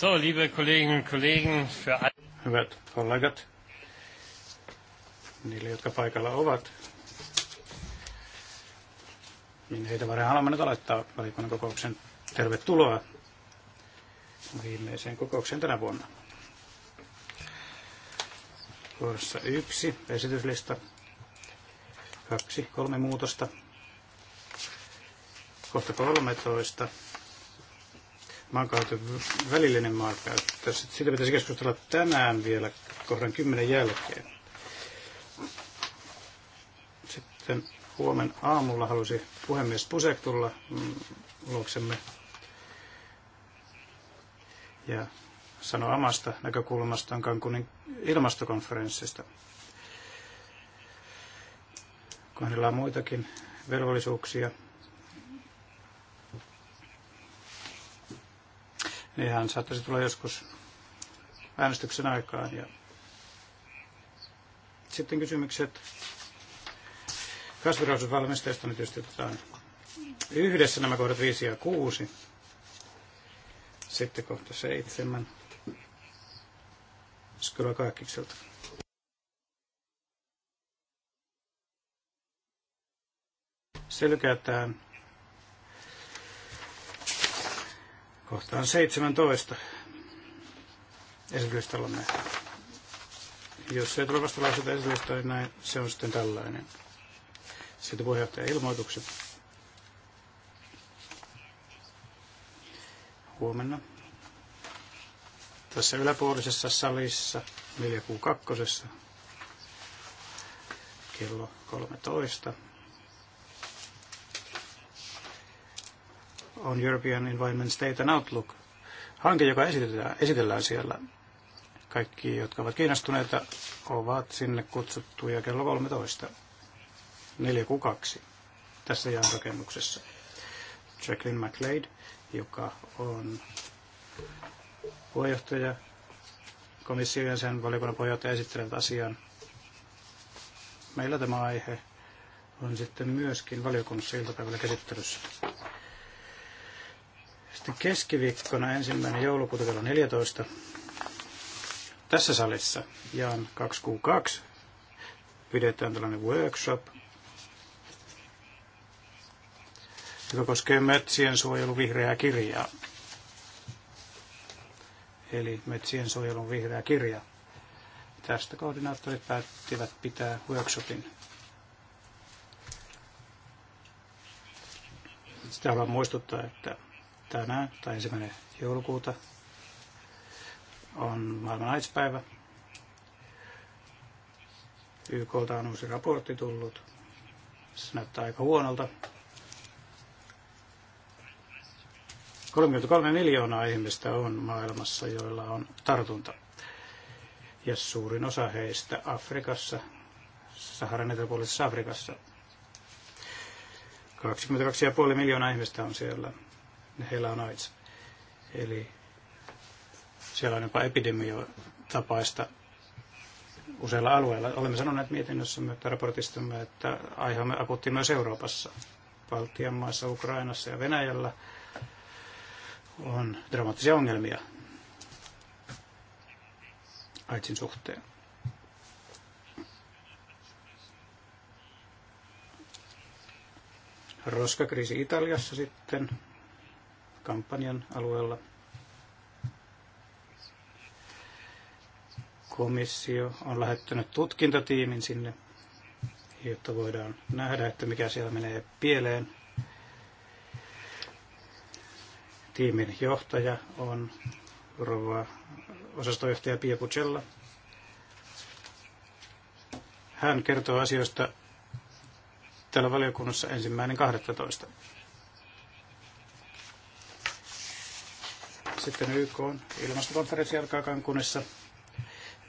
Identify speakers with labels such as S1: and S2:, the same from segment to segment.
S1: So, liebe Kolleginnen und Kollegen, für alle Hyvät kollegat, niille, jotka paikalla ovat, niin heitä
S2: varmaan haluamme nyt aloittaa valiokunnan kokouksen. Tervetuloa viimeiseen kokoukseen tänä vuonna. Kohdassa yksi, esityslista, kaksi, kolme muutosta. Kohta 13, maankäytön välillinen maankäyttö. Siitä pitäisi keskustella tänään vielä kohdan kymmenen jälkeen. Sitten huomen aamulla halusi puhemies Pusek tulla mm, luoksemme ja sanoa omasta näkökulmastaan Cancunin ilmastokonferenssista. Kun hänellä on muitakin velvollisuuksia, niin hän saattaisi tulla joskus äänestyksen aikaan. Ja sitten kysymykset kasvirausvalmisteista nyt tietysti otetaan yhdessä nämä kohdat 5 ja 6. Sitten kohta 7. Skyla Kaikkikselta. Selkeätään kohtaan 17 esitystalomme. Jos ei tule vastalauseita esitystä, niin näin, se on sitten tällainen. Sitten puheenjohtajan ilmoitukset. Huomenna tässä yläpuolisessa salissa 4 kuu kello 13. on European Environment State and Outlook, hanke, joka esitellään, esitellään siellä. Kaikki, jotka ovat kiinnostuneita, ovat sinne kutsuttuja kello 13. 4 2 tässä jaan rakennuksessa. Jacqueline McLeod, joka on puheenjohtaja, komission ja sen valiokunnan puheenjohtaja esittelevät asian. Meillä tämä aihe on sitten myöskin valiokunnassa iltapäivällä käsittelyssä. Sitten keskiviikkona ensimmäinen joulukuuta kello 14 tässä salissa Jaan 2Q2 pidetään tällainen workshop, joka koskee metsien suojelun vihreää kirjaa. Eli metsien suojelun vihreä kirja. Tästä koordinaattorit päättivät pitää workshopin. Sitä haluan muistuttaa, että tänään tai ensimmäinen joulukuuta on maailman AIDS-päivä. YKlta on uusi raportti tullut. Se näyttää aika huonolta. 33 miljoonaa ihmistä on maailmassa, joilla on tartunta. Ja suurin osa heistä Afrikassa, Saharan eteläpuolisessa Afrikassa. 22,5 miljoonaa ihmistä on siellä heillä on AIDS. Eli siellä on jopa epidemiotapaista useilla alueilla. Olemme sanoneet mietinnössämme että raportistamme, että aiheamme akuutti myös Euroopassa. Baltian maissa, Ukrainassa ja Venäjällä on dramaattisia ongelmia AIDSin suhteen. Roskakriisi Italiassa sitten kampanjan alueella. Komissio on lähettänyt tutkintatiimin sinne, jotta voidaan nähdä, että mikä siellä menee pieleen. Tiimin johtaja on rouva osastojohtaja Pia Pucella. Hän kertoo asioista täällä valiokunnassa ensimmäinen 12. Sitten YK on ilmastokonferenssi alkaa Kankunissa.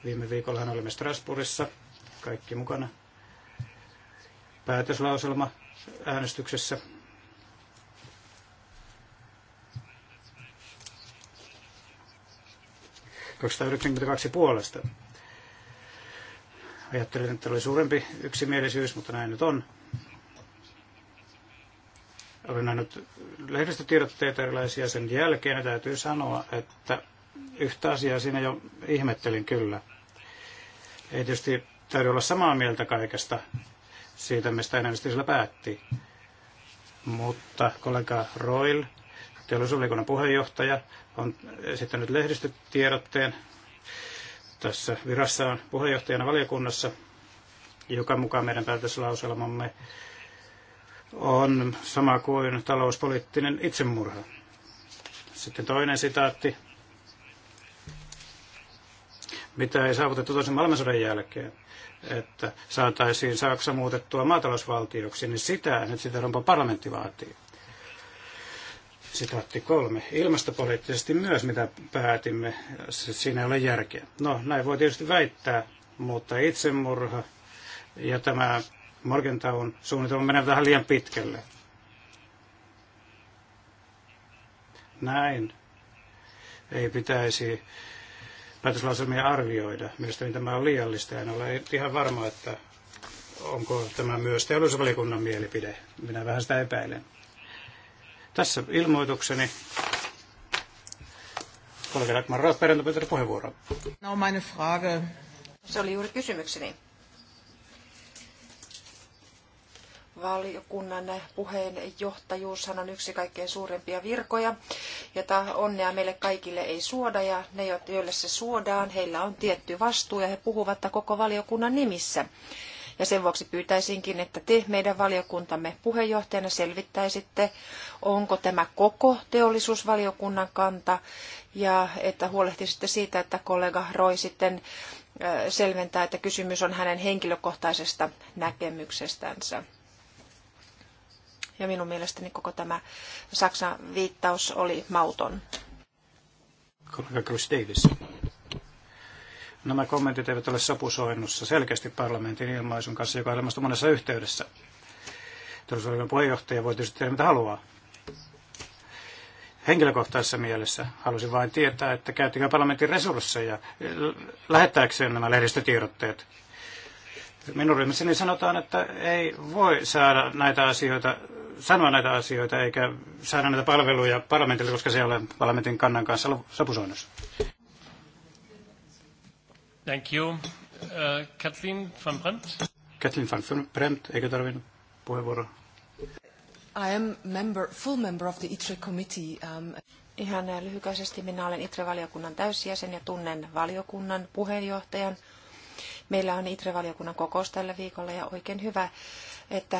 S2: Viime viikollahan olimme Strasbourgissa, kaikki mukana päätöslauselma äänestyksessä. puolesta. Ajattelin, että oli suurempi yksimielisyys, mutta näin nyt on. Olen nähnyt lehdistötiedotteita erilaisia sen jälkeen ja täytyy sanoa, että yhtä asiaa siinä jo ihmettelin kyllä. Ei tietysti täytyy olla samaa mieltä kaikesta siitä, mistä enemmistö sillä päätti. Mutta kollega Roil, teollisuusliikunnan puheenjohtaja, on esittänyt lehdistötiedotteen tässä virassaan puheenjohtajana valiokunnassa, joka mukaan meidän päätöslauselmamme on sama kuin talouspoliittinen itsemurha. Sitten toinen sitaatti. Mitä ei saavutettu toisen maailmansodan jälkeen, että saataisiin Saksa muutettua maatalousvaltioksi, niin sitä nyt sitä Rompan parlamentti vaatii. Sitaatti kolme. Ilmastopoliittisesti myös, mitä päätimme, siinä ei ole järkeä. No, näin voi tietysti väittää, mutta itsemurha ja tämä Morgentown suunnitelma menee vähän liian pitkälle. Näin ei pitäisi päätöslauselmia arvioida. Mielestäni tämä on liiallista. En ole ihan varma, että onko tämä myös teollisuusvaliokunnan mielipide. Minä vähän sitä epäilen. Tässä ilmoitukseni. Kollega Dagmar Roth, perjantai puheenvuoro. No, meine Frage.
S3: Se oli juuri kysymykseni. valiokunnan puheenjohtajuushan on yksi kaikkein suurimpia virkoja, jota onnea meille kaikille ei suoda ja ne, joille se suodaan, heillä on tietty vastuu ja he puhuvat koko valiokunnan nimissä. Ja sen vuoksi pyytäisinkin, että te meidän valiokuntamme puheenjohtajana selvittäisitte, onko tämä koko teollisuusvaliokunnan kanta ja että huolehtisitte siitä, että kollega Roy sitten selventää, että kysymys on hänen henkilökohtaisesta näkemyksestänsä. Ja minun mielestäni koko tämä Saksan viittaus oli mauton.
S2: Kollega Chris Davis. Nämä kommentit eivät ole sopusoinnussa selkeästi parlamentin ilmaisun kanssa, joka on ilmaistu monessa yhteydessä. Turvallisuuden puheenjohtaja voi tietysti tehdä mitä haluaa. Henkilökohtaisessa mielessä halusin vain tietää, että käyttikö parlamentin resursseja eh, lähettääkseen nämä lehdistötiedotteet Minun ryhmässäni sanotaan, että ei voi saada näitä asioita, sanoa näitä asioita eikä saada näitä palveluja parlamentille, koska se ei ole parlamentin kannan kanssa sopusoinnussa.
S1: Thank you. Uh, Kathleen van Brandt.
S2: Kathleen van Brandt, eikö tarvinnut puheenvuoroa?
S3: I am member, full member of the ITRE committee. Um... Ihan lyhykäisesti minä olen ITRE-valiokunnan täysjäsen ja tunnen valiokunnan puheenjohtajan. Meillä on ITRE-valiokunnan kokous tällä viikolla ja oikein hyvä, että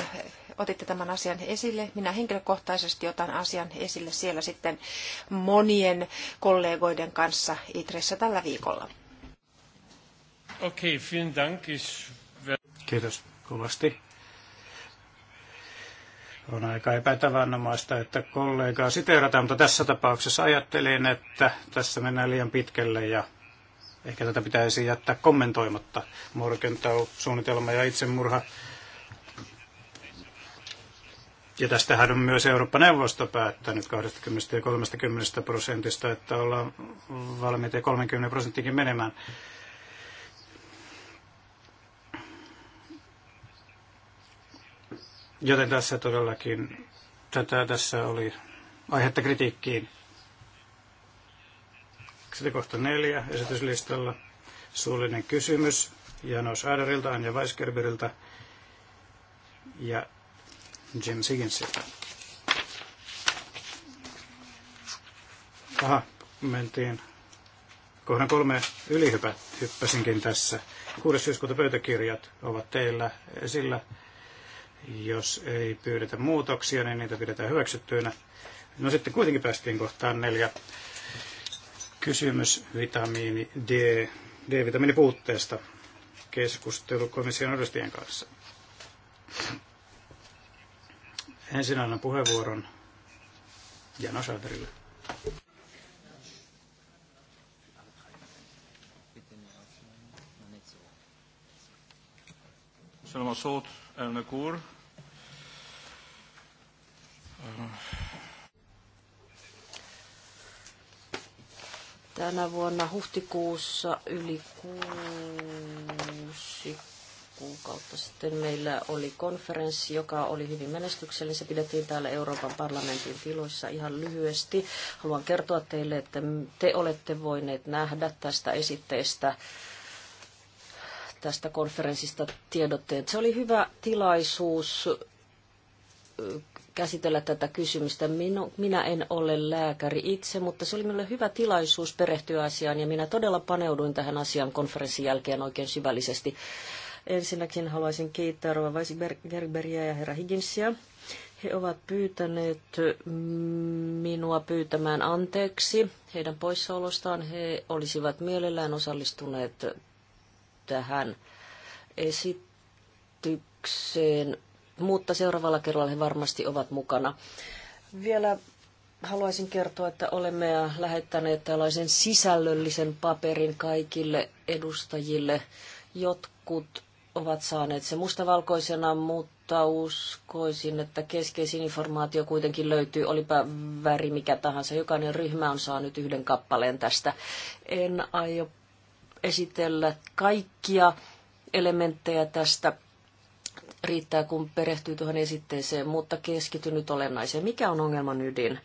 S3: otitte tämän asian esille. Minä henkilökohtaisesti otan asian esille siellä sitten monien kollegoiden kanssa ITREssä tällä viikolla.
S1: Okei, okay, vielen dank.
S2: Kiitos kovasti. On aika epätavannomaista, että kollegaa siteerataan, mutta tässä tapauksessa ajattelin, että tässä mennään liian pitkälle ja Ehkä tätä pitäisi jättää kommentoimatta. Morgentau, suunnitelma ja itsemurha. Ja tästähän on myös Eurooppa-neuvosto päättänyt 20 ja 30 prosentista, että ollaan valmiita 30 prosenttikin menemään. Joten tässä todellakin, tätä tässä oli aihetta kritiikkiin. Sitten kohta neljä esityslistalla suullinen kysymys Jano Saaderilta, Anja Weisgerberiltä ja Jim Sigginsiltä. Aha, mentiin kohdan kolme ylihypät hyppäsinkin tässä. 6. syyskuuta pöytäkirjat ovat teillä esillä. Jos ei pyydetä muutoksia, niin niitä pidetään hyväksyttyinä. No sitten kuitenkin päästiin kohtaan neljä Kysymys vitamiini D, D-vitamiini puutteesta keskustelu komission edustajien kanssa. Ensin annan puheenvuoron Jano Saaterille. Köszönöm a szót, elnök
S4: Tänä vuonna huhtikuussa yli kuusi kuukautta sitten meillä oli konferenssi, joka oli hyvin menestyksellinen. Se pidettiin täällä Euroopan parlamentin tiloissa ihan lyhyesti. Haluan kertoa teille, että te olette voineet nähdä tästä esitteestä tästä konferenssista tiedotteen. Se oli hyvä tilaisuus käsitellä tätä kysymystä. Minu, minä en ole lääkäri itse, mutta se oli minulle hyvä tilaisuus perehtyä asiaan ja minä todella paneuduin tähän asiaan konferenssin jälkeen oikein syvällisesti. Ensinnäkin haluaisin kiittää Rova Gerberia ja herra Higginsia. He ovat pyytäneet minua pyytämään anteeksi heidän poissaolostaan. He olisivat mielellään osallistuneet tähän esitykseen mutta seuraavalla kerralla he varmasti ovat mukana. Vielä haluaisin kertoa, että olemme lähettäneet tällaisen sisällöllisen paperin kaikille edustajille. Jotkut ovat saaneet se mustavalkoisena, mutta uskoisin, että keskeisin informaatio kuitenkin löytyy, olipa väri mikä tahansa. Jokainen ryhmä on saanut yhden kappaleen tästä. En aio esitellä kaikkia elementtejä tästä riittää, kun perehtyy tuohon esitteeseen, mutta keskity nyt olennaiseen. Mikä on ongelman ydin?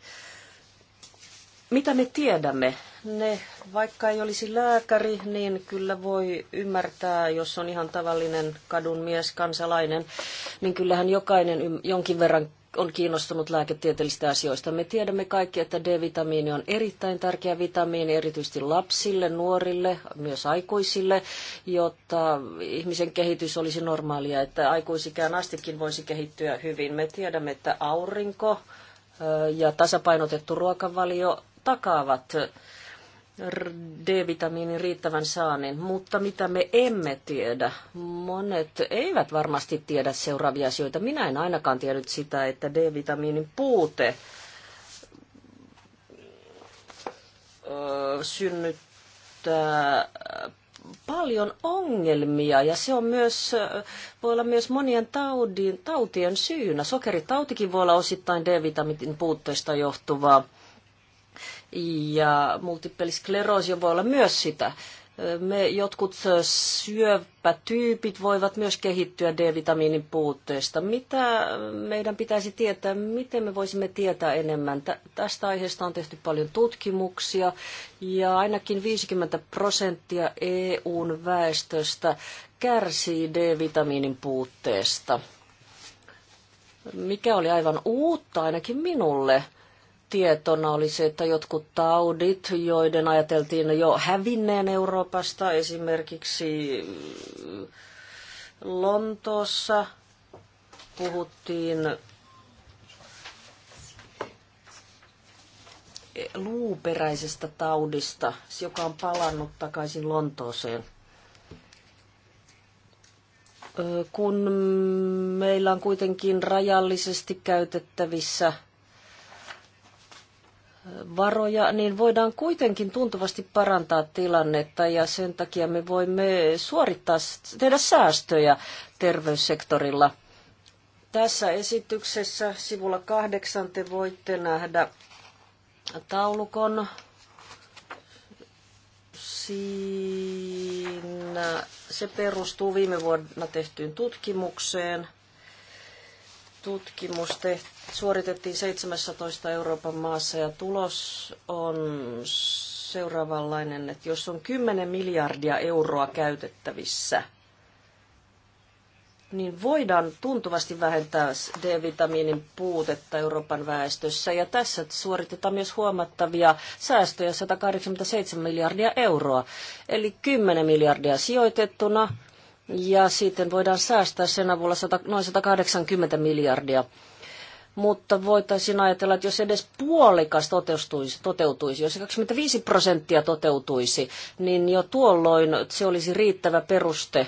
S4: Mitä me tiedämme? Ne, vaikka ei olisi lääkäri, niin kyllä voi ymmärtää, jos on ihan tavallinen kadun mies, kansalainen, niin kyllähän jokainen jonkin verran on kiinnostunut lääketieteellisistä asioista. Me tiedämme kaikki, että D-vitamiini on erittäin tärkeä vitamiini erityisesti lapsille, nuorille, myös aikuisille, jotta ihmisen kehitys olisi normaalia, että aikuisikään astikin voisi kehittyä hyvin. Me tiedämme, että aurinko ja tasapainotettu ruokavalio takaavat D-vitamiinin riittävän saannin, mutta mitä me emme tiedä, monet eivät varmasti tiedä seuraavia asioita. Minä en ainakaan tiennyt sitä, että D-vitamiinin puute synnyttää paljon ongelmia ja se on myös, voi olla myös monien taudin, tautien syynä. Sokeritautikin voi olla osittain D-vitamiinin puutteesta johtuvaa ja multipliskleroosio voi olla myös sitä. Me jotkut syöpätyypit voivat myös kehittyä D-vitamiinin puutteesta. Mitä meidän pitäisi tietää, miten me voisimme tietää enemmän? Tästä aiheesta on tehty paljon tutkimuksia ja ainakin 50 prosenttia EUn väestöstä kärsii D-vitamiinin puutteesta. Mikä oli aivan uutta ainakin minulle – tietona oli se, että jotkut taudit, joiden ajateltiin jo hävinneen Euroopasta, esimerkiksi mm, Lontoossa puhuttiin e, luuperäisestä taudista, joka on palannut takaisin Lontooseen. Kun meillä on kuitenkin rajallisesti käytettävissä – varoja, niin voidaan kuitenkin tuntuvasti parantaa tilannetta ja sen takia me voimme suorittaa, tehdä säästöjä terveyssektorilla. Tässä esityksessä sivulla kahdeksan te voitte nähdä taulukon. Siinä se perustuu viime vuonna tehtyyn tutkimukseen – tutkimus suoritettiin 17 Euroopan maassa ja tulos on seuraavanlainen, että jos on 10 miljardia euroa käytettävissä, niin voidaan tuntuvasti vähentää D-vitamiinin puutetta Euroopan väestössä. Ja tässä suoritetaan myös huomattavia säästöjä 187 miljardia euroa. Eli 10 miljardia sijoitettuna ja sitten voidaan säästää sen avulla 100, noin 180 miljardia. Mutta voitaisiin ajatella, että jos edes puolikas toteutuisi, toteutuisi jos 25 prosenttia toteutuisi, niin jo tuolloin se olisi riittävä peruste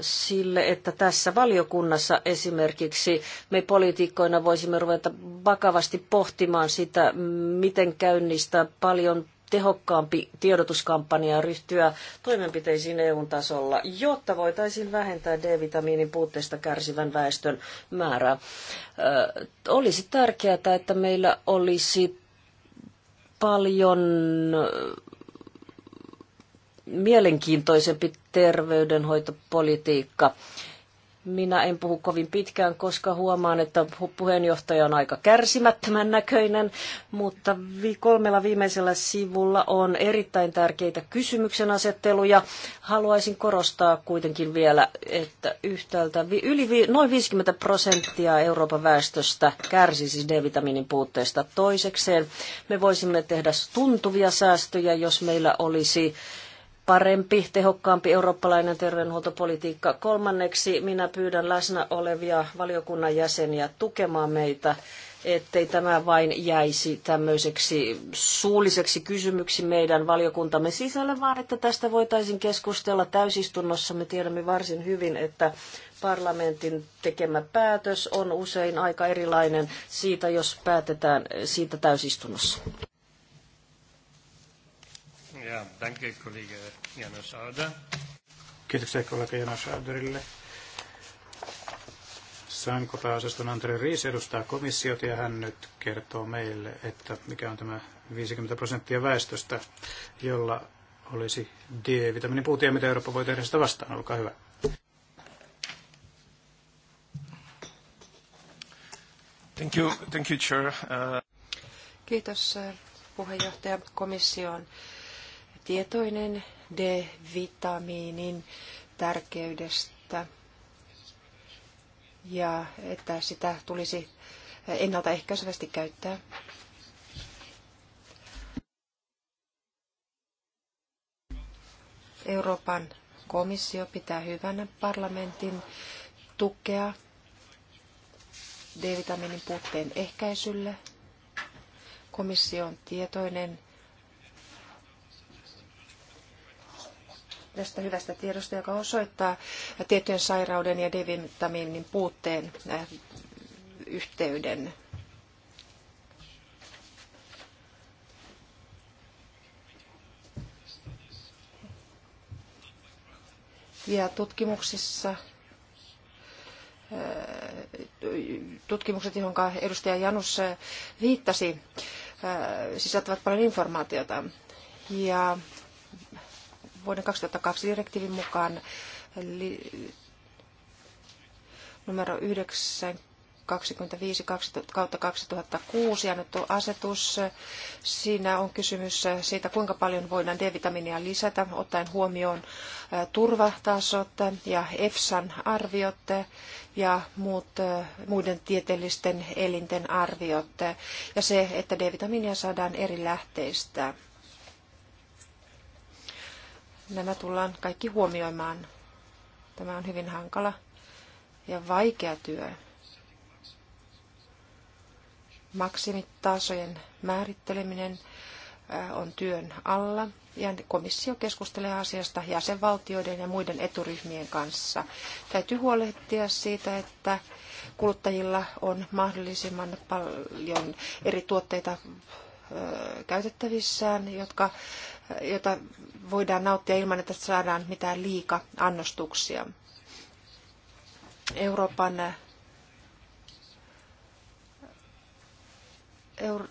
S4: sille, että tässä valiokunnassa esimerkiksi me poliitikkoina voisimme ruveta vakavasti pohtimaan sitä, miten käynnistää paljon tehokkaampi tiedotuskampanja ryhtyä toimenpiteisiin EU-tasolla, jotta voitaisiin vähentää D-vitamiinin puutteesta kärsivän väestön määrää. Ö, olisi tärkeää, että meillä olisi paljon mielenkiintoisempi terveydenhoitopolitiikka minä en puhu kovin pitkään, koska huomaan, että puheenjohtaja on aika kärsimättömän näköinen, mutta kolmella viimeisellä sivulla on erittäin tärkeitä asetteluja. Haluaisin korostaa kuitenkin vielä, että yhtäältä yli noin 50 prosenttia Euroopan väestöstä kärsii siis D-vitamiinin puutteesta. Toisekseen me voisimme tehdä tuntuvia säästöjä, jos meillä olisi parempi, tehokkaampi eurooppalainen terveydenhuoltopolitiikka. Kolmanneksi minä pyydän läsnä olevia valiokunnan jäseniä tukemaan meitä, ettei tämä vain jäisi tämmöiseksi suulliseksi kysymyksi meidän valiokuntamme sisällä, vaan että tästä voitaisiin keskustella täysistunnossa. Me tiedämme varsin hyvin, että parlamentin tekemä päätös on usein aika erilainen siitä, jos päätetään siitä täysistunnossa.
S1: Ja, danke,
S2: Kiitoksia kollega Janos Arderille. Sanko pääosaston Andre Riis edustaa komissiota ja hän nyt kertoo meille, että mikä on tämä 50 prosenttia väestöstä, jolla olisi D-vitamiinin puute ja mitä Eurooppa voi tehdä sitä vastaan. Olkaa hyvä. Thank you, thank you, Chair. Uh...
S3: Kiitos eh, puheenjohtaja komissioon tietoinen D-vitamiinin tärkeydestä ja että sitä tulisi ennaltaehkäisevästi käyttää. Euroopan komissio pitää hyvänä parlamentin tukea D-vitamiinin puutteen ehkäisylle. Komissio on tietoinen tästä hyvästä tiedosta, joka osoittaa tiettyjen sairauden ja devitamiinin puutteen eh, yhteyden. Ja tutkimuksissa eh, tutkimukset, johon edustaja Janus eh, viittasi, sisältävät paljon informaatiota. Ja vuoden 2002 direktiivin mukaan li, numero 9 25 kautta 2006 annettu asetus. Siinä on kysymys siitä, kuinka paljon voidaan D-vitamiinia lisätä, ottaen huomioon turvatasot ja EFSAn arviot ja muut, muiden tieteellisten elinten arviot ja se, että D-vitamiinia saadaan eri lähteistä. Nämä tullaan kaikki huomioimaan. Tämä on hyvin hankala ja vaikea työ. Maksimitasojen määritteleminen äh, on työn alla ja komissio keskustelee asiasta jäsenvaltioiden ja muiden eturyhmien kanssa. Täytyy huolehtia siitä, että kuluttajilla on mahdollisimman paljon eri tuotteita äh, käytettävissään, jotka jota voidaan nauttia ilman, että saadaan mitään liika-annostuksia. Euroopan Euro,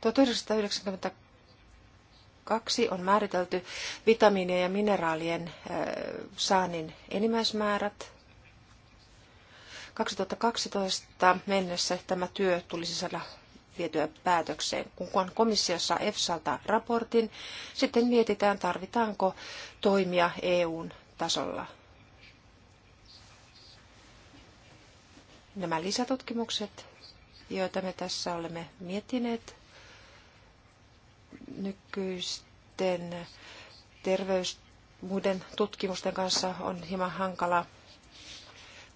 S3: 1992 on määritelty vitamiinien ja mineraalien saannin enimmäismäärät. 2012 mennessä tämä työ tulisi saada vietyä päätökseen. Kun komissio saa EFSAlta raportin, sitten mietitään, tarvitaanko toimia EUn tasolla. Nämä lisätutkimukset, joita me tässä olemme miettineet nykyisten terveys muiden tutkimusten kanssa on hieman hankala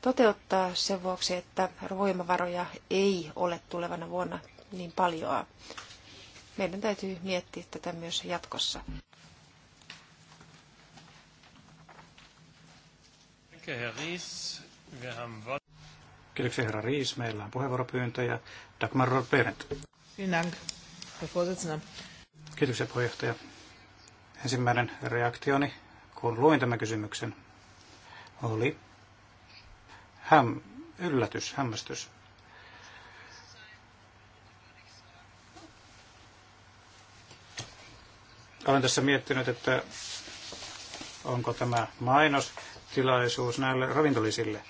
S3: toteuttaa sen vuoksi, että voimavaroja ei ole tulevana vuonna niin paljoa. Meidän täytyy miettiä tätä myös jatkossa.
S1: Kiitoksia
S2: herra Riis. Meillä on puheenvuoropyyntöjä. Dagmar Rodberent. Kiitoksia puheenjohtaja. Ensimmäinen reaktioni, kun luin tämän kysymyksen, oli häm, yllätys, hämmästys. Olen tässä miettinyt, että onko tämä mainostilaisuus näille ravintolisille,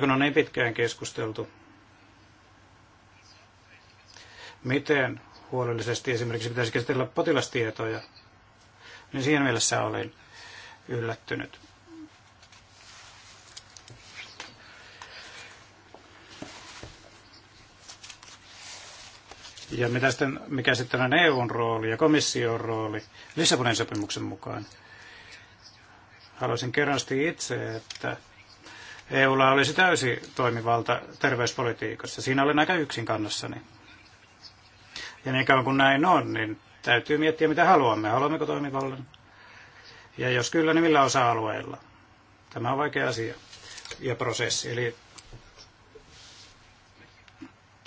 S2: kun on niin pitkään keskusteltu. Miten huolellisesti esimerkiksi pitäisi käsitellä potilastietoja, niin siinä mielessä olin yllättynyt. Ja mitä sitten, mikä sitten on EUn rooli ja komission rooli Lissabonin sopimuksen mukaan? Haluaisin kerran itse, että EUlla olisi täysi toimivalta terveyspolitiikassa. Siinä olen aika yksin kannassani. Ja niin kauan kuin näin on, niin täytyy miettiä, mitä haluamme. Haluammeko toimivallan? Ja jos kyllä, niin millä osa-alueilla? Tämä on vaikea asia ja prosessi. Eli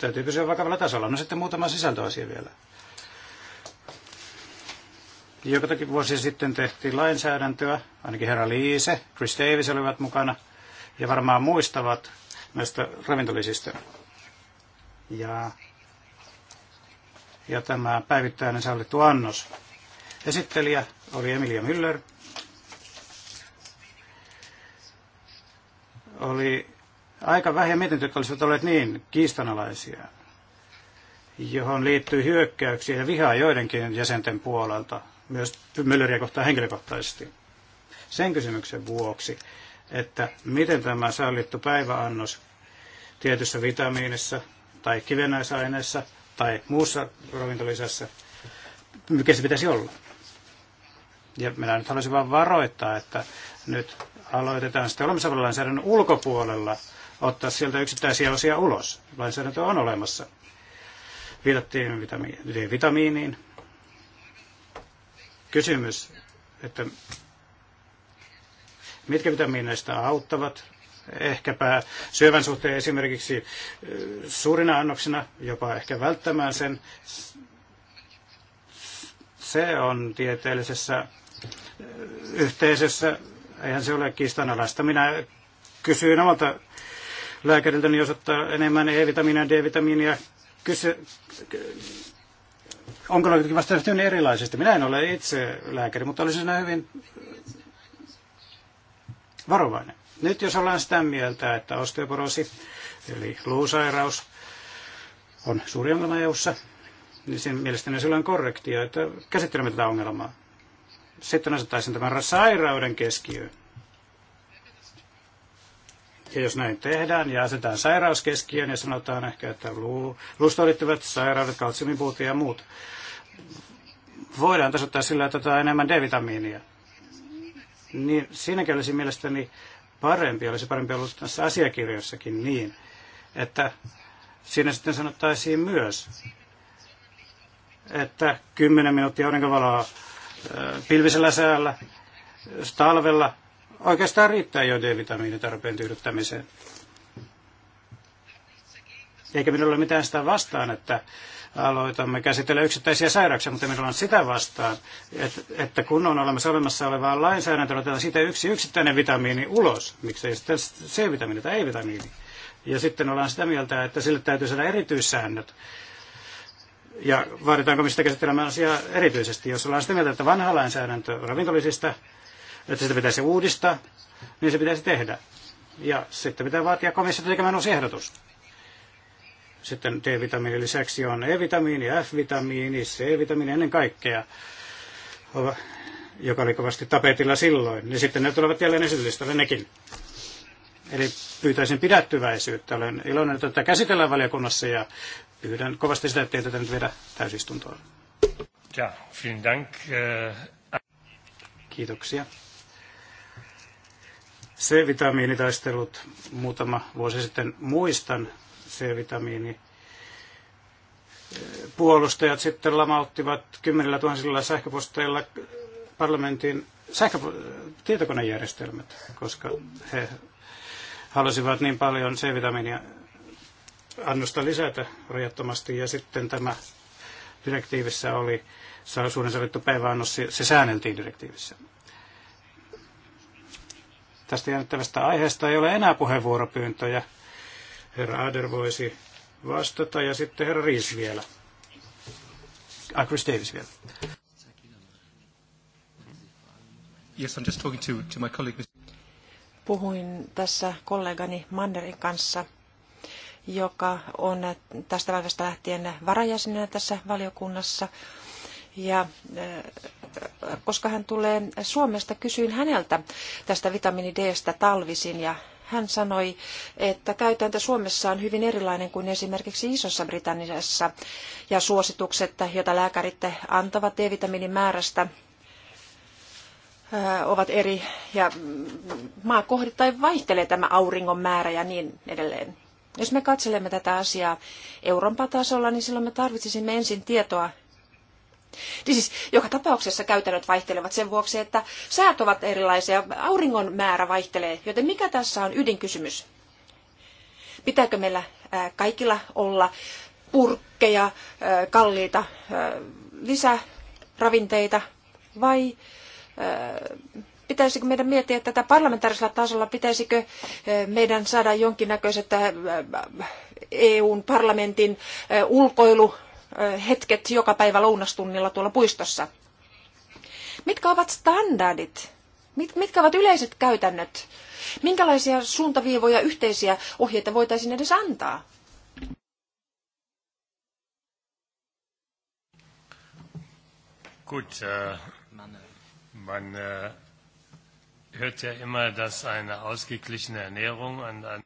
S2: Täytyy pysyä vakavalla tasolla. No sitten muutama sisältöasia vielä. Jotakin vuosi sitten tehtiin lainsäädäntöä, ainakin herra Liise, Chris Davis olivat mukana ja varmaan muistavat näistä ravintolisista. Ja, ja tämä päivittäinen sallittu annos. Esittelijä oli Emilia Müller. Oli aika vähän mietintöjä, jotka olisivat olleet niin kiistanalaisia, johon liittyy hyökkäyksiä ja vihaa joidenkin jäsenten puolelta, myös Mülleriä kohtaan henkilökohtaisesti. Sen kysymyksen vuoksi, että miten tämä sallittu päiväannos tietyssä vitamiinissa tai kivenäisaineessa tai muussa ravintolisässä, mikä se pitäisi olla. Ja minä nyt haluaisin vain varoittaa, että nyt aloitetaan sitten olemassa lainsäädännön ulkopuolella ottaa sieltä yksittäisiä osia ulos. Lainsäädäntö on olemassa. Viitattiin vitamiin, vitamiiniin. Kysymys, että mitkä vitamiineista auttavat, ehkäpä syövän suhteen esimerkiksi suurina annoksina, jopa ehkä välttämään sen. Se on tieteellisessä yhteisössä, eihän se ole kiistanalaista. Minä kysyin omalta lääkäriltä, niin jos ottaa enemmän E-vitamiinia, D-vitamiinia, Onko onkologitkin vastaavat hyvin erilaisesti. Minä en ole itse lääkäri, mutta olisin siinä hyvin varovainen. Nyt jos ollaan sitä mieltä, että osteoporosi, eli luusairaus, on suuri ongelma EU-ssa, niin sen mielestäni se on korrektio, että käsittelemme tätä ongelmaa. Sitten asettaisin tämän sairauden keskiöön. Ja jos näin tehdään ja asetetaan sairauskeskiön ja sanotaan ehkä, että luustoon liittyvät sairaudet, kalsiumipuute ja muut, voidaan tasoittaa sillä, että otetaan enemmän D-vitamiinia. Niin siinäkin olisi mielestäni parempi, olisi parempi ollut tässä asiakirjassakin niin, että siinä sitten sanottaisiin myös, että 10 minuuttia aurinkovaloa pilvisellä säällä, talvella Oikeastaan riittää jo D-vitamiinitarpeen tyydyttämiseen. Eikä minulla ole mitään sitä vastaan, että aloitamme käsitellä yksittäisiä sairauksia, mutta minulla on sitä vastaan, että, että kun on olemassa olemassa olevaa lainsäädäntöä, otetaan siitä yksi yksittäinen vitamiini ulos. Miksei sitten C-vitamiini tai E-vitamiini. Ja sitten ollaan sitä mieltä, että sille täytyy saada erityissäännöt. Ja vaaditaanko mistä käsittelemään asiaa erityisesti, jos ollaan sitä mieltä, että vanha lainsäädäntö ravintolisista että sitä pitäisi uudistaa, niin se pitäisi tehdä. Ja sitten pitää vaatia komissiota tekemään uusi ehdotus. Sitten D-vitamiini lisäksi on E-vitamiini, F-vitamiini, C-vitamiini ennen kaikkea, joka oli kovasti tapetilla silloin. Niin sitten ne tulevat jälleen esityslistalle nekin. Eli pyytäisin pidättyväisyyttä. Olen iloinen, että tätä käsitellään valiokunnassa ja pyydän kovasti sitä, että tätä nyt viedä täysistuntoon.
S1: Ja, vielen dank.
S2: Äh, Kiitoksia. C-vitamiinitaistelut muutama vuosi sitten muistan C-vitamiini puolustajat sitten lamauttivat kymmenillä tuhansilla sähköposteilla parlamentin sähköpo- tietokonejärjestelmät, koska he halusivat niin paljon C-vitamiinia annosta lisätä rajattomasti. Ja sitten tämä direktiivissä oli suurin sovittu päiväannos, se säänneltiin direktiivissä tästä jännittävästä aiheesta ei ole enää puheenvuoropyyntöjä. Herra Ader voisi vastata ja sitten herra Riis vielä. Ah, Chris Davis vielä. Yes, I'm just talking to, to my colleague. Puhuin
S3: tässä kollegani Manderin kanssa, joka on tästä päivästä lähtien varajäsenenä tässä valiokunnassa. Ja eh, koska hän tulee Suomesta, kysyin häneltä tästä vitamiini Dstä talvisin ja hän sanoi, että käytäntö Suomessa on hyvin erilainen kuin esimerkiksi Isossa Britanniassa ja suositukset, joita lääkärit antavat D-vitamiinin määrästä, ovat eri ja maakohdittain vaihtelee tämä auringon määrä ja niin edelleen. Jos me katselemme tätä asiaa Euroopan tasolla, niin silloin me tarvitsisimme ensin tietoa niin siis joka tapauksessa käytännöt vaihtelevat sen vuoksi, että säät ovat erilaisia, auringon määrä vaihtelee, joten mikä tässä on ydinkysymys? Pitääkö meillä kaikilla olla purkkeja, kalliita lisäravinteita vai pitäisikö meidän miettiä tätä parlamentaarisella tasolla, pitäisikö meidän saada jonkinnäköiset EUn parlamentin ulkoilu hetket joka päivä lounastunnilla tuolla puistossa. Mitkä ovat standardit? Mit, mitkä ovat yleiset käytännöt? Minkälaisia suuntaviivoja yhteisiä ohjeita voitaisiin edes antaa?
S1: Gut, äh, man äh, hört ja immer, dass eine ausgeglichene Ernährung an, an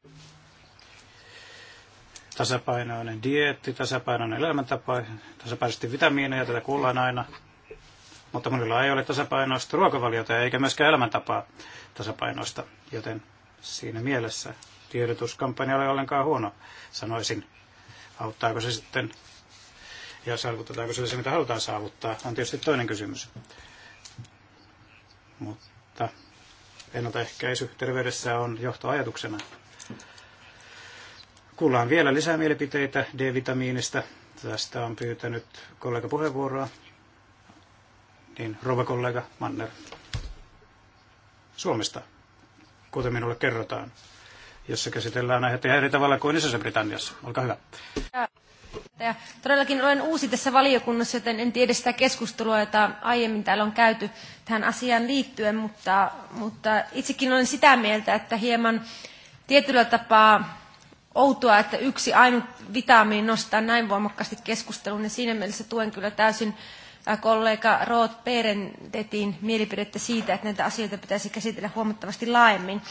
S2: tasapainoinen dietti, tasapainoinen elämäntapa, tasapainoisesti vitamiineja, tätä kuullaan aina. Mutta monilla ei ole tasapainoista ruokavaliota eikä myöskään elämäntapaa tasapainoista, joten siinä mielessä tiedotuskampanja ole ollenkaan huono, sanoisin. Auttaako se sitten ja saavutetaanko se se, mitä halutaan saavuttaa, on tietysti toinen kysymys. Mutta ennaltaehkäisy terveydessä on johtoajatuksena. Kuullaan vielä lisää mielipiteitä D-vitamiinista. Tästä on pyytänyt kollega puheenvuoroa. Niin, rouva kollega Manner. Suomesta, kuten minulle kerrotaan, jossa käsitellään aihetta eri tavalla kuin Isossa Britanniassa. Olkaa hyvä.
S5: Ja todellakin olen uusi tässä valiokunnassa, joten en tiedä sitä keskustelua, jota aiemmin täällä on käyty tähän asiaan liittyen, mutta, mutta itsekin olen sitä mieltä, että hieman tietyllä tapaa outoa, että yksi ainut vitamiini nostaa näin voimakkaasti keskusteluun, ja niin siinä mielessä tuen kyllä täysin kollega Roth Perendetin mielipidettä siitä, että näitä asioita pitäisi käsitellä huomattavasti laajemmin.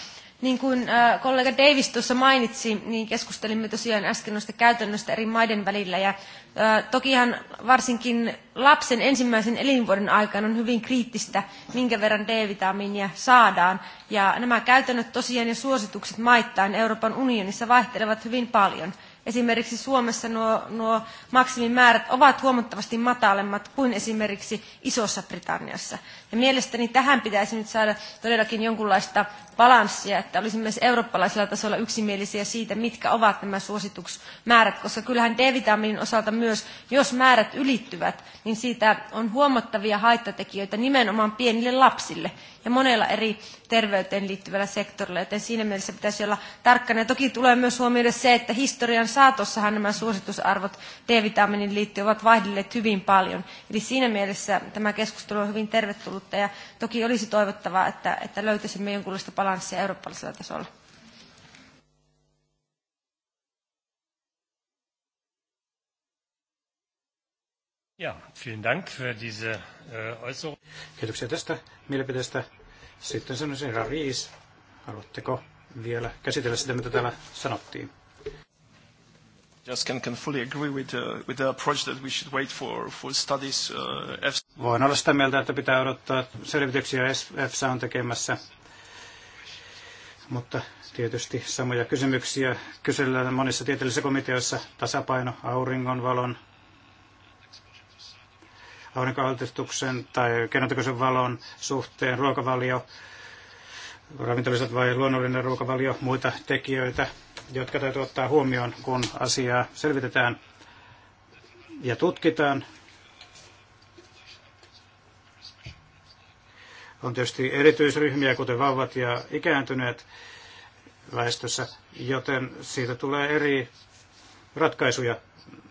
S5: Niin kuin kollega Davis tuossa mainitsi, niin keskustelimme tosiaan äsken noista käytännöistä eri maiden välillä. Ja tokihan varsinkin lapsen ensimmäisen elinvuoden aikana on hyvin kriittistä, minkä verran D-vitamiinia saadaan. Ja nämä käytännöt tosiaan ja suositukset maittain Euroopan unionissa vaihtelevat hyvin paljon. Esimerkiksi Suomessa nuo, nuo maksimimäärät ovat huomattavasti matalemmat kuin esimerkiksi Isossa Britanniassa. Ja mielestäni tähän pitäisi nyt saada todellakin jonkunlaista balanssia, että olisimme myös eurooppalaisella tasolla yksimielisiä siitä, mitkä ovat nämä suosituksmäärät, koska kyllähän D-vitamiinin osalta myös, jos määrät ylittyvät, niin siitä on huomattavia haittatekijöitä nimenomaan pienille lapsille ja monella eri terveyteen liittyvällä sektorilla, joten siinä mielessä pitäisi olla tarkkana. Ja toki tulee myös huomioida se, että historian saatossahan nämä suositusarvot D-vitamiinin liittyen ovat vaihdelleet hyvin paljon. Eli siinä mielessä tämä keskustelu on hyvin tervetullutta ja toki olisi toivottavaa, että, että löytäisimme jonkunlaista balanssia eurooppalaisella tasolla.
S1: Ja, vielen Dank für diese äh, Äußerung.
S2: Kiitoksia tästä mielipiteestä. Sitten sanoisin herra Riis, haluatteko vielä käsitellä sitä, mitä täällä sanottiin? Voin olla sitä mieltä, että pitää odottaa selvityksiä EFSA on tekemässä, mutta tietysti samoja kysymyksiä kysellään monissa tieteellisissä komiteoissa, tasapaino, valon, aurinkoaltistuksen tai keinotekoisen valon suhteen, ruokavalio, ravintoliset vai luonnollinen ruokavalio, muita tekijöitä, jotka täytyy ottaa huomioon, kun asiaa selvitetään ja tutkitaan. On tietysti erityisryhmiä, kuten vauvat ja ikääntyneet väestössä, joten siitä tulee eri ratkaisuja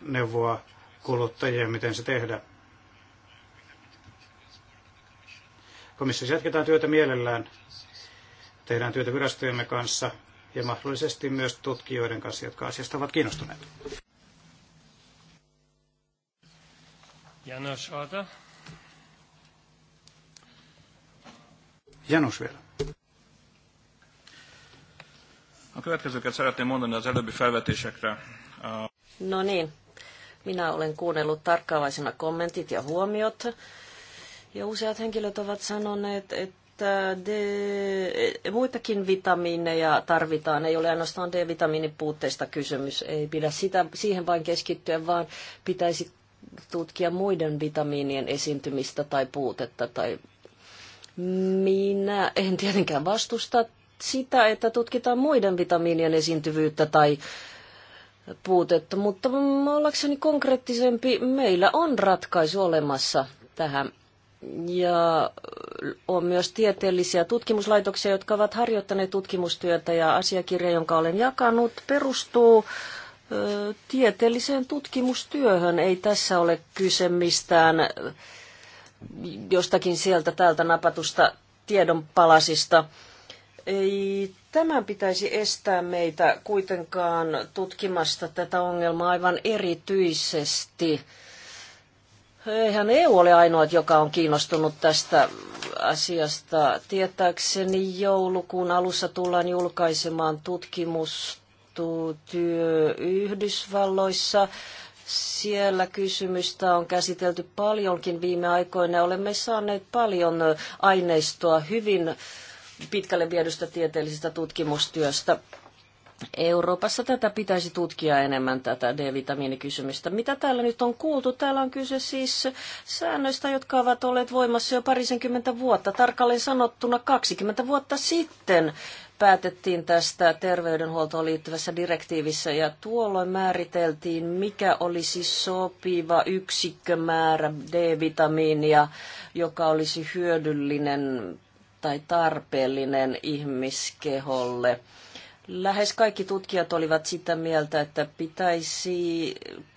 S2: neuvoa kuluttajia, miten se tehdään. Komissiossa jatketaan työtä mielellään. Tehdään työtä virastojemme kanssa ja mahdollisesti myös tutkijoiden kanssa, jotka asiasta ovat kiinnostuneet.
S1: Janos Ota.
S2: Janus vielä. A következőket szeretném mondani az
S4: No niin, minä olen kuunnellut tarkkaavaisena kommentit ja huomiot ja useat henkilöt ovat sanoneet, että D, e, muitakin vitamiineja tarvitaan. Ei ole ainoastaan D-vitamiinin puutteesta kysymys. Ei pidä sitä, siihen vain keskittyä, vaan pitäisi tutkia muiden vitamiinien esiintymistä tai puutetta. Tai minä en tietenkään vastusta sitä, että tutkitaan muiden vitamiinien esiintyvyyttä tai puutetta, mutta ollakseni konkreettisempi, meillä on ratkaisu olemassa tähän ja on myös tieteellisiä tutkimuslaitoksia, jotka ovat harjoittaneet tutkimustyötä ja asiakirja, jonka olen jakanut, perustuu ö, tieteelliseen tutkimustyöhön. Ei tässä ole kyse mistään jostakin sieltä täältä napatusta tiedonpalasista. Ei tämän pitäisi estää meitä kuitenkaan tutkimasta tätä ongelmaa aivan erityisesti Eihän EU ole ainoa, joka on kiinnostunut tästä asiasta. Tietääkseni joulukuun alussa tullaan julkaisemaan tutkimustyö Yhdysvalloissa. Siellä kysymystä on käsitelty paljonkin viime aikoina. Olemme saaneet paljon aineistoa hyvin pitkälle viedystä tieteellisestä tutkimustyöstä. Euroopassa tätä pitäisi tutkia enemmän, tätä D-vitamiinikysymystä. Mitä täällä nyt on kuultu? Täällä on kyse siis säännöistä, jotka ovat olleet voimassa jo parisenkymmentä vuotta, tarkalleen sanottuna 20 vuotta sitten päätettiin tästä terveydenhuoltoon liittyvässä direktiivissä ja tuolloin määriteltiin, mikä olisi sopiva yksikkömäärä D-vitamiinia, joka olisi hyödyllinen tai tarpeellinen ihmiskeholle – Lähes kaikki tutkijat olivat sitä mieltä, että pitäisi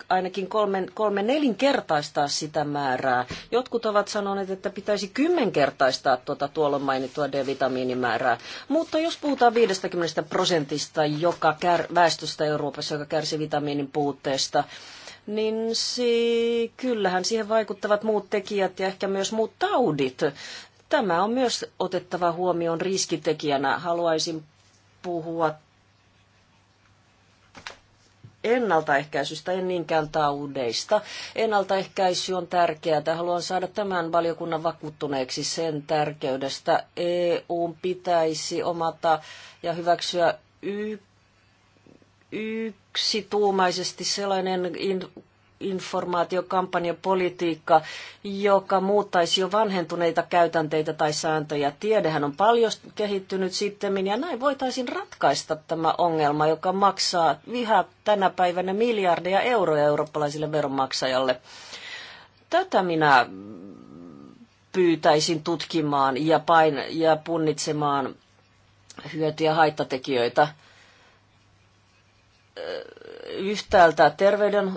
S4: ainakin kolmen, kolme nelinkertaistaa sitä määrää. Jotkut ovat sanoneet, että pitäisi kymmenkertaistaa tuota tuolla mainittua D-vitamiinimäärää. Mutta jos puhutaan 50 prosentista joka kär, väestöstä Euroopassa, joka kärsi vitamiinin puutteesta, niin si- kyllähän siihen vaikuttavat muut tekijät ja ehkä myös muut taudit. Tämä on myös otettava huomioon riskitekijänä. Haluaisin puhua ennaltaehkäisystä, en niinkään taudeista. Ennaltaehkäisy on tärkeää. Haluan saada tämän valiokunnan vakuuttuneeksi sen tärkeydestä. EU pitäisi omata ja hyväksyä y- yksituumaisesti sellainen in- informaatiokampanjapolitiikka, joka muuttaisi jo vanhentuneita käytänteitä tai sääntöjä. Tiedehän on paljon kehittynyt sitten, ja näin voitaisiin ratkaista tämä ongelma, joka maksaa viha tänä päivänä miljardeja euroja eurooppalaisille veronmaksajalle. Tätä minä pyytäisin tutkimaan ja, pain- ja punnitsemaan hyötyjä ja haittatekijöitä yhtäältä terveyden,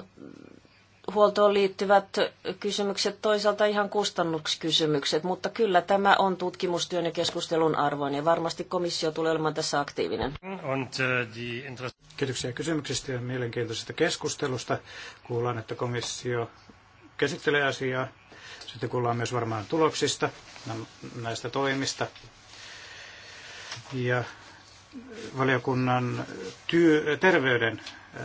S4: terveydenhuoltoon liittyvät kysymykset, toisaalta ihan kustannuskysymykset, mutta kyllä tämä on tutkimustyön ja keskustelun arvoinen ja varmasti komissio tulee olemaan tässä aktiivinen.
S2: Äh, Kiitoksia kysymyksistä ja mielenkiintoisesta keskustelusta. Kuullaan, että komissio käsittelee asiaa. Sitten kuullaan myös varmaan tuloksista näistä toimista. Ja valiokunnan työ, terveyden äh,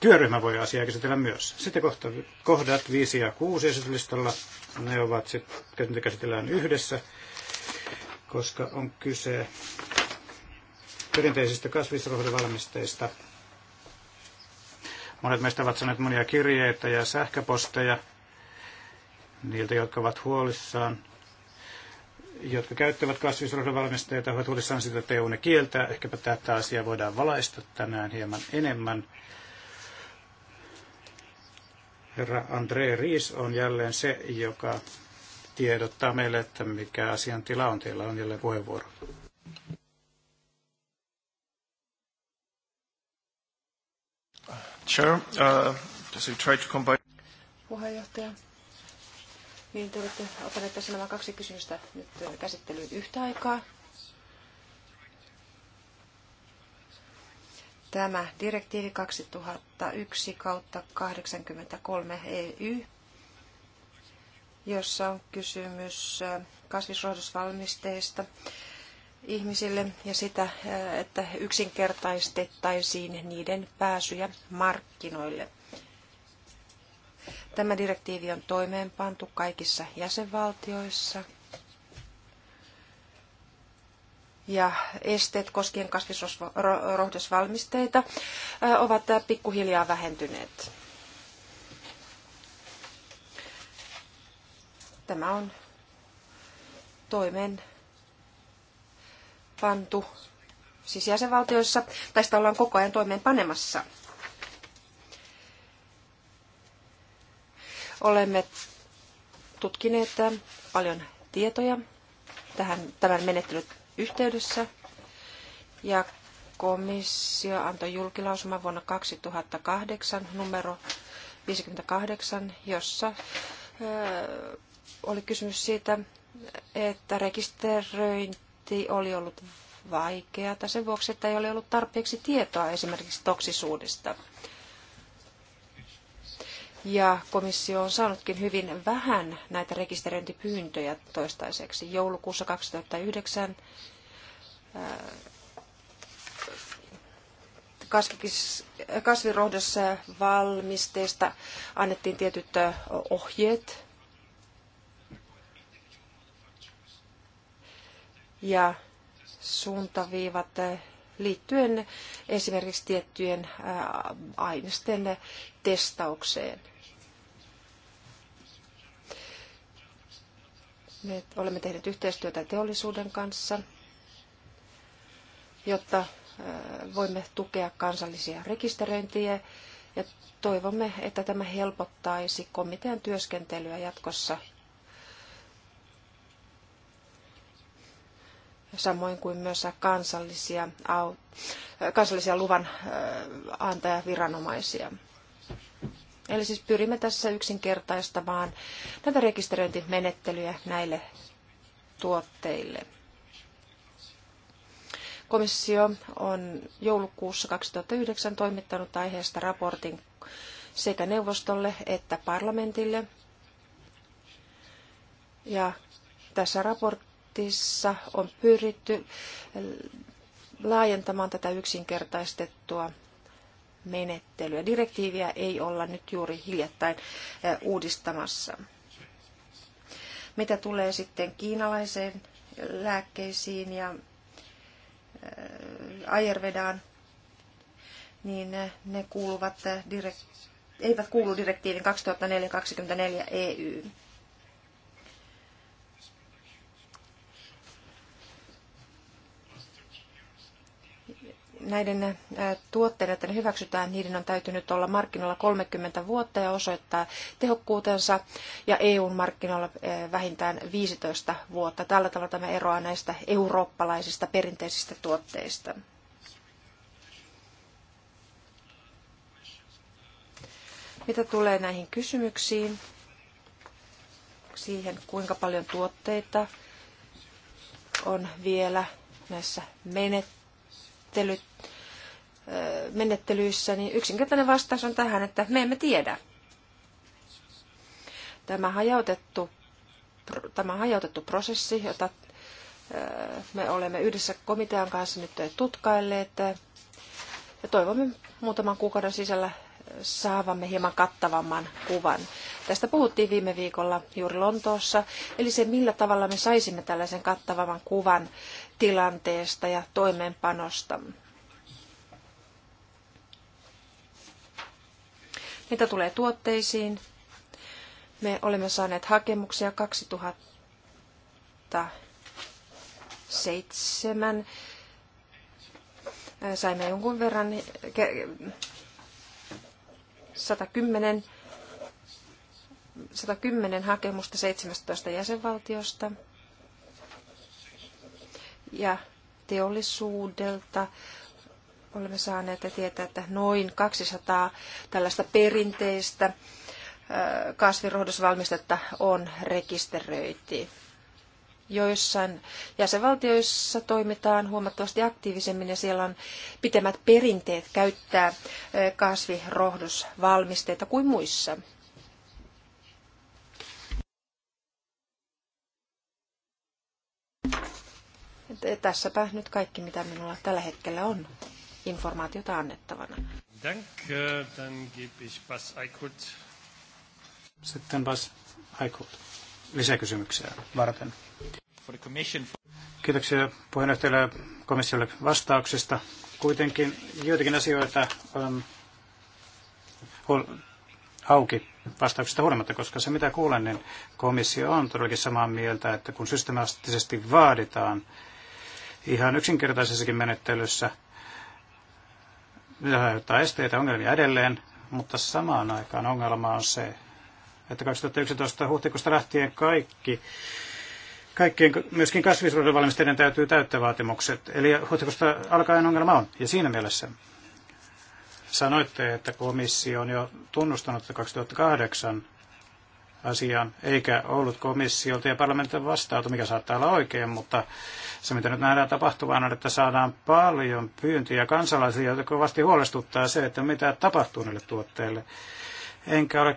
S2: työryhmä voi asiaa käsitellä myös. Sitten kohta, kohdat 5 ja 6 esityslistalla, ne ovat sitten, käsitellään yhdessä, koska on kyse perinteisistä kasvisrohdevalmisteista. Monet meistä ovat saaneet monia kirjeitä ja sähköposteja niiltä, jotka ovat huolissaan jotka käyttävät kasvisruokavalmisteita, ovat huolissaan siitä, että EU ne kieltää. Ehkäpä tätä asiaa voidaan valaista tänään hieman enemmän. Herra André Riis on jälleen se, joka tiedottaa meille, että mikä asian tila on. Teillä on jälleen puheenvuoro. Chair, Uh,
S3: does he try to combine? Puheenjohtaja. Niin, te olette ottaneet tässä nämä kaksi kysymystä nyt käsittelyyn yhtä aikaa. Tämä direktiivi 2001 kautta 83 EY, jossa on kysymys kasvisrohdusvalmisteista ihmisille ja sitä, että yksinkertaistettaisiin niiden pääsyjä markkinoille. Tämä direktiivi on toimeenpantu kaikissa jäsenvaltioissa ja esteet koskien kasvisrohdosvalmisteita ovat pikkuhiljaa vähentyneet. Tämä on toimen pantu siis jäsenvaltioissa, tai sitä ollaan koko ajan toimeenpanemassa. Olemme tutkineet paljon tietoja tähän, tämän menettelyn yhteydessä. Ja komissio antoi julkilausuman vuonna 2008 numero 58, jossa oli kysymys siitä, että rekisteröinti oli ollut vaikeaa sen vuoksi, että ei ole ollut tarpeeksi tietoa esimerkiksi toksisuudesta. Ja komissio on saanutkin hyvin vähän näitä rekisteröintipyyntöjä toistaiseksi. Joulukuussa 2009 kasvirohdossa valmisteista annettiin tietyt ohjeet. Ja suuntaviivat liittyen esimerkiksi tiettyjen ainesten testaukseen. Me olemme tehneet yhteistyötä teollisuuden kanssa, jotta voimme tukea kansallisia rekisteröintiä ja toivomme, että tämä helpottaisi komitean työskentelyä jatkossa. Samoin kuin myös kansallisia, kansallisia luvan antajaviranomaisia. viranomaisia. Eli siis pyrimme tässä yksinkertaistamaan näitä rekisteröintimenettelyjä näille tuotteille. Komissio on joulukuussa 2009 toimittanut aiheesta raportin sekä neuvostolle että parlamentille. Ja tässä raportissa on pyritty laajentamaan tätä yksinkertaistettua menettelyä. Direktiiviä ei olla nyt juuri hiljattain eh, uudistamassa. Mitä tulee sitten kiinalaiseen lääkkeisiin ja eh, Ayurvedaan, niin eh, ne kuuluvat direkt- eivät kuulu direktiivin 2024 24 EU. näiden tuotteiden, että ne hyväksytään, niiden on täytynyt olla markkinoilla 30 vuotta ja osoittaa tehokkuutensa ja EUn markkinoilla vähintään 15 vuotta. Tällä tavalla tämä eroaa näistä eurooppalaisista perinteisistä tuotteista. Mitä tulee näihin kysymyksiin, siihen kuinka paljon tuotteita on vielä näissä menettelyssä, menettelyissä, niin yksinkertainen vastaus on tähän, että me emme tiedä. Tämä hajautettu, tämä hajautettu prosessi, jota me olemme yhdessä komitean kanssa nyt tutkailleet, ja toivomme muutaman kuukauden sisällä saavamme hieman kattavamman kuvan. Tästä puhuttiin viime viikolla juuri Lontoossa, eli se millä tavalla me saisimme tällaisen kattavamman kuvan tilanteesta ja toimeenpanosta. Mitä tulee tuotteisiin, me olemme saaneet hakemuksia 2007. Saimme jonkun verran 110, 110 hakemusta 17 jäsenvaltiosta ja teollisuudelta olemme saaneet tietää, että noin 200 tällaista perinteistä kasvirohdosvalmistetta on rekisteröity joissain jäsenvaltioissa toimitaan huomattavasti aktiivisemmin ja siellä on pitemmät perinteet käyttää kasvirohdusvalmisteita kuin muissa. Tässäpä nyt kaikki, mitä minulla tällä hetkellä on informaatiota annettavana.
S1: Danke, dann gebe ich
S2: Sitten lisäkysymyksiä varten. Kiitoksia puheenjohtajalle komissiolle vastauksista. Kuitenkin joitakin asioita on auki vastauksista huolimatta, koska se mitä kuulen, niin komissio on todellakin samaa mieltä, että kun systemaattisesti vaaditaan ihan yksinkertaisessakin menettelyssä, se aiheuttaa esteitä ongelmia edelleen, mutta samaan aikaan ongelma on se, että 2011 huhtikuusta lähtien kaikki kaikkien, myöskin kasvisruokavalmisteiden täytyy täyttää vaatimukset. Eli huhtikuusta alkaen ongelma on. Ja siinä mielessä sanoitte, että komissio on jo tunnustanut 2008 asian, eikä ollut komissiolta ja parlamentin vastaanotto, mikä saattaa olla oikein, mutta se mitä nyt nähdään tapahtuvan on, että saadaan paljon pyyntiä kansalaisia, jotka kovasti huolestuttaa se, että mitä tapahtuu niille tuotteille. Enkä ole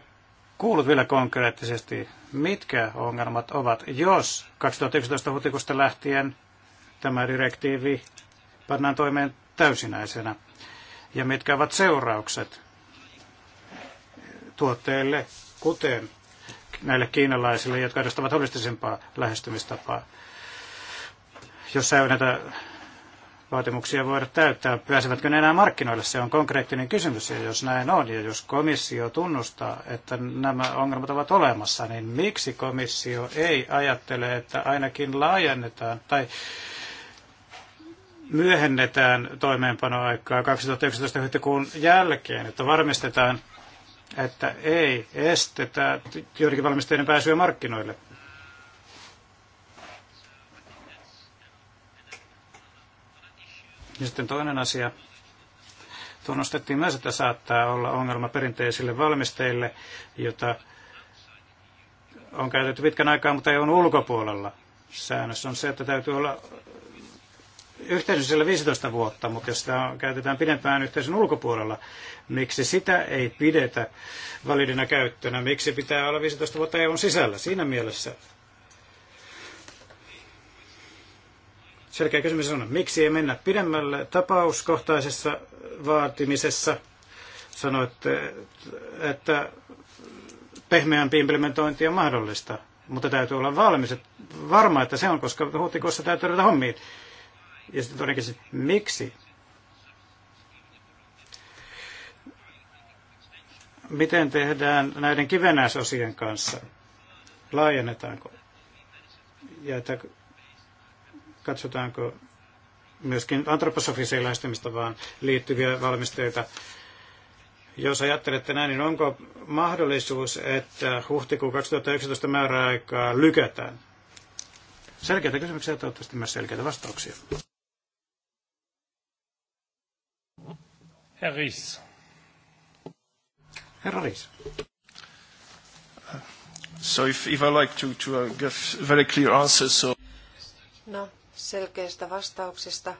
S2: kuullut vielä konkreettisesti, mitkä ongelmat ovat, jos 2011 huhtikuusta lähtien tämä direktiivi pannaan toimeen täysinäisenä, ja mitkä ovat seuraukset tuotteille, kuten näille kiinalaisille, jotka edustavat holistisempaa lähestymistapaa, jos säynnätä vaatimuksia voida täyttää. Pääsevätkö ne enää markkinoille? Se on konkreettinen kysymys, ja jos näin on, ja jos komissio tunnustaa, että nämä ongelmat ovat olemassa, niin miksi komissio ei ajattele, että ainakin laajennetaan tai myöhennetään toimeenpanoaikaa 2019 huhtikuun jälkeen, että varmistetaan, että ei estetä joidenkin valmistajien pääsyä markkinoille. Ja sitten toinen asia. Tuo nostettiin myös, että saattaa olla ongelma perinteisille valmisteille, jota on käytetty pitkän aikaa, mutta ei on ulkopuolella. Säännös on se, että täytyy olla yhteisöllä 15 vuotta, mutta jos sitä käytetään pidempään yhteisön ulkopuolella, miksi sitä ei pidetä validina käyttönä, miksi pitää olla 15 vuotta EUn sisällä? Siinä mielessä selkeä kysymys on, miksi ei mennä pidemmälle tapauskohtaisessa vaatimisessa. Sanoitte, että pehmeämpi implementointi on mahdollista, mutta täytyy olla valmis, että varma, että se on, koska huhtikuussa täytyy ruveta hommiin. Ja sitten todennäköisesti, miksi? Miten tehdään näiden kivenäisosien kanssa? Laajennetaanko? Ja että katsotaanko myöskin antroposofiseen vaan liittyviä valmisteita. Jos ajattelette näin, niin onko mahdollisuus, että huhtikuun 2019 määräaikaa lykätään? Selkeitä kysymyksiä ja toivottavasti myös selkeitä vastauksia. Herra Riis. Herra Riis. So if, if I like to, to uh, give very clear
S1: answers, so...
S3: No, selkeistä vastauksista.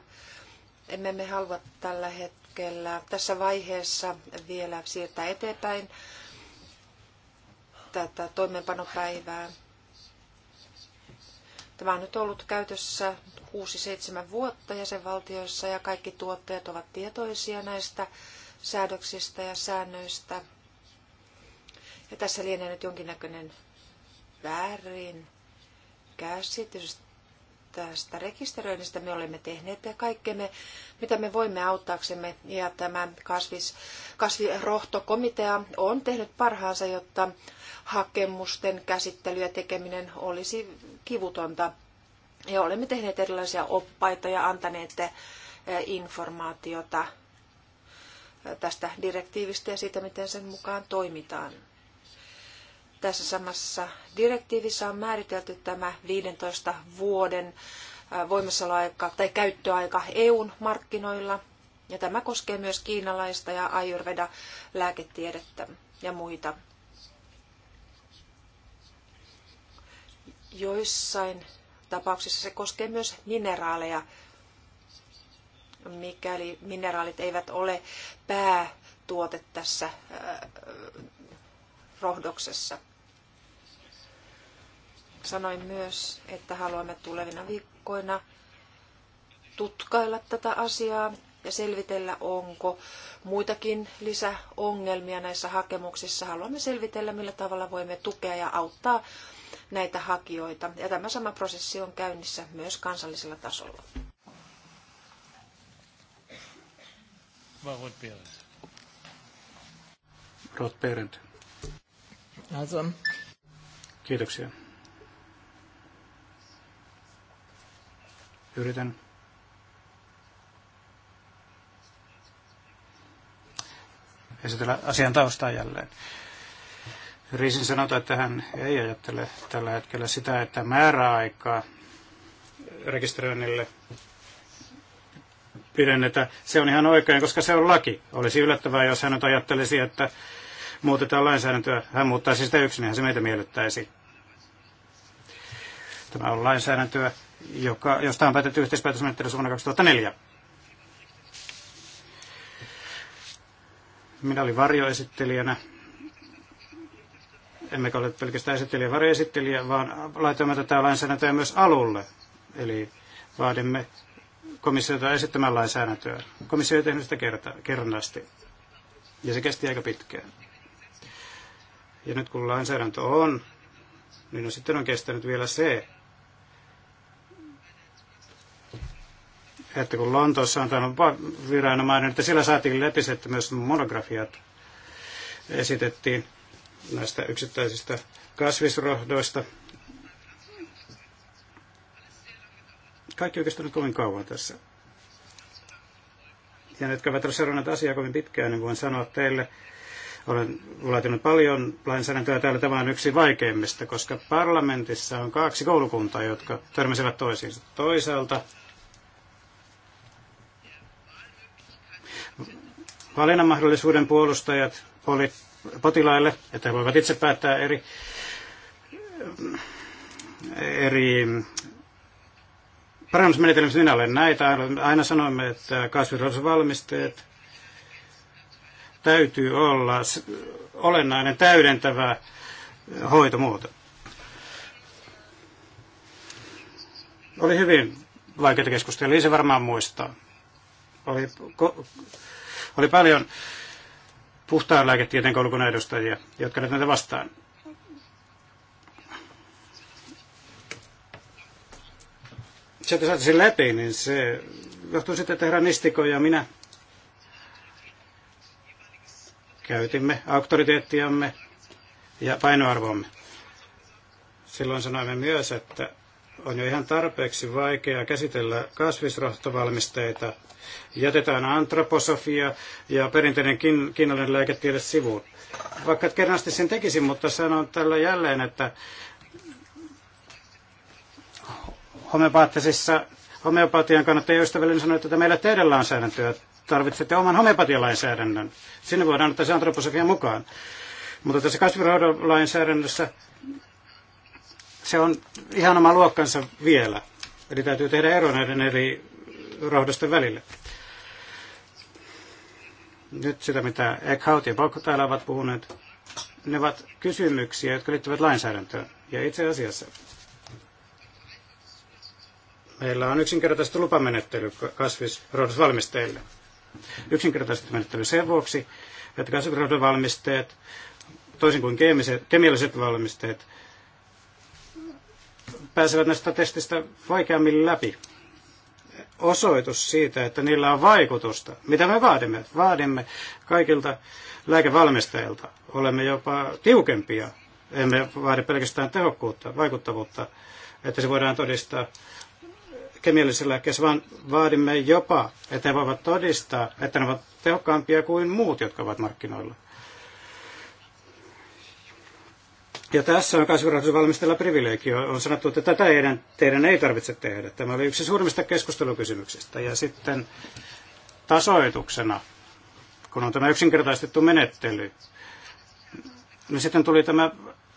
S3: Emme me halua tällä hetkellä tässä vaiheessa vielä siirtää eteenpäin tätä toimeenpanopäivää. Tämä on nyt ollut käytössä 6-7 vuotta jäsenvaltioissa ja kaikki tuottajat ovat tietoisia näistä säädöksistä ja säännöistä. Ja tässä lienee nyt jonkinnäköinen väärin käsitys tästä rekisteröinnistä. Me olemme tehneet kaikkemme, mitä me voimme auttaaksemme. Ja tämä kasvis, kasvirohtokomitea on tehnyt parhaansa, jotta hakemusten käsittely ja tekeminen olisi kivutonta. Ja olemme tehneet erilaisia oppaita ja antaneet eh, informaatiota eh, tästä direktiivistä ja siitä, miten sen mukaan toimitaan. Tässä samassa direktiivissä on määritelty tämä 15 vuoden voimassaoloaika tai käyttöaika EUn markkinoilla. Ja tämä koskee myös kiinalaista ja ayurveda-lääketiedettä ja muita. Joissain tapauksissa se koskee myös mineraaleja, mikäli mineraalit eivät ole päätuote tässä rohdoksessa. Sanoin myös, että haluamme tulevina viikkoina tutkailla tätä asiaa ja selvitellä, onko muitakin lisäongelmia näissä hakemuksissa. Haluamme selvitellä, millä tavalla voimme tukea ja auttaa näitä hakijoita. Ja tämä sama prosessi on käynnissä myös kansallisella tasolla.
S1: Rod Parent.
S2: Kiitoksia. Yritän. esitellä asian taustaa jälleen. Riisin sanota, että hän ei ajattele tällä hetkellä sitä, että määräaikaa rekisteröinnille pidennetä. Se on ihan oikein, koska se on laki. Olisi yllättävää, jos hän nyt ajattelisi, että muutetaan lainsäädäntöä. Hän muuttaisi sitä yksin, niin se meitä miellyttäisi. Tämä on lainsäädäntöä, joka, josta on päätetty yhteispäätösmenettelyssä vuonna 2004. Minä olin varjoesittelijänä. Emmekä ole pelkästään esittelijä varjoesittelijä, vaan laitoimme tätä lainsäädäntöä myös alulle. Eli vaadimme komissiota esittämään lainsäädäntöä. Komissio ei tehnyt sitä kerta, kernaasti. Ja se kesti aika pitkään. Ja nyt kun lainsäädäntö on, niin no sitten on kestänyt vielä se, että kun Lontoossa on tämä viranomainen, että siellä saatiin läpi se, että myös monografiat esitettiin näistä yksittäisistä kasvisrohdoista. Kaikki oikeastaan kovin kauan tässä. Ja nyt kävät ovat seuranneet asiaa kovin pitkään, niin voin sanoa teille, olen laitunut paljon lainsäädäntöä täällä. Tämä on yksi vaikeimmista, koska parlamentissa on kaksi koulukuntaa, jotka törmäsivät toisiinsa. Toisaalta valinnanmahdollisuuden puolustajat potilaille, että he voivat itse päättää eri, eri parannusmenetelmissä. Minä olen näitä. Aina sanoimme, että kasvirasvalmisteet täytyy olla olennainen täydentävä hoitomuoto. Oli hyvin vaikeita ei se varmaan muistaa. Oli oli paljon puhtaan lääketieteen koulukunnan edustajia, jotka nyt näitä vastaan. Se, että saataisiin läpi, niin se johtuu sitten, että herra Nistiko ja minä käytimme auktoriteettiamme ja painoarvomme. Silloin sanoimme myös, että on jo ihan tarpeeksi vaikeaa käsitellä kasvisrohtovalmisteita. Jätetään antroposofia ja perinteinen kin- kiinalainen lääketiede sivuun. Vaikka kerrasti sen tekisin, mutta sanon tällä jälleen, että homeopaattisissa homeopatian kannattajien ystävällinen sanoi, että meillä teidän lainsäädäntöä tarvitsette oman homeopatialainsäädännön. Sinne voidaan ottaa se antroposofia mukaan. Mutta tässä lainsäädännössä se on ihan oma luokkansa vielä. Eli täytyy tehdä ero näiden eri rohdosten välille. Nyt sitä, mitä Eckhout ja Bokko täällä ovat puhuneet, ne ovat kysymyksiä, jotka liittyvät lainsäädäntöön. Ja itse asiassa meillä on yksinkertaisesti lupamenettely kasvisrohdusvalmisteille. Yksinkertaisesti menettely sen vuoksi, että kasvisrohdusvalmisteet, toisin kuin kemialliset valmisteet, pääsevät näistä testistä vaikeammin läpi. Osoitus siitä, että niillä on vaikutusta. Mitä me vaadimme? Vaadimme kaikilta lääkevalmistajilta. Olemme jopa tiukempia. Emme vaadi pelkästään tehokkuutta, vaikuttavuutta, että se voidaan todistaa kemiallisilla lääkkeissä, vaan vaadimme jopa, että he voivat todistaa, että ne ovat tehokkaampia kuin muut, jotka ovat markkinoilla. Ja tässä on kasvurahoitus valmistella privilegio. On sanottu, että tätä ei, teidän ei tarvitse tehdä. Tämä oli yksi suurimmista keskustelukysymyksistä. Ja sitten tasoituksena, kun on tämä yksinkertaistettu menettely, niin sitten tuli tämä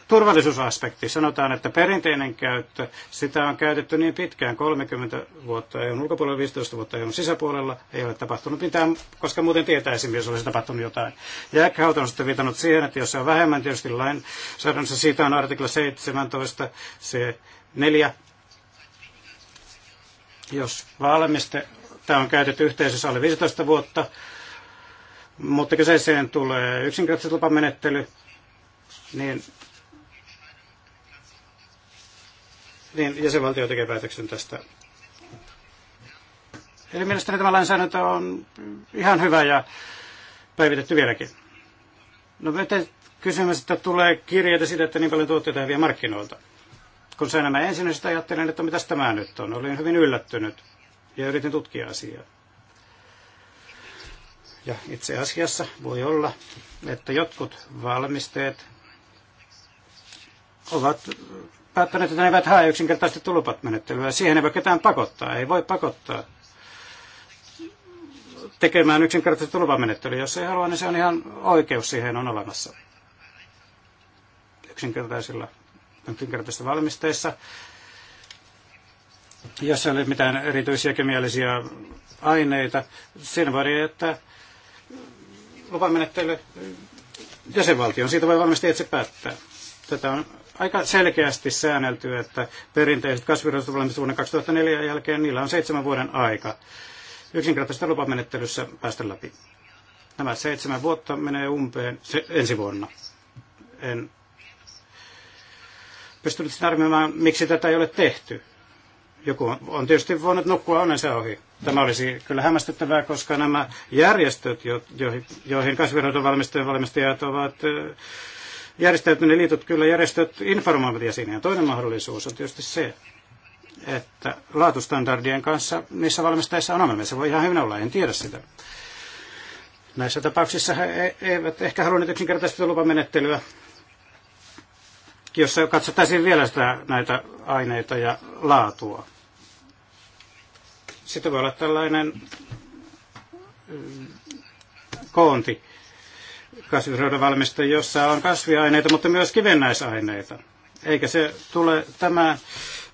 S2: Turvallisuusaspekti. Sanotaan, että perinteinen käyttö, sitä on käytetty niin pitkään, 30 vuotta EUn ulkopuolella, 15 vuotta EUn sisäpuolella, ei ole tapahtunut mitään, koska muuten tietäisimme, jos olisi tapahtunut jotain. Jääkkähaut on sitten viitannut siihen, että jos se on vähemmän, tietysti lainsäädännössä siitä on artikla 17, se 4, jos valmiste, tämä on käytetty yhteisössä alle 15 vuotta, mutta kyseeseen tulee yksinkertaiset lupamenettely, niin niin jäsenvaltio tekee päätöksen tästä. Eli mielestäni tämä lainsäädäntö on ihan hyvä ja päivitetty vieläkin. No kysymys, että tulee kirjeitä siitä, että niin paljon tuotteita vielä markkinoilta. Kun sain nämä ensimmäiset, ajattelin, että mitä tämä nyt on. Olin hyvin yllättynyt ja yritin tutkia asiaa. Ja itse asiassa voi olla, että jotkut valmisteet ovat päättäneet, että ne eivät hae yksinkertaisesti tulupatmenettelyä. Siihen ei voi ketään pakottaa, ei voi pakottaa tekemään yksinkertaisesti tulupamenettelyä. Jos ei halua, niin se on ihan oikeus siihen on olemassa yksinkertaisilla yksinkertaisissa valmisteissa, jos ei ole mitään erityisiä kemiallisia aineita. Siinä voi, että lupamenettely jäsenvaltio on siitä voi valmasti itse päättää. Tätä on aika selkeästi säännelty, että perinteiset kasvirastot vuoden 2004 jälkeen, niillä on seitsemän vuoden aika yksinkertaisesta lupamenettelyssä päästä läpi. Nämä seitsemän vuotta menee umpeen se, ensi vuonna. En pystynyt arvioimaan, miksi tätä ei ole tehty. Joku on, on tietysti voinut nukkua onnensa ohi. Tämä olisi kyllä hämmästyttävää, koska nämä järjestöt, jo, jo, joihin kasvihuoneiden valmistajat ovat järjestäytyneet liitot kyllä järjestöt informoivat jäseniä. Toinen mahdollisuus on tietysti se, että laatustandardien kanssa niissä valmistajissa on ongelmia. Se voi ihan hyvin olla, en tiedä sitä. Näissä tapauksissa he e- eivät ehkä halunneet yksinkertaisesti lupamenettelyä, jossa katsottaisiin vielä sitä, näitä aineita ja laatua. Sitten voi olla tällainen mm, koonti, kasvisruodavalmiste, jossa on kasviaineita, mutta myös kivennäisaineita. Eikä se tule tämä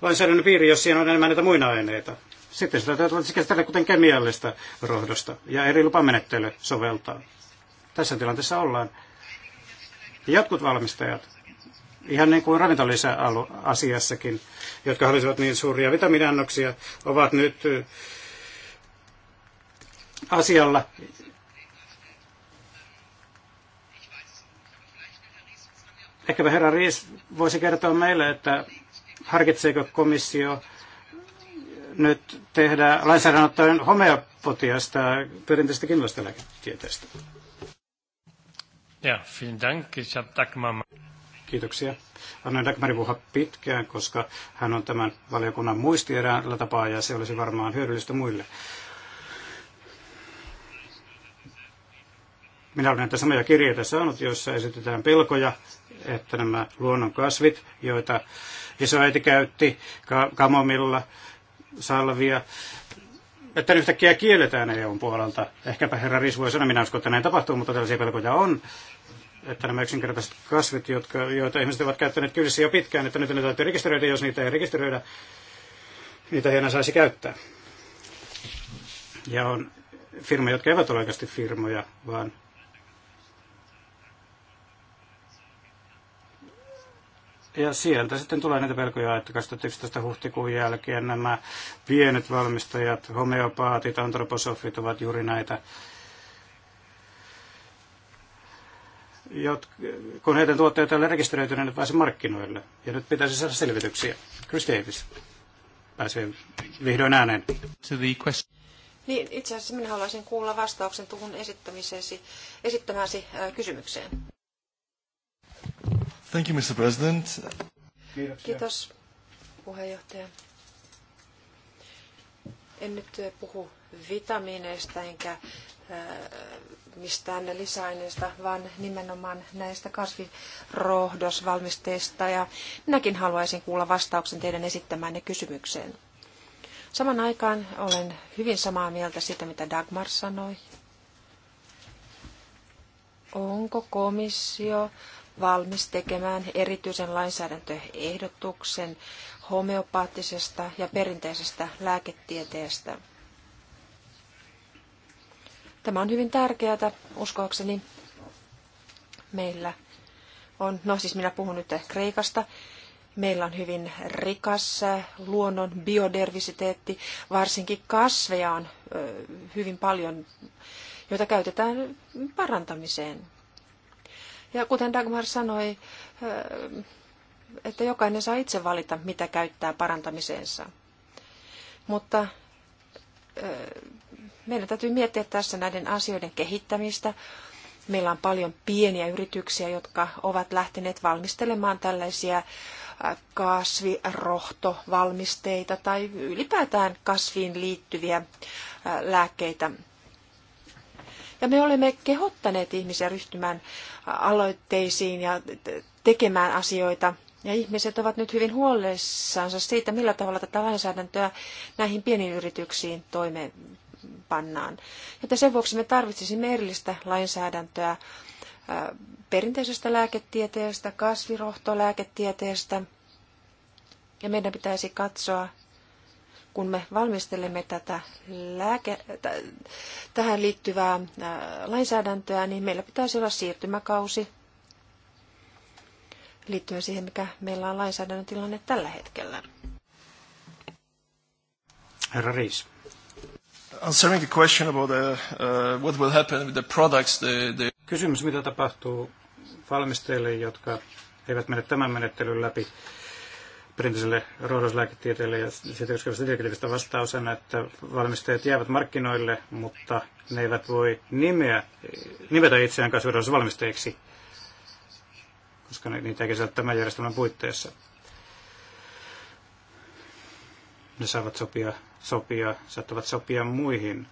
S2: lainsäädännön piiri, jos siinä on enemmän näitä muina aineita. Sitten sitä täytyy siis käsitellä kuten kemiallista rohdosta ja eri lupamenettely soveltaa. Tässä tilanteessa ollaan. Jotkut valmistajat, ihan niin kuin ravintolisäasiassakin, jotka halusivat niin suuria vitamiiniannoksia, ovat nyt asialla, Ehkäpä herra Riis voisi kertoa meille, että harkitseeko komissio nyt tehdä lainsäädännön homeopotiasta perinteistä kiinalaisesta lääketieteestä. Ja, Kiitoksia. Annoin Dagmari puhua pitkään, koska hän on tämän valiokunnan muistierään tapaa ja se olisi varmaan hyödyllistä muille Minä olen näitä samoja kirjeitä saanut, joissa esitetään pelkoja, että nämä luonnonkasvit, joita isoäiti käytti kamomilla, salvia, että ne yhtäkkiä kielletään EUn puolelta. Ehkäpä herra Riis voi sanoa, minä uskon, että näin tapahtuu, mutta tällaisia pelkoja on että nämä yksinkertaiset kasvit, jotka, joita ihmiset ovat käyttäneet kylissä jo pitkään, että nyt ne täytyy rekisteröidä, jos niitä ei rekisteröidä, niitä ei enää saisi käyttää. Ja on firmoja, jotka eivät ole oikeasti firmoja, vaan Ja sieltä sitten tulee näitä pelkoja, että 2011 huhtikuun jälkeen nämä pienet valmistajat, homeopaatit, antroposofit ovat juuri näitä, jot, kun heidän tuotteet ei ole niin pääse markkinoille. Ja nyt pitäisi saada selvityksiä. Chris Davis pääsee vihdoin ääneen. To the question.
S3: Niin, itse asiassa minä haluaisin kuulla vastauksen tuhun esittämiseesi, esittämäsi kysymykseen.
S1: Thank you, Mr. President.
S3: Kiitos, puheenjohtaja. En nyt eh, puhu vitamiineista enkä eh, mistään lisäaineista, vaan nimenomaan näistä kasvirohdosvalmisteista. Ja minäkin haluaisin kuulla vastauksen teidän esittämäänne kysymykseen. Saman aikaan olen hyvin samaa mieltä siitä, mitä Dagmar sanoi. Onko komissio valmis tekemään erityisen lainsäädäntöehdotuksen homeopaattisesta ja perinteisestä lääketieteestä. Tämä on hyvin tärkeää, uskoakseni meillä on, no siis minä puhun nyt Kreikasta, meillä on hyvin rikas luonnon biodiversiteetti, varsinkin kasveja on hyvin paljon, joita käytetään parantamiseen ja kuten Dagmar sanoi, eh, että jokainen saa itse valita, mitä käyttää parantamiseensa. Mutta eh, meidän täytyy miettiä tässä näiden asioiden kehittämistä. Meillä on paljon pieniä yrityksiä, jotka ovat lähteneet valmistelemaan tällaisia eh, kasvirohtovalmisteita tai ylipäätään kasviin liittyviä lääkkeitä ja me olemme kehottaneet ihmisiä ryhtymään aloitteisiin ja tekemään asioita. Ja ihmiset ovat nyt hyvin huolissaan siitä, millä tavalla tätä lainsäädäntöä näihin pieniin yrityksiin toimeenpannaan. Joten sen vuoksi me tarvitsisimme erillistä lainsäädäntöä perinteisestä lääketieteestä, kasvirohtolääketieteestä. Ja meidän pitäisi katsoa kun me valmistelemme tätä lääke, tähän liittyvää äh, lainsäädäntöä, niin meillä pitäisi olla siirtymäkausi liittyen siihen, mikä meillä on lainsäädännön tilanne tällä hetkellä.
S2: Herra Riis. Answering the question about the, uh, what will happen with the products, the, the... Kysymys, mitä tapahtuu valmistajille, jotka eivät mene tämän menettelyn läpi perinteiselle rohdoslääketieteelle ja siitä koskevasta direktiivistä vastausena, että valmistajat jäävät markkinoille, mutta ne eivät voi nimeä, nimetä itseään kasvirauhdosvalmistajiksi, koska niitä ei saa tämän järjestelmän puitteissa. Ne saavat sopia, sopia, saattavat sopia muihin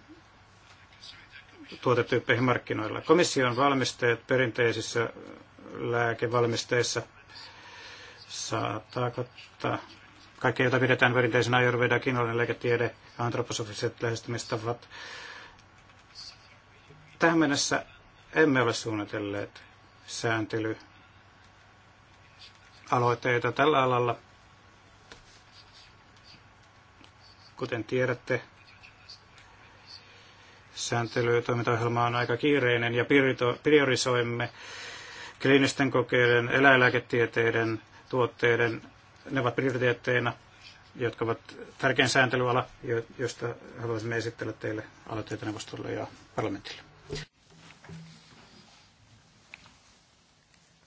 S2: tuotetyyppeihin markkinoilla. Komission valmisteet perinteisissä lääkevalmisteissa – saattaa kattaa kaikki, joita pidetään perinteisenä ajurveda, kiinalainen lääketiede ja antroposofiset lähestymistavat. Tähän mennessä emme ole suunnitelleet sääntelyaloitteita tällä alalla. Kuten tiedätte, sääntelytoimintaohjelma on aika kiireinen ja priorisoimme kliinisten kokeiden, eläinlääketieteiden tuotteiden, ne ovat prioriteetteina, jotka ovat tärkein sääntelyala, josta haluaisin esitellä teille aloitteita neuvostolle ja parlamentille.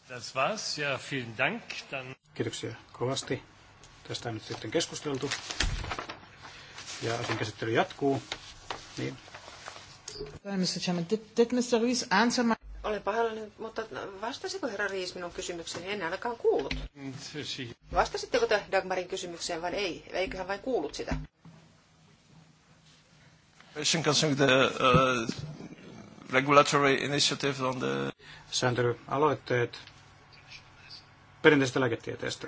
S1: Das war's. Ja, vielen Dank. Dann... Kiitoksia kovasti. Tästä on nyt sitten keskusteltu.
S2: Ja asian käsittely jatkuu. Niin. Mr. Chairman, did, did Mr. Ruiz answer my...
S3: Olen pahoillani, mutta vastasiko herra Riis minun kysymykseni? En ainakaan kuullut. Vastasitteko te Dagmarin kysymykseen vai ei? Eiköhän vain kuullut sitä?
S1: Uh,
S2: regulatory initiative on the... Sääntelyaloitteet perinteisestä lääketieteestä.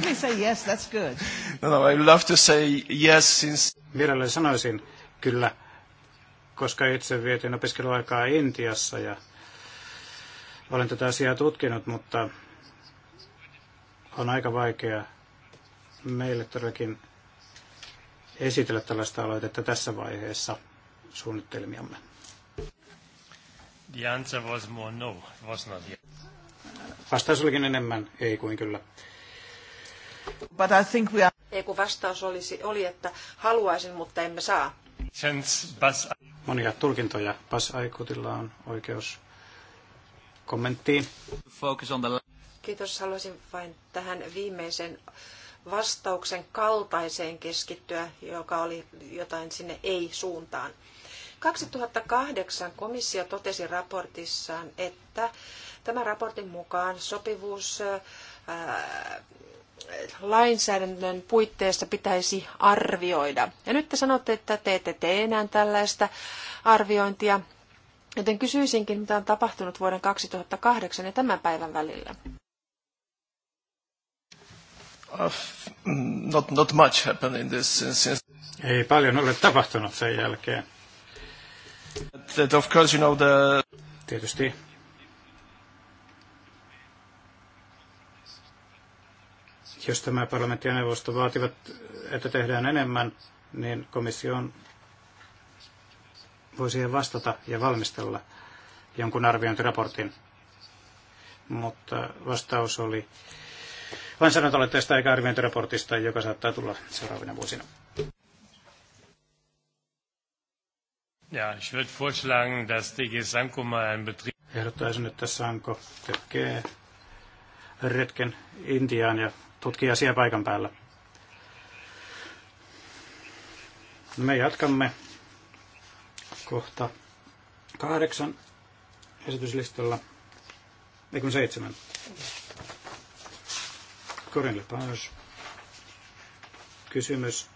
S2: basically say yes, that's good. No, no, I love to say yes since... Virallinen sanoisin kyllä, koska itse vietin opiskeluaikaa Intiassa ja olen tätä asiaa tutkinut, mutta on aika vaikea meille todellakin esitellä tällaista aloitetta tässä vaiheessa suunnittelmiamme.
S1: The answer was more no, it was not yet.
S2: Vastaus olikin enemmän ei kuin kyllä.
S1: But I think we are...
S3: vastaus olisi, oli, että haluaisin, mutta emme saa.
S2: Monia tulkintoja. Bas Aikutilla on oikeus kommenttiin. Focus on the...
S3: Kiitos. Haluaisin vain tähän viimeisen vastauksen kaltaiseen keskittyä, joka oli jotain sinne ei-suuntaan. 2008 komissio totesi raportissaan, että tämän raportin mukaan sopivuus äh, lainsäädännön puitteissa pitäisi arvioida. Ja nyt te sanotte, että te ette tee enää tällaista arviointia, joten kysyisinkin, mitä on tapahtunut vuoden 2008 ja tämän päivän välillä.
S2: Uh, not, not much happened in this since. Ei paljon ole tapahtunut sen jälkeen. That of course you know the... Tietysti Jos tämä parlamentti ja neuvosto vaativat, että tehdään enemmän, niin komissio on, voi siihen vastata ja valmistella jonkun arviointiraportin. Mutta vastaus oli lainsäädäntöaloitteesta eikä arviointiraportista, joka saattaa tulla seuraavina vuosina.
S1: Ja, ich würde vorschlagen, dass DG Sanko mal Betrieb... Ehdottaisin,
S2: että Sanko tekee retken Intiaan ja tutkia asiaa paikan päällä. Me jatkamme kohta kahdeksan esityslistalla, ei kun seitsemän. Corinne Lepage. Kysymys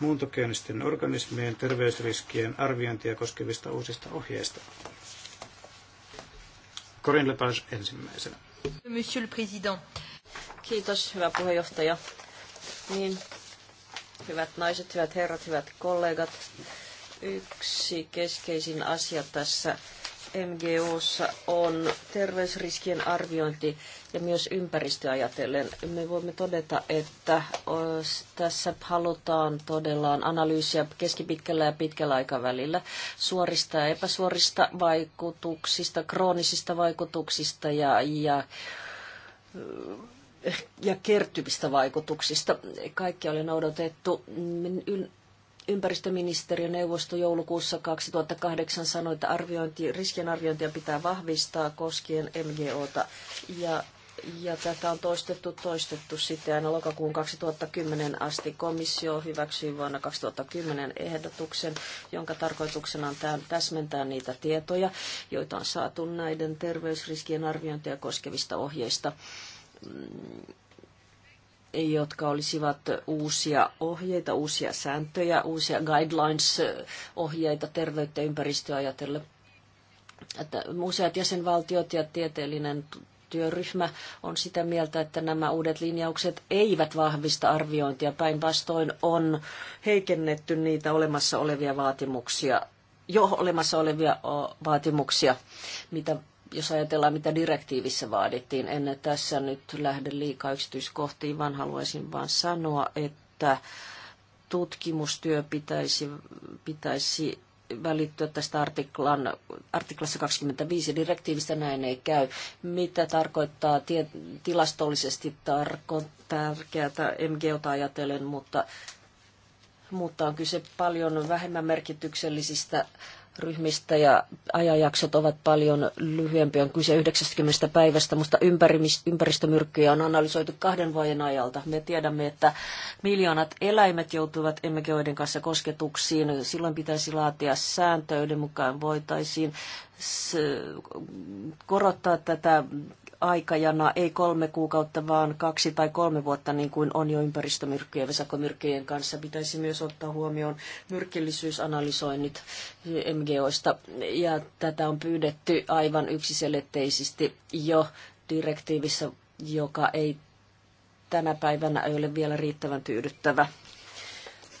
S2: muuntogeenisten organismien terveysriskien arviointia koskevista uusista ohjeista. Corinne Lepage ensimmäisenä.
S4: Monsieur le Président. Kiitos, hyvä puheenjohtaja. Niin, hyvät naiset, hyvät herrat, hyvät kollegat. Yksi keskeisin asia tässä MGOssa on terveysriskien arviointi ja myös ympäristöajatellen. Me voimme todeta, että tässä halutaan todellaan analyysiä keskipitkällä ja pitkällä aikavälillä suorista ja epäsuorista vaikutuksista, kroonisista vaikutuksista ja, ja ja kertyvistä vaikutuksista. Kaikki oli noudatettu neuvosto joulukuussa 2008 sanoi, että arviointi, riskien arviointia pitää vahvistaa koskien MGOta. Ja, ja tätä on toistettu, toistettu sitten aina lokakuun 2010 asti. Komissio hyväksyi vuonna 2010 ehdotuksen, jonka tarkoituksena on täsmentää niitä tietoja, joita on saatu näiden terveysriskien arviointia koskevista ohjeista mm, jotka olisivat uusia ohjeita, uusia sääntöjä, uusia guidelines-ohjeita terveyttä ja ympäristöä ajatellen. Että useat jäsenvaltiot ja tieteellinen työryhmä on sitä mieltä, että nämä uudet linjaukset eivät vahvista arviointia. Päinvastoin on heikennetty niitä olemassa olevia vaatimuksia jo olemassa olevia vaatimuksia, mitä jos ajatellaan, mitä direktiivissä vaadittiin. En tässä nyt lähde liikaa yksityiskohtiin, vaan haluaisin vain sanoa, että tutkimustyö pitäisi, pitäisi välittyä tästä artiklan, artiklassa 25 direktiivistä, näin ei käy. Mitä tarkoittaa tie, tilastollisesti tarko, tärkeää MGOta ajatellen, mutta, mutta on kyse paljon vähemmän merkityksellisistä ryhmistä ja ajanjaksot ovat paljon lyhyempiä, on kyse 90 päivästä, mutta ympäristömyrkkyjä on analysoitu kahden vuoden ajalta. Me tiedämme, että miljoonat eläimet joutuvat emmekioiden kanssa kosketuksiin. Silloin pitäisi laatia sääntöiden mukaan voitaisiin korottaa tätä aikajana ei kolme kuukautta, vaan kaksi tai kolme vuotta, niin kuin on jo ympäristömyrkkyjen ja vesakomyrkkyjen kanssa. Pitäisi myös ottaa huomioon myrkillisyysanalysoinnit MGOista, ja tätä on pyydetty aivan yksiselitteisesti jo direktiivissä, joka ei tänä päivänä ei ole vielä riittävän tyydyttävä.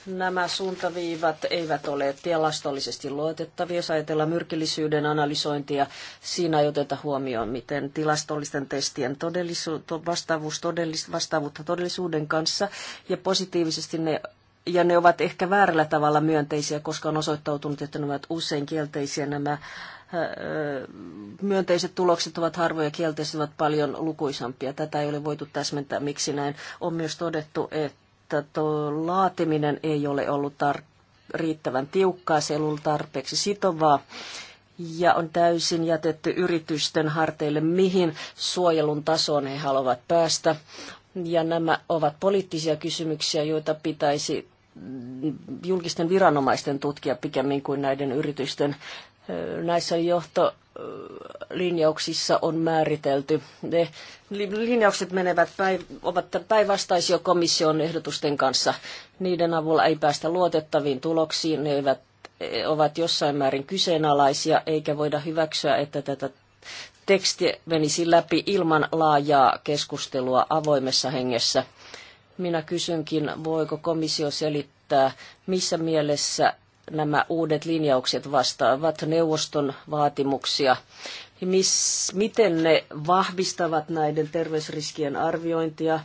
S4: Nämä suuntaviivat eivät ole tilastollisesti luotettavia. Jos ajatellaan myrkillisyyden analysointia, siinä ei oteta huomioon, miten tilastollisten testien todellisu- vastaavuus todellis- vastaavuutta todellisuuden kanssa ja positiivisesti ne ja ne ovat ehkä väärällä tavalla myönteisiä, koska on osoittautunut, että ne ovat usein kielteisiä nämä äh, myönteiset tulokset ovat harvoja, kielteiset ovat paljon lukuisampia. Tätä ei ole voitu täsmentää, miksi näin. On myös todettu, että että tuo laatiminen ei ole ollut tar- riittävän tiukkaa, se ei ollut tarpeeksi sitovaa ja on täysin jätetty yritysten harteille, mihin suojelun tasoon he haluavat päästä. Ja nämä ovat poliittisia kysymyksiä, joita pitäisi julkisten viranomaisten tutkia pikemmin kuin näiden yritysten. Näissä johto linjauksissa on määritelty. Ne linjaukset menevät päin, ovat päinvastaisia komission ehdotusten kanssa. Niiden avulla ei päästä luotettaviin tuloksiin, ne eivät, e, ovat jossain määrin kyseenalaisia, eikä voida hyväksyä, että tätä teksti menisi läpi ilman laajaa keskustelua avoimessa hengessä. Minä kysynkin, voiko komissio selittää, missä mielessä nämä uudet linjaukset vastaavat neuvoston vaatimuksia. Miss, miten ne vahvistavat näiden terveysriskien arviointia,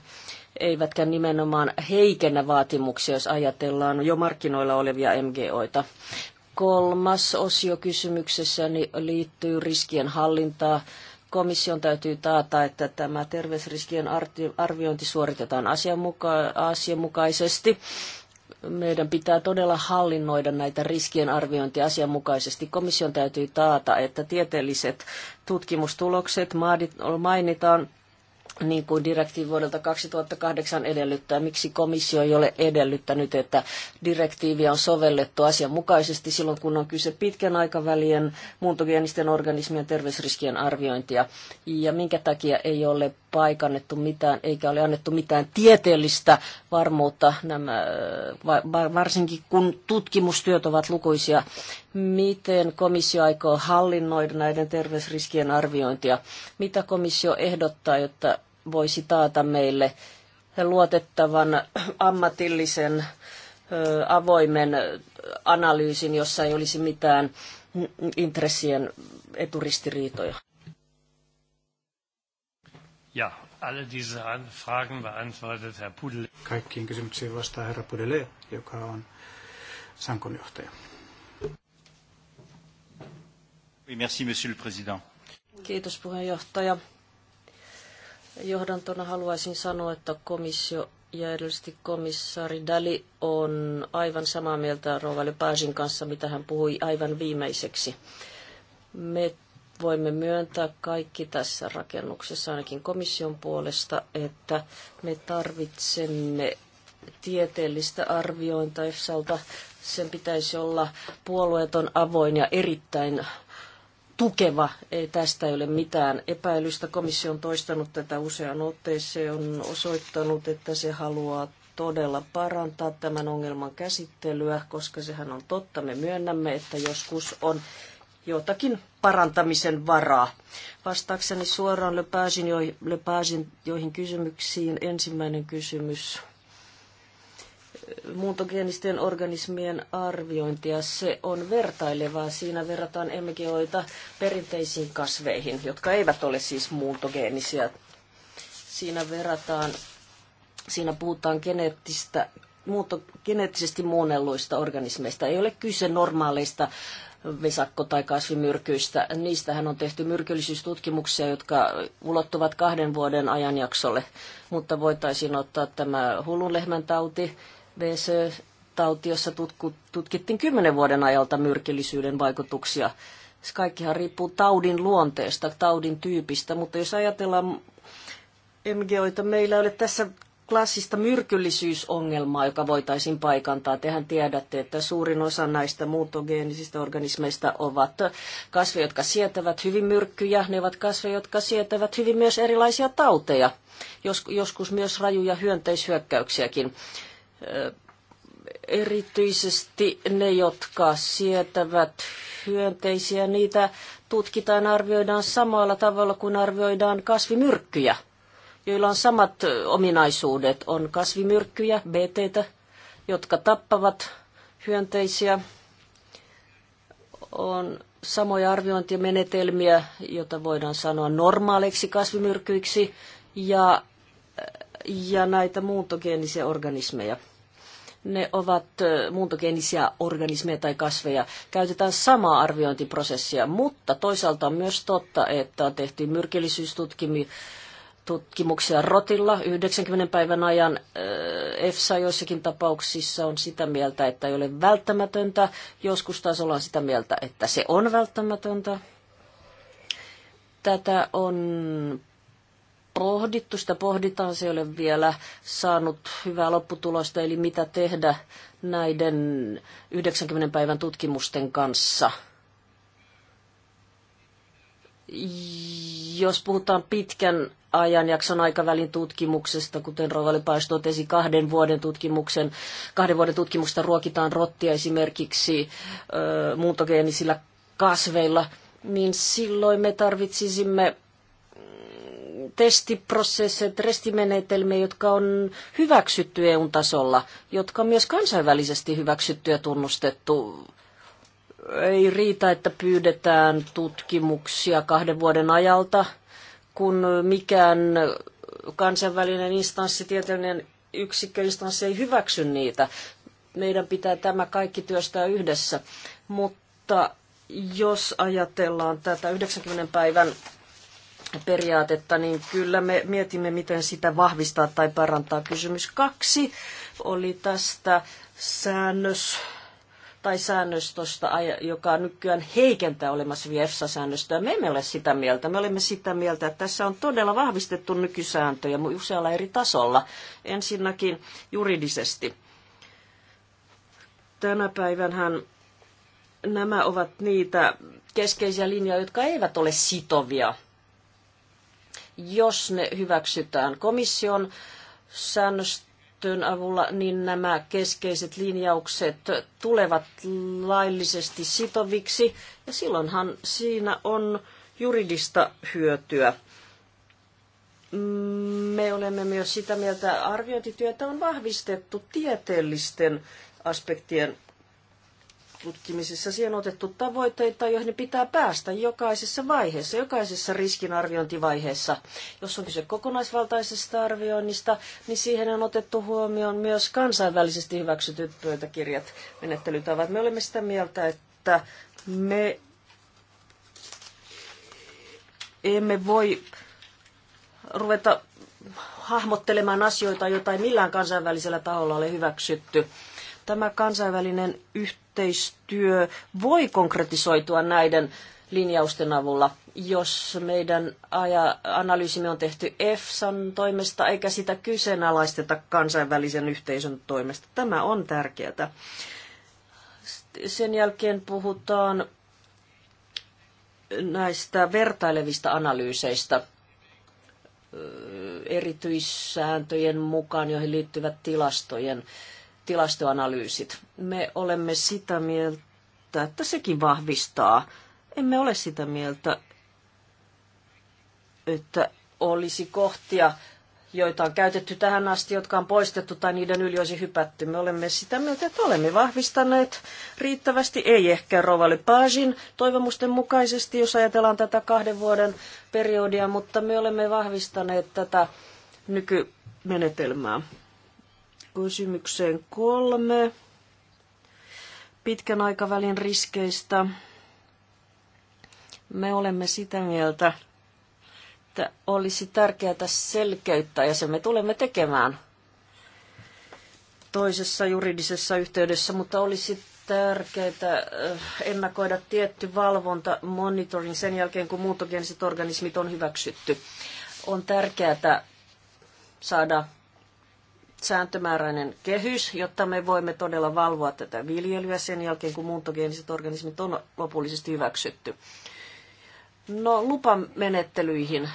S4: eivätkä nimenomaan heikennä vaatimuksia, jos ajatellaan jo markkinoilla olevia MGOita. Kolmas osio kysymyksessäni liittyy riskien hallintaan. komission täytyy taata, että tämä terveysriskien arviointi suoritetaan asianmukaisesti meidän pitää todella hallinnoida näitä riskien arviointia asianmukaisesti. Komission täytyy taata, että tieteelliset tutkimustulokset mainitaan niin kuin direktiivi vuodelta 2008 edellyttää. Miksi komissio ei ole edellyttänyt, että direktiiviä on sovellettu asianmukaisesti silloin, kun on kyse pitkän aikavälien muuntogeenisten organismien terveysriskien arviointia? Ja minkä takia ei ole paikannettu mitään, eikä ole annettu mitään tieteellistä varmuutta, nämä, varsinkin kun tutkimustyöt ovat lukuisia. Miten komissio aikoo hallinnoida näiden terveysriskien arviointia? Mitä komissio ehdottaa, jotta voisi taata meille luotettavan ammatillisen avoimen analyysin, jossa ei olisi mitään intressien eturistiriitoja?
S1: Ja, alle diese Fragen beantwortet Herr
S2: Pudele. Kaikkiin kysymyksiin vastaa herra Pudele, joka on Sankon johtaja. Oui, merci, monsieur le président.
S4: Kiitos puheenjohtaja. Johdantona haluaisin sanoa, että komissio ja erityisesti komissaari Dali on aivan samaa mieltä Rovali Pääsin kanssa, mitä hän puhui aivan viimeiseksi. Me voimme myöntää kaikki tässä rakennuksessa, ainakin komission puolesta, että me tarvitsemme tieteellistä arviointia EFSAlta. Sen pitäisi olla puolueeton, avoin ja erittäin tukeva. Ei, tästä ei ole mitään epäilystä. Komissio on toistanut tätä usean otteeseen, on osoittanut, että se haluaa todella parantaa tämän ongelman käsittelyä, koska sehän on totta. Me myönnämme, että joskus on jotakin parantamisen varaa. Vastaakseni suoraan löpääsin, jo, löpääsin joihin kysymyksiin. Ensimmäinen kysymys muuntogeenisten organismien arviointia. Se on vertailevaa. Siinä verrataan embryoita perinteisiin kasveihin, jotka eivät ole siis muuntogeenisiä. Siinä verrataan, siinä puhutaan geneettistä geneettisesti muunnelluista organismeista. Ei ole kyse normaaleista vesakko- tai kasvimyrkyistä. Niistähän on tehty myrkyllisyystutkimuksia, jotka ulottuvat kahden vuoden ajanjaksolle, mutta voitaisiin ottaa tämä hullunlehmän tauti, vc tauti jossa tutkittiin kymmenen vuoden ajalta myrkyllisyyden vaikutuksia. Se kaikkihan riippuu taudin luonteesta, taudin tyypistä, mutta jos ajatellaan MGOita, meillä ei ole tässä klassista myrkyllisyysongelmaa, joka voitaisiin paikantaa. Tehän tiedätte, että suurin osa näistä muutogeenisistä organismeista ovat kasveja, jotka sietävät hyvin myrkkyjä. Ne ovat kasveja, jotka sietävät hyvin myös erilaisia tauteja, joskus myös rajuja hyönteishyökkäyksiäkin. Erityisesti ne, jotka sietävät hyönteisiä, niitä tutkitaan arvioidaan samalla tavalla kuin arvioidaan kasvimyrkkyjä – joilla on samat ominaisuudet. On kasvimyrkkyjä, bt jotka tappavat hyönteisiä. On samoja arviointimenetelmiä, joita voidaan sanoa normaaleiksi kasvimyrkyiksi, ja, ja näitä muuntogeenisiä organismeja. Ne ovat muuntogeenisiä organismeja tai kasveja. Käytetään samaa arviointiprosessia, mutta toisaalta on myös totta, että on tehty myrkillisyystutkimuksia tutkimuksia rotilla 90 päivän ajan. Äh, EFSA joissakin tapauksissa on sitä mieltä, että ei ole välttämätöntä. Joskus taas ollaan sitä mieltä, että se on välttämätöntä. Tätä on pohdittu, sitä pohditaan, se ei ole vielä saanut hyvää lopputulosta, eli mitä tehdä näiden 90 päivän tutkimusten kanssa jos puhutaan pitkän ajanjakson aikavälin tutkimuksesta, kuten Rovali Paes totesi, kahden vuoden, tutkimuksen, kahden vuoden tutkimuksesta ruokitaan rottia esimerkiksi ö, muuntogeenisillä kasveilla, niin silloin me tarvitsisimme testiprosesseja, testimenetelmiä, jotka on hyväksytty EU-tasolla, jotka on myös kansainvälisesti hyväksytty ja tunnustettu ei riitä, että pyydetään tutkimuksia kahden vuoden ajalta kun mikään kansainvälinen instanssi, tieteellinen yksikköinstanssi ei hyväksy niitä. Meidän pitää tämä kaikki työstää yhdessä. Mutta jos ajatellaan tätä 90 päivän periaatetta, niin kyllä me mietimme, miten sitä vahvistaa tai parantaa. Kysymys kaksi oli tästä säännös tai säännöstöstä, joka nykyään heikentää olemassa EFSA-säännöstöä. Me emme ole sitä mieltä. Me olemme sitä mieltä, että tässä on todella vahvistettu nykysääntöjä usealla eri tasolla. Ensinnäkin juridisesti. Tänä päivänhän nämä ovat niitä keskeisiä linjoja, jotka eivät ole sitovia, jos ne hyväksytään komission säännöstä käyttöön avulla, niin nämä keskeiset linjaukset tulevat laillisesti sitoviksi, ja silloinhan siinä on juridista hyötyä. Me olemme myös sitä mieltä, että arviointityötä on vahvistettu tieteellisten aspektien tutkimisessa siihen on otettu tavoitteita, joihin pitää päästä jokaisessa vaiheessa, jokaisessa riskinarviointivaiheessa. Jos on kyse kokonaisvaltaisesta arvioinnista, niin siihen on otettu huomioon myös kansainvälisesti hyväksytyt pöytäkirjat, menettelytavat. Me olemme sitä mieltä, että me emme voi ruveta hahmottelemaan asioita, joita ei millään kansainvälisellä taholla ole hyväksytty tämä kansainvälinen yhteistyö voi konkretisoitua näiden linjausten avulla, jos meidän analyysimme on tehty EFSAn toimesta eikä sitä kyseenalaisteta kansainvälisen yhteisön toimesta. Tämä on tärkeää. Sen jälkeen puhutaan näistä vertailevista analyyseistä erityissääntöjen mukaan, joihin liittyvät tilastojen tilastoanalyysit. Me olemme sitä mieltä, että sekin vahvistaa. Emme ole sitä mieltä, että olisi kohtia, joita on käytetty tähän asti, jotka on poistettu tai niiden yli olisi hypätty. Me olemme sitä mieltä, että olemme vahvistaneet riittävästi, ei ehkä Rovali Paasin toivomusten mukaisesti, jos ajatellaan tätä kahden vuoden periodia, mutta me olemme vahvistaneet tätä nykymenetelmää kysymykseen kolme pitkän aikavälin riskeistä. Me olemme sitä mieltä, että olisi tärkeää selkeyttää ja se me tulemme tekemään toisessa juridisessa yhteydessä, mutta olisi tärkeää eh, ennakoida tietty valvonta, monitoring sen jälkeen, kun muutogeniset organismit on hyväksytty. On tärkeää saada sääntömääräinen kehys, jotta me voimme todella valvoa tätä viljelyä sen jälkeen, kun muuntogeeniset organismit on lopullisesti hyväksytty. No lupamenettelyihin,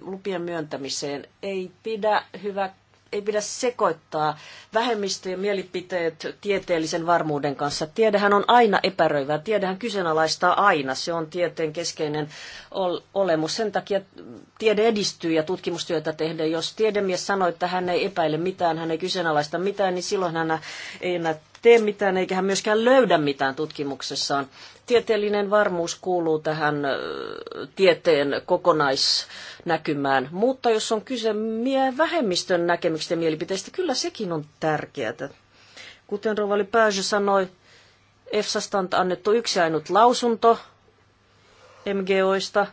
S4: lupien myöntämiseen ei pidä hyvä ei pidä sekoittaa vähemmistöjen mielipiteet tieteellisen varmuuden kanssa. Tiedehän on aina epäröivää, tiedehän kyseenalaistaa aina. Se on tieteen keskeinen olemus. Sen takia tiede edistyy ja tutkimustyötä tehdään. Jos tiedemies sanoo, että hän ei epäile mitään, hän ei kyseenalaista mitään, niin silloin hän ei enää tee mitään, eikä hän myöskään löydä mitään tutkimuksessaan. Tieteellinen varmuus kuuluu tähän tieteen kokonaisnäkymään, mutta jos on kyse vähemmistön näkemyksistä ja mielipiteistä, kyllä sekin on tärkeää. Kuten Rovali Pääsy sanoi, EFSAsta on annettu yksi ainut lausunto MGOista,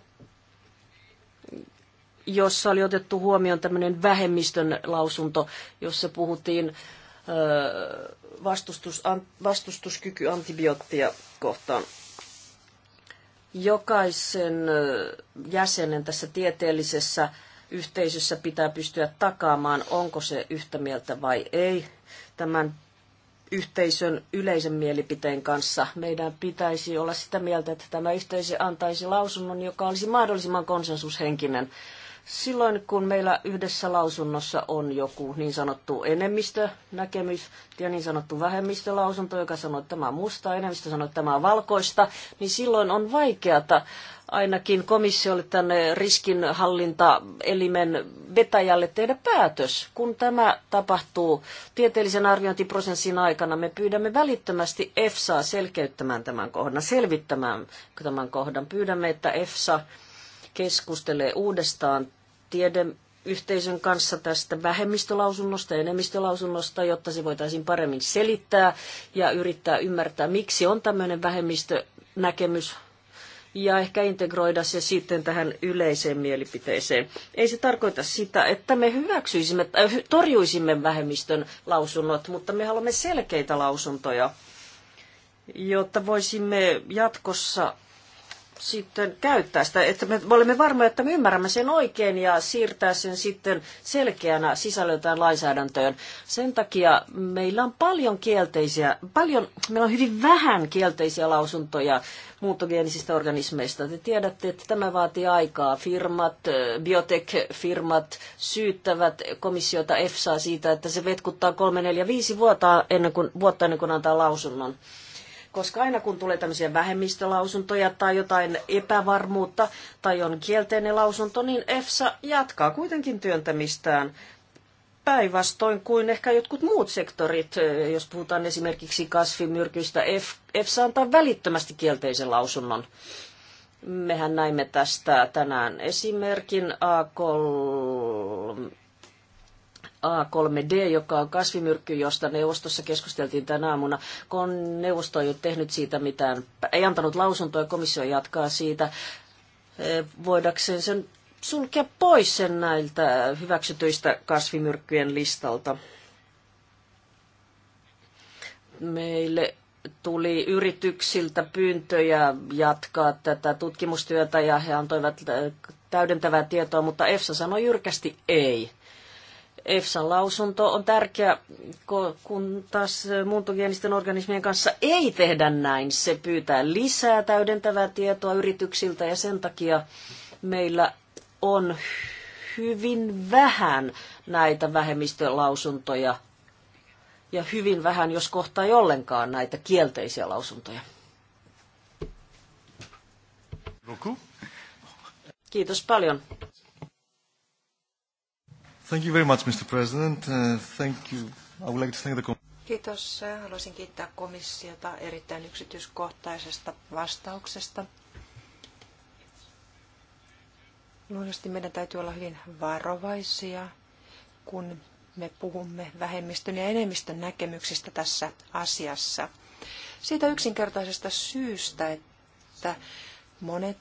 S4: jossa oli otettu huomioon tämmöinen vähemmistön lausunto, jossa puhuttiin vastustus, vastustuskyky antibioottia kohtaan. Jokaisen jäsenen tässä tieteellisessä yhteisössä pitää pystyä takaamaan, onko se yhtä mieltä vai ei tämän yhteisön yleisen mielipiteen kanssa. Meidän pitäisi olla sitä mieltä, että tämä yhteisö antaisi lausunnon, joka olisi mahdollisimman konsensushenkinen Silloin kun meillä yhdessä lausunnossa on joku niin sanottu enemmistönäkemys ja niin sanottu vähemmistölausunto, joka sanoo, että tämä on musta, enemmistö sanoo, että tämä on valkoista, niin silloin on vaikeata ainakin komissiolle tänne riskinhallintaelimen vetäjälle tehdä päätös. Kun tämä tapahtuu tieteellisen arviointiprosessin aikana, me pyydämme välittömästi EFSA selkeyttämään tämän kohdan, selvittämään tämän kohdan. Pyydämme, että EFSA keskustelee uudestaan tiedeyhteisön kanssa tästä vähemmistölausunnosta ja enemmistölausunnosta, jotta se voitaisiin paremmin selittää ja yrittää ymmärtää, miksi on tämmöinen vähemmistönäkemys ja ehkä integroida se sitten tähän yleiseen mielipiteeseen. Ei se tarkoita sitä, että me hyväksyisimme, äh, torjuisimme vähemmistön lausunnot, mutta me haluamme selkeitä lausuntoja, jotta voisimme jatkossa sitten käyttää sitä, että me olemme varmoja, että me ymmärrämme sen oikein ja siirtää sen sitten selkeänä sisällöltään lainsäädäntöön. Sen takia meillä on paljon kielteisiä, paljon, meillä on hyvin vähän kielteisiä lausuntoja muuttogeenisistä organismeista. Te tiedätte, että tämä vaatii aikaa. Firmat, biotech-firmat syyttävät komissiota EFSA siitä, että se vetkuttaa 3, 4, 5 vuotta ennen kuin, vuotta ennen kuin antaa lausunnon koska aina kun tulee tämmöisiä vähemmistölausuntoja tai jotain epävarmuutta tai on kielteinen lausunto, niin EFSA jatkaa kuitenkin työntämistään päinvastoin kuin ehkä jotkut muut sektorit, jos puhutaan esimerkiksi kasvimyrkyistä, EFSA antaa välittömästi kielteisen lausunnon. Mehän näimme tästä tänään esimerkin A3 A3D, joka on kasvimyrkky, josta neuvostossa keskusteltiin tänä aamuna, kun neuvosto ei ole tehnyt siitä mitään, ei antanut lausuntoa ja komissio jatkaa siitä, e, voidakseen sen sulkea pois sen näiltä hyväksytyistä kasvimyrkkyjen listalta. Meille tuli yrityksiltä pyyntöjä jatkaa tätä tutkimustyötä ja he antoivat e, täydentävää tietoa, mutta EFSA sanoi jyrkästi ei. EFSAn lausunto on tärkeä, kun taas muuntogeenisten organismien kanssa ei tehdä näin. Se pyytää lisää täydentävää tietoa yrityksiltä ja sen takia meillä on hyvin vähän näitä vähemmistölausuntoja ja hyvin vähän, jos kohta ei ollenkaan näitä kielteisiä lausuntoja.
S3: Kiitos paljon.
S1: Thank you very much, Mr. President. Uh, thank you. I would like to thank the
S3: Kiitos. Haluaisin kiittää komissiota erittäin yksityiskohtaisesta vastauksesta. Luonnollisesti meidän täytyy olla hyvin varovaisia, kun me puhumme vähemmistön ja enemmistön näkemyksistä tässä asiassa. Siitä yksinkertaisesta syystä, että monet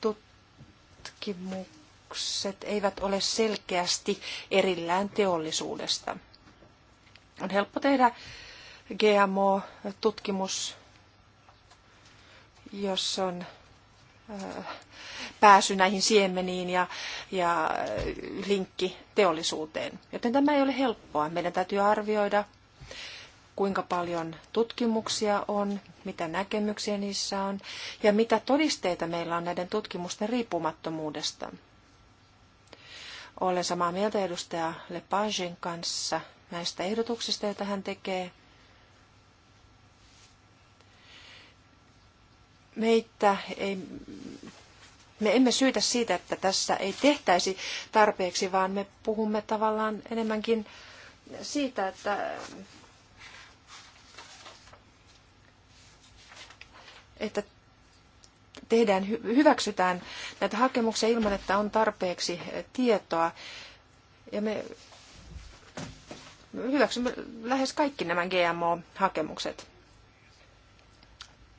S3: tutkimukset kustannukset eivät ole selkeästi erillään teollisuudesta. On helppo tehdä GMO-tutkimus, jos on äh, pääsy näihin siemeniin ja, ja linkki teollisuuteen. Joten tämä ei ole helppoa. Meidän täytyy arvioida, kuinka paljon tutkimuksia on, mitä näkemyksiä niissä on ja mitä todisteita meillä on näiden tutkimusten riippumattomuudesta. Olen samaa mieltä edustaja Lepagen kanssa näistä ehdotuksista, joita hän tekee. Meitä ei, me emme syytä siitä, että tässä ei tehtäisi tarpeeksi, vaan me puhumme tavallaan enemmänkin siitä, että että tehdään, hyväksytään näitä hakemuksia ilman, että on tarpeeksi tietoa. Ja me hyväksymme lähes kaikki nämä GMO-hakemukset.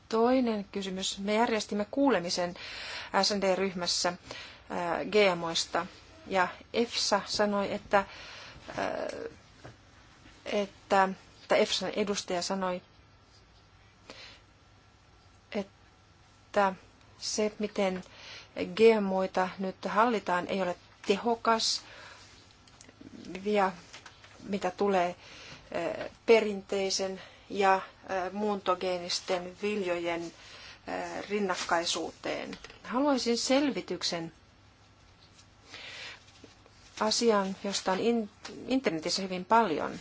S3: Toinen kysymys. Me järjestimme kuulemisen SND-ryhmässä äh, GMOista. Ja EFSA sanoi, että, äh, että, että EFSAn edustaja sanoi, että se, miten GMOita nyt hallitaan, ei ole tehokas. Ja mitä tulee eh, perinteisen ja eh, muuntogeenisten viljojen eh, rinnakkaisuuteen. Haluaisin selvityksen asian, josta on internetissä hyvin paljon,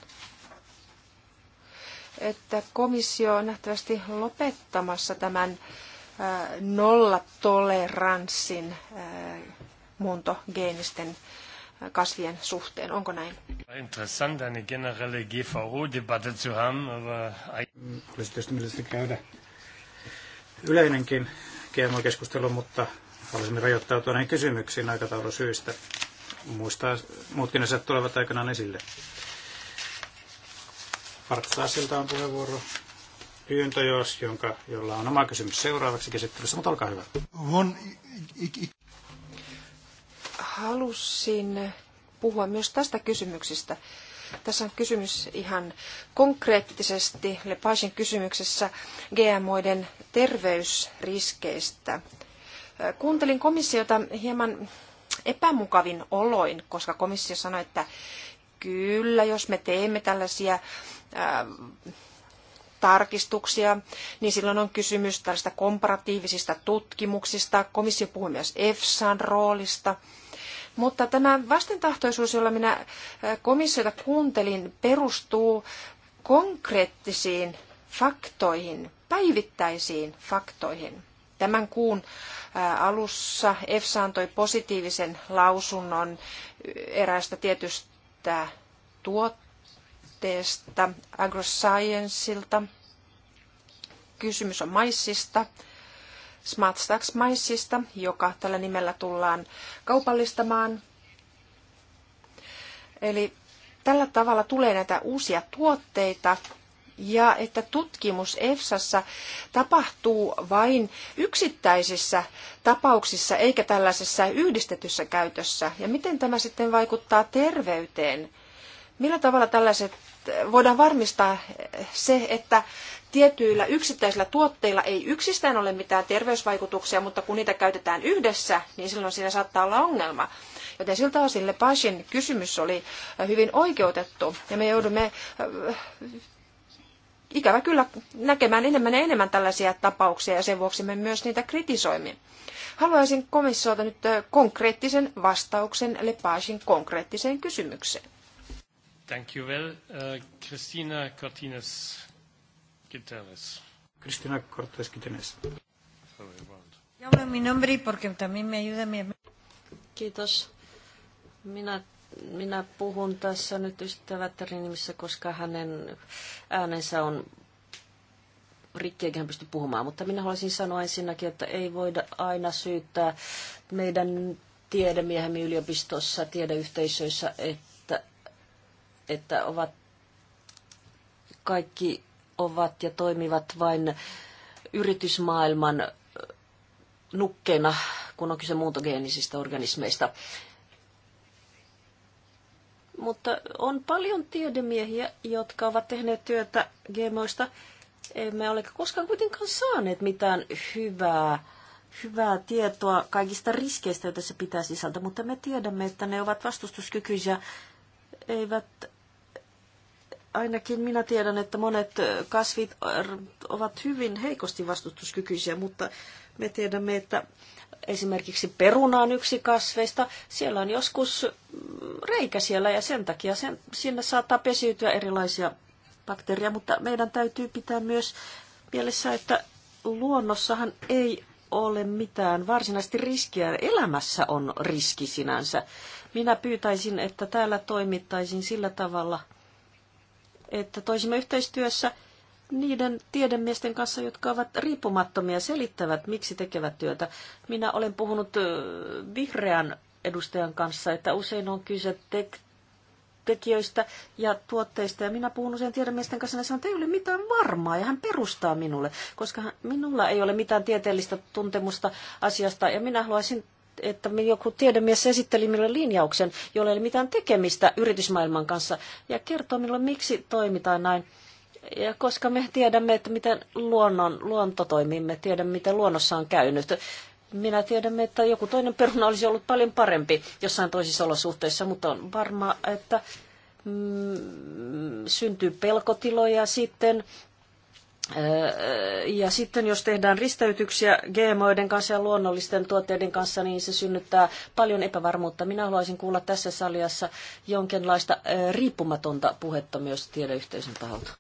S3: että komissio on nähtävästi lopettamassa tämän nollatoleranssin äh, muuntogeenisten äh, kasvien suhteen. Onko näin?
S1: Interessant, eine generelle GVO-Debatte zu haben, aber... Mm, käydä
S2: yleinenkin GMO-keskustelu, mutta haluaisimme rajoittautua näihin kysymyksiin aikataulusyistä. Muistaa, muutkin asiat tulevat aikanaan esille. Partsaasilta on puheenvuoro pyyntö, jos, jonka, jolla on oma kysymys seuraavaksi käsittelyssä, mutta olkaa hyvä.
S3: Halusin puhua myös tästä kysymyksestä. Tässä on kysymys ihan konkreettisesti Lepaisin kysymyksessä GMOiden terveysriskeistä. Kuuntelin komissiota hieman epämukavin oloin, koska komissio sanoi, että kyllä, jos me teemme tällaisia tarkistuksia, niin silloin on kysymys tällaista komparatiivisista tutkimuksista. Komissio puhuu myös EFSAn roolista. Mutta tämä vastentahtoisuus, jolla minä komissiota kuuntelin, perustuu konkreettisiin faktoihin, päivittäisiin faktoihin. Tämän kuun alussa EFSA antoi positiivisen lausunnon eräästä tietystä tuotteesta aloitteesta AgroScienceilta. Kysymys on maissista, Smart Stacks maissista, joka tällä nimellä tullaan kaupallistamaan. Eli tällä tavalla tulee näitä uusia tuotteita ja että tutkimus EFSassa tapahtuu vain yksittäisissä tapauksissa eikä tällaisessa yhdistetyssä käytössä. Ja miten tämä sitten vaikuttaa terveyteen? Millä tavalla tällaiset voidaan varmistaa se, että tietyillä yksittäisillä tuotteilla ei yksistään ole mitään terveysvaikutuksia, mutta kun niitä käytetään yhdessä, niin silloin siinä saattaa olla ongelma. Joten siltä osin Lepashin kysymys oli hyvin oikeutettu, ja me joudumme äh, ikävä kyllä näkemään enemmän ja enemmän tällaisia tapauksia, ja sen vuoksi me myös niitä kritisoimme. Haluaisin komissiolta nyt äh, konkreettisen vastauksen Lepashin konkreettiseen kysymykseen.
S1: Uh, Cortines Cristina
S4: mi nombre porque también me ayuda mi Kiitos. Minä, minä puhun tässä nyt ystävättärin nimissä, koska hänen äänensä on rikki eikä hän pysty puhumaan. Mutta minä haluaisin sanoa ensinnäkin, että ei voida aina syyttää meidän tiedemiehemme yliopistossa, tiedeyhteisöissä, että että ovat kaikki ovat ja toimivat vain yritysmaailman nukkeena kun on kyse muuntogeenisistä organismeista. Mutta on paljon tiedemiehiä, jotka ovat tehneet työtä GMOista. Emme ole koskaan kuitenkaan saaneet mitään hyvää, hyvää tietoa kaikista riskeistä, joita se pitää sisältä, mutta me tiedämme, että ne ovat vastustuskykyisiä, eivät ainakin minä tiedän, että monet kasvit ovat hyvin heikosti vastustuskykyisiä, mutta me tiedämme, että esimerkiksi peruna on yksi kasveista. Siellä on joskus reikä siellä ja sen takia sen, sinne saattaa pesiytyä erilaisia bakteereja, mutta meidän täytyy pitää myös mielessä, että luonnossahan ei ole mitään varsinaisesti riskiä. Elämässä on riski sinänsä. Minä pyytäisin, että täällä toimittaisiin sillä tavalla – että toisimme yhteistyössä niiden tiedemiesten kanssa, jotka ovat riippumattomia, selittävät, miksi tekevät työtä. Minä olen puhunut vihreän edustajan kanssa, että usein on kyse tek- tekijöistä ja tuotteista, ja minä puhun usein tiedemiesten kanssa, ja sanon, että ei ole mitään varmaa, ja hän perustaa minulle, koska minulla ei ole mitään tieteellistä tuntemusta asiasta, ja minä haluaisin että joku tiedemies esitteli minulle linjauksen, jolla ei ole mitään tekemistä yritysmaailman kanssa, ja kertoo minulle, miksi toimitaan näin. Ja koska me tiedämme, että miten luonnon, luonto toimii, me tiedämme, miten luonnossa on käynyt. Minä tiedämme, että joku toinen peruna olisi ollut paljon parempi jossain toisissa olosuhteissa, mutta on varma, että mm, syntyy pelkotiloja sitten ja sitten jos tehdään risteytyksiä GMOiden kanssa ja luonnollisten tuotteiden kanssa, niin se synnyttää paljon epävarmuutta. Minä haluaisin kuulla tässä saliassa jonkinlaista riippumatonta puhetta myös tiedeyhteisön taholta.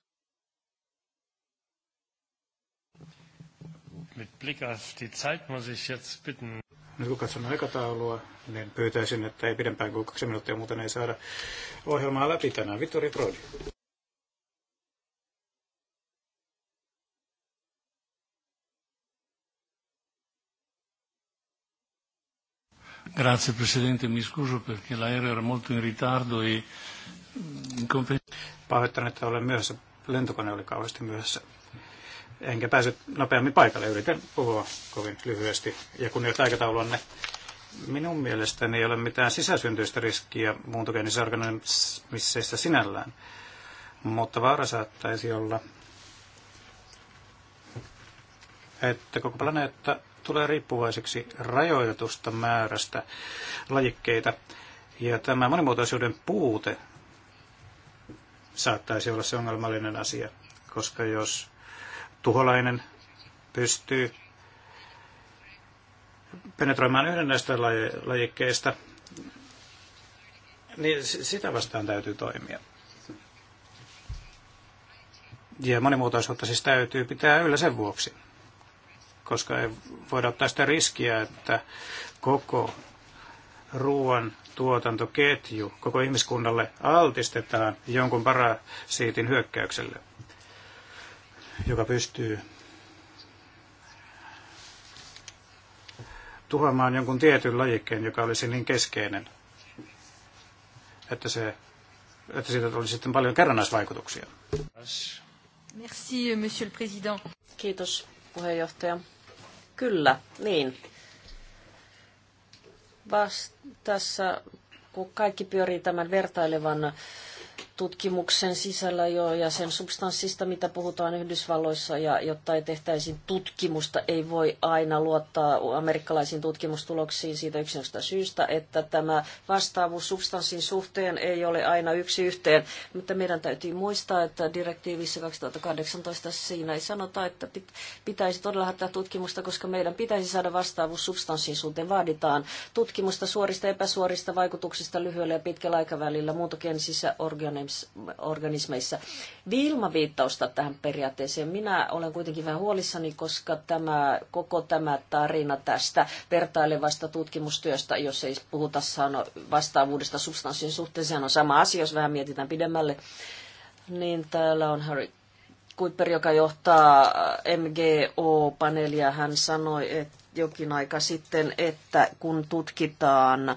S1: Mit Blick auf die Zeit muss ich jetzt bitten. Nyt kun katson aikataulua,
S2: niin pyytäisin, että ei pidempään kuin kaksi minuuttia, muuten ei saada ohjelmaa läpi tänään. Vittori
S1: Brody. Grazie Presidente, mi scuso perché l'aereo era molto in ritardo e mm,
S2: Pahoittelen, että olen myöhässä. Lentokone oli kauheasti myöhässä. Enkä pääse nopeammin paikalle. Yritän puhua kovin lyhyesti ja kunnioittaa aikatauluanne. Minun mielestäni ei ole mitään sisäsyntyistä riskiä muuntogeenisissä organismisseissa sinällään, mutta vaara saattaisi olla, että koko planeetta tulee riippuvaiseksi rajoitetusta määrästä lajikkeita. Ja tämä monimuotoisuuden puute saattaisi olla se ongelmallinen asia, koska jos tuholainen pystyy penetroimaan yhden näistä lajikkeista, niin sitä vastaan täytyy toimia. Ja monimuotoisuutta siis täytyy pitää yllä sen vuoksi koska ei voida ottaa sitä riskiä, että koko ruoan tuotantoketju koko ihmiskunnalle altistetaan jonkun parasiitin hyökkäykselle, joka pystyy tuhoamaan jonkun tietyn lajikkeen, joka olisi niin keskeinen, että, se, että siitä olisi sitten paljon kerrannaisvaikutuksia.
S4: Merci, monsieur le président. Kiitos puheenjohtaja. Kyllä, niin. Vast, tässä, kun kaikki pyörii tämän vertailevan tutkimuksen sisällä jo ja sen substanssista, mitä puhutaan Yhdysvalloissa, ja jotta ei tehtäisiin tutkimusta, ei voi aina luottaa amerikkalaisiin tutkimustuloksiin siitä yksinäisestä syystä, että tämä vastaavuus substanssin suhteen ei ole aina yksi yhteen. Mutta meidän täytyy muistaa, että direktiivissä 2018 siinä ei sanota, että pitäisi todella harjoittaa tutkimusta, koska meidän pitäisi saada vastaavuus substanssin suhteen. Vaaditaan tutkimusta suorista ja epäsuorista vaikutuksista lyhyellä ja pitkällä aikavälillä muutokien sisäorganisaatioon organismeissa. Viilmaviittausta viittausta tähän periaatteeseen minä olen kuitenkin vähän huolissani, koska tämä, koko tämä tarina tästä vertailevasta tutkimustyöstä, jos ei puhuta sano, vastaavuudesta substanssin suhteen, sehän on sama asia, jos vähän mietitään pidemmälle, niin täällä on Harry Kuiper, joka johtaa MGO-paneelia, hän sanoi että jokin aika sitten, että kun tutkitaan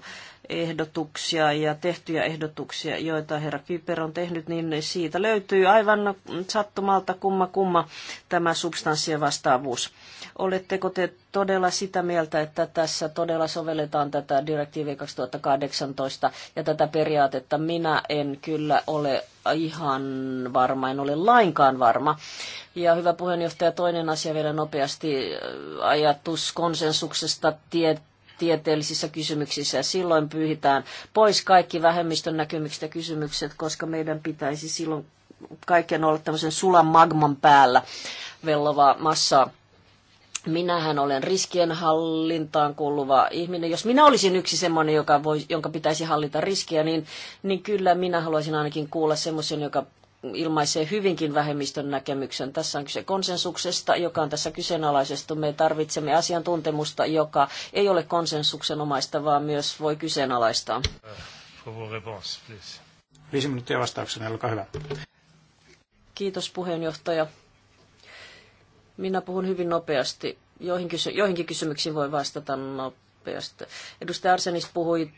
S4: ehdotuksia ja tehtyjä ehdotuksia, joita herra Kyper on tehnyt, niin siitä löytyy aivan sattumalta kumma kumma tämä substanssien vastaavuus. Oletteko te todella sitä mieltä, että tässä todella sovelletaan tätä direktiiviä 2018 ja tätä periaatetta? Minä en kyllä ole ihan varma, en ole lainkaan varma. Ja hyvä puheenjohtaja, toinen asia vielä nopeasti, ajatus konsensuksesta tietää tieteellisissä kysymyksissä. Silloin pyyhitään pois kaikki vähemmistön näkemykset kysymykset, koska meidän pitäisi silloin kaiken olla tämmöisen sulan magman päällä vellovaa massaa. Minähän olen riskienhallintaan kuuluva ihminen. Jos minä olisin yksi semmoinen, joka voi, jonka pitäisi hallita riskiä, niin, niin kyllä minä haluaisin ainakin kuulla semmoisen, joka ilmaisee hyvinkin vähemmistön näkemyksen. Tässä on kyse konsensuksesta, joka on tässä kyseenalaisesta. Me tarvitsemme asiantuntemusta, joka ei ole konsensuksenomaista, vaan myös voi kyseenalaistaa.
S2: Viisi minuuttia vastauksena, olkaa hyvä.
S4: Kiitos puheenjohtaja. Minä puhun hyvin nopeasti. Joihin joihinkin kysymyksiin voi vastata nopeasti. Edustaja Arsenis puhui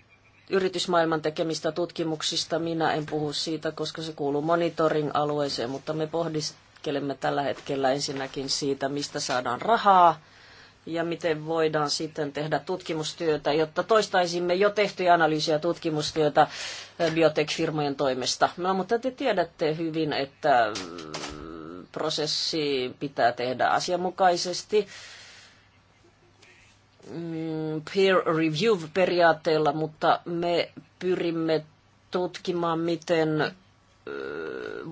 S4: yritysmaailman tekemistä tutkimuksista. Minä en puhu siitä, koska se kuuluu monitoring-alueeseen, mutta me pohdiskelemme tällä hetkellä ensinnäkin siitä, mistä saadaan rahaa ja miten voidaan sitten tehdä tutkimustyötä, jotta toistaisimme jo tehtyjä analyysiä tutkimustyötä eh, biotech-firmojen toimesta. No, mutta te tiedätte hyvin, että mm, prosessi pitää tehdä asianmukaisesti Mm, peer review-periaatteella, mutta me pyrimme tutkimaan, miten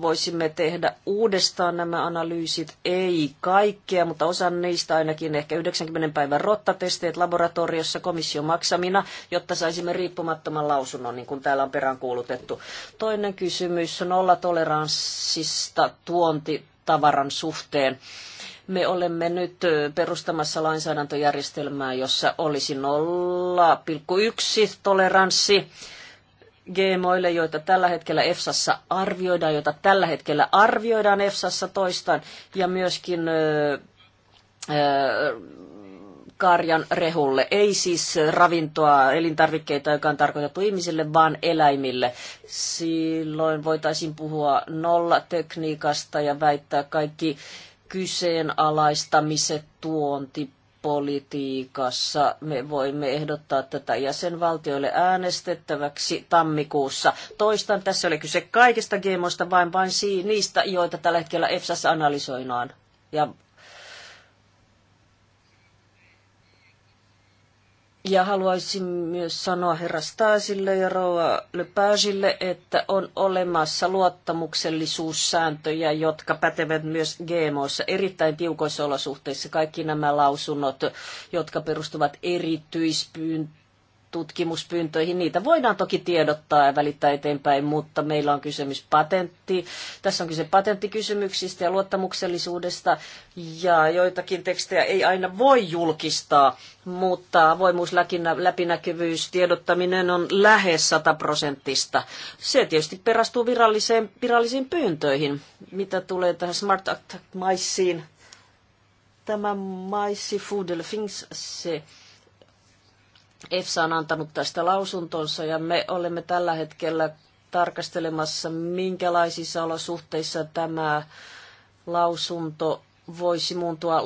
S4: voisimme tehdä uudestaan nämä analyysit, ei kaikkea, mutta osan niistä ainakin ehkä 90 päivän rottatesteet laboratoriossa komission maksamina, jotta saisimme riippumattoman lausunnon, niin kuin täällä on peräänkuulutettu. Toinen kysymys on nollatoleranssista tuontitavaran suhteen. Me olemme nyt perustamassa lainsäädäntöjärjestelmää, jossa olisi 0,1 toleranssi GMOille, joita tällä hetkellä EFSassa arvioidaan, joita tällä hetkellä arvioidaan EFSassa toistaan, ja myöskin ö, ö, karjan rehulle. Ei siis ravintoa, elintarvikkeita, joka on tarkoitettu ihmisille, vaan eläimille. Silloin voitaisiin puhua nollatekniikasta ja väittää kaikki kyseenalaistamiset tuontipolitiikassa. Me voimme ehdottaa tätä jäsenvaltioille äänestettäväksi tammikuussa. Toistan, tässä oli kyse kaikista GMOista, vain vain niistä, joita tällä hetkellä EFSAssa analysoidaan ja Ja haluaisin myös sanoa herra Staasille ja rouva Lepagille, että on olemassa luottamuksellisuussääntöjä, jotka pätevät myös GMOissa erittäin tiukoissa olosuhteissa. Kaikki nämä lausunnot, jotka perustuvat erityispyyntöön tutkimuspyyntöihin. Niitä voidaan toki tiedottaa ja välittää eteenpäin, mutta meillä on kysymys patentti. Tässä on kyse patenttikysymyksistä ja luottamuksellisuudesta, ja joitakin tekstejä ei aina voi julkistaa, mutta avoimuus, läpinäkyvyys, tiedottaminen on lähes sataprosenttista. Se tietysti perastuu viralliseen, virallisiin pyyntöihin. Mitä tulee tähän Smart Act-maissiin, tämä maissi Food Things, se EFSA on antanut tästä lausuntonsa ja me olemme tällä hetkellä tarkastelemassa, minkälaisissa olosuhteissa tämä lausunto voisi muuntua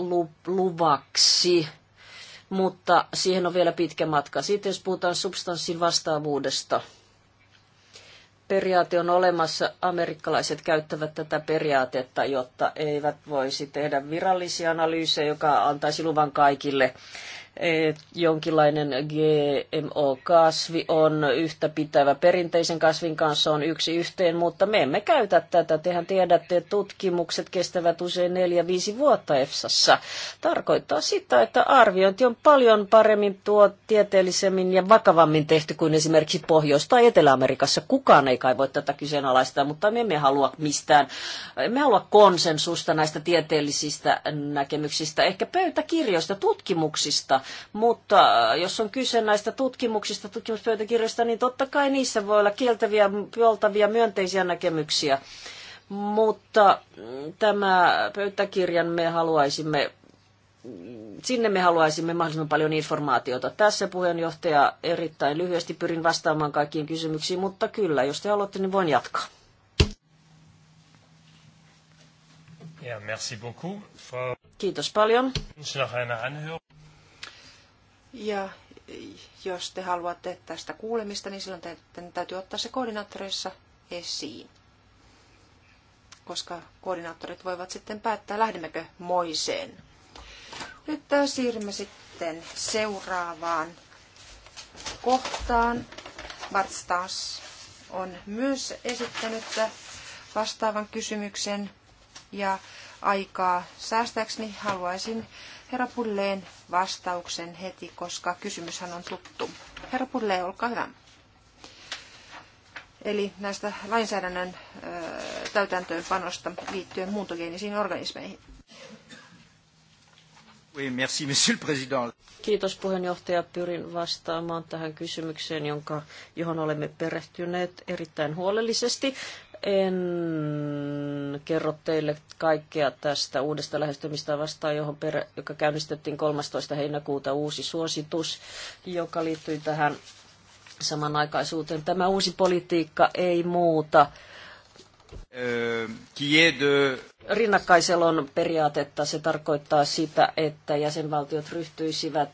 S4: luvaksi, mutta siihen on vielä pitkä matka. Sitten jos puhutaan substanssin vastaavuudesta, periaate on olemassa. Amerikkalaiset käyttävät tätä periaatetta, jotta eivät voisi tehdä virallisia analyysejä, joka antaisi luvan kaikille jonkinlainen GMO-kasvi on yhtä pitävä perinteisen kasvin kanssa, on yksi yhteen, mutta me emme käytä tätä. Tehän tiedätte, että tutkimukset kestävät usein 4-5 vuotta EFSassa. Tarkoittaa sitä, että arviointi on paljon paremmin tuo tieteellisemmin ja vakavammin tehty kuin esimerkiksi Pohjois- tai Etelä-Amerikassa. Kukaan ei kai voi tätä kyseenalaistaa, mutta me emme halua mistään, me halua konsensusta näistä tieteellisistä näkemyksistä, ehkä pöytäkirjoista, tutkimuksista, mutta äh, jos on kyse näistä tutkimuksista, tutkimuspöytäkirjoista, niin totta kai niissä voi olla kieltäviä, puoltavia, myönteisiä näkemyksiä. Mutta mm, tämä pöytäkirjan me haluaisimme mm, sinne me haluaisimme mahdollisimman paljon informaatiota. Tässä puheenjohtaja erittäin lyhyesti pyrin vastaamaan kaikkiin kysymyksiin, mutta kyllä, jos te haluatte, niin voin jatkaa.
S1: merci beaucoup. Kiitos paljon.
S3: Ja jos te haluatte tästä kuulemista, niin silloin teidän täytyy ottaa se koordinaattoreissa esiin. Koska koordinaattorit voivat sitten päättää, lähdemmekö moiseen. Nyt siirrymme sitten seuraavaan kohtaan. Bart on myös esittänyt vastaavan kysymyksen ja aikaa säästääkseni haluaisin herra Pulleen vastauksen heti, koska kysymyshän on tuttu. Herra Pulle, olkaa hyvä. Eli näistä lainsäädännön täytäntöönpanosta liittyen muuntogeenisiin organismeihin.
S4: Kiitos puheenjohtaja. Pyrin vastaamaan tähän kysymykseen, jonka, johon olemme perehtyneet erittäin huolellisesti. En kerro teille kaikkea tästä uudesta lähestymistä vastaan, johon perä, joka käynnistettiin 13. heinäkuuta uusi suositus, joka liittyy tähän samanaikaisuuteen. Tämä uusi politiikka ei muuta öö, Rinnakkaiselon periaatetta se tarkoittaa sitä, että jäsenvaltiot ryhtyisivät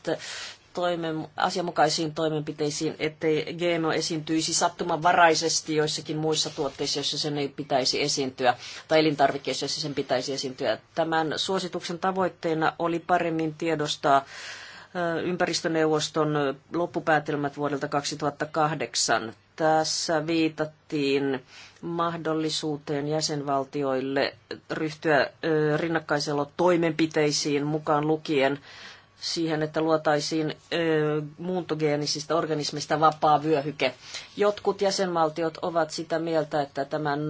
S4: toimen, asianmukaisiin toimenpiteisiin, ettei geeno esiintyisi sattumanvaraisesti joissakin muissa tuotteissa, joissa sen ei pitäisi esiintyä, tai elintarvikkeissa, joissa sen pitäisi esiintyä. Tämän suosituksen tavoitteena oli paremmin tiedostaa ympäristöneuvoston loppupäätelmät vuodelta 2008. Tässä viitattiin mahdollisuuteen jäsenvaltioille ryhtyä rinnakkaiselo toimenpiteisiin mukaan lukien siihen, että luotaisiin ö, muuntogeenisistä organismista vapaa vyöhyke. Jotkut jäsenvaltiot ovat sitä mieltä, että tämä 0,9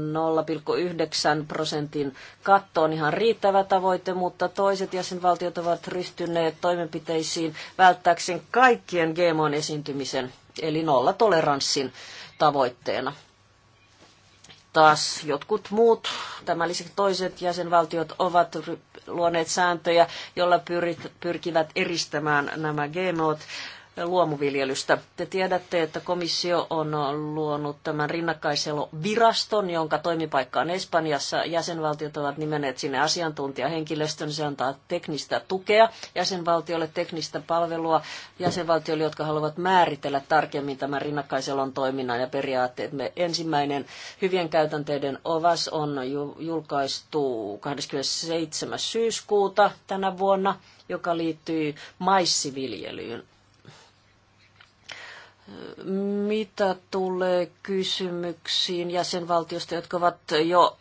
S4: prosentin katto on ihan riittävä tavoite, mutta toiset jäsenvaltiot ovat ryhtyneet toimenpiteisiin välttääkseen kaikkien GMOn esiintymisen, eli nollatoleranssin tavoitteena taas jotkut muut, tämän lisäksi toiset jäsenvaltiot ovat luoneet sääntöjä, joilla pyrkivät eristämään nämä GMOt luomuviljelystä. Te tiedätte, että komissio on luonut tämän rinnakkaiselo viraston, jonka toimipaikka on Espanjassa. Jäsenvaltiot ovat nimenneet sinne asiantuntijahenkilöstön. Se antaa teknistä tukea jäsenvaltiolle, teknistä palvelua jäsenvaltioille, jotka haluavat määritellä tarkemmin tämän rinnakkaiselon toiminnan ja periaatteet. Me ensimmäinen hyvien käytänteiden ovas on julkaistu 27. syyskuuta tänä vuonna joka liittyy maissiviljelyyn mitä tulee kysymyksiin jäsenvaltiosta, jotka ovat jo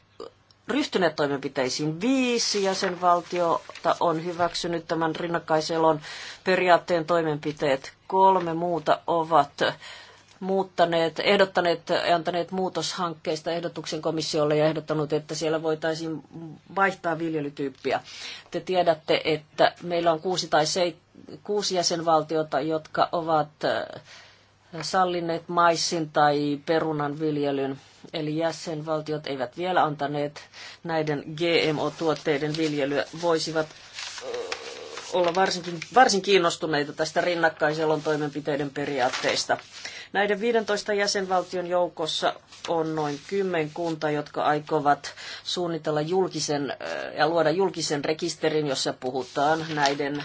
S4: ryhtyneet toimenpiteisiin. Viisi jäsenvaltiota on hyväksynyt tämän rinnakkaiselon periaatteen toimenpiteet. Kolme muuta ovat muuttaneet, ehdottaneet ja antaneet muutoshankkeista ehdotuksen komissiolle ja ehdottanut, että siellä voitaisiin vaihtaa viljelytyyppiä. Te tiedätte, että meillä on kuusi tai seit, kuusi jäsenvaltiota, jotka ovat äh, sallineet maissin tai perunan viljelyn. Eli jäsenvaltiot eivät vielä antaneet näiden GMO-tuotteiden viljelyä, voisivat olla varsinkin, varsin kiinnostuneita tästä rinnakkaiselon toimenpiteiden periaatteista. Näiden 15 jäsenvaltion joukossa on noin 10 kunta, jotka aikovat suunnitella julkisen ja luoda julkisen rekisterin, jossa puhutaan näiden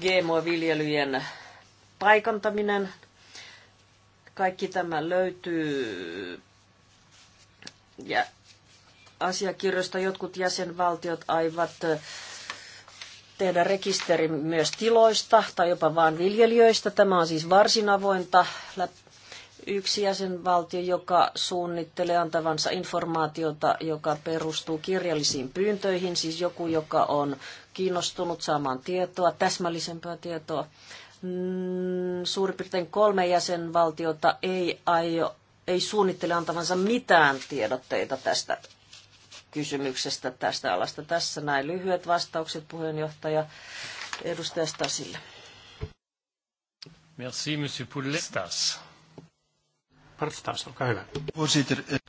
S4: GMO-viljelyjen paikantaminen, kaikki tämä löytyy ja asiakirjoista jotkut jäsenvaltiot aivat tehdä rekisteri myös tiloista tai jopa vain viljelijöistä. Tämä on siis varsin avointa. Yksi jäsenvaltio, joka suunnittelee antavansa informaatiota, joka perustuu kirjallisiin pyyntöihin, siis joku, joka on kiinnostunut saamaan tietoa, täsmällisempää tietoa Mm, suurin piirtein kolme jäsenvaltiota ei, aio, ei suunnittele antavansa mitään tiedotteita tästä kysymyksestä tästä alasta. Tässä näin lyhyet vastaukset puheenjohtaja edustaja Stasille.
S1: Merci, monsieur Poulet. Stas. Stas, olkaa hyvä. Eh,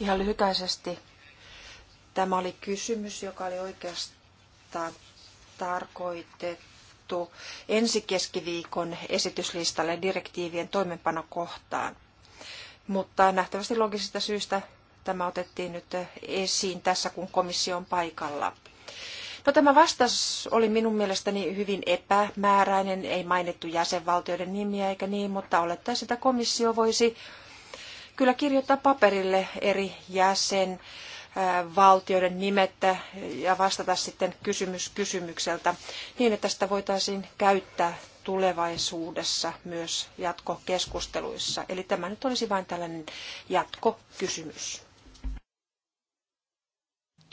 S3: Ihan lyhykäisesti. Tämä oli kysymys, joka oli oikeastaan tarkoitettu kirjattu ensi keskiviikon esityslistalle direktiivien toimenpanokohtaan. Mutta nähtävästi logisista syistä tämä otettiin nyt esiin tässä, kun komissio on paikalla. No, tämä vastaus oli minun mielestäni hyvin epämääräinen, ei mainittu jäsenvaltioiden nimiä eikä niin, mutta olettaisiin, että komissio voisi kyllä kirjoittaa paperille eri jäsen valtioiden nimettä ja vastata sitten kysymys kysymykseltä niin, että sitä voitaisiin käyttää tulevaisuudessa myös jatkokeskusteluissa. Eli tämä nyt olisi vain tällainen jatkokysymys.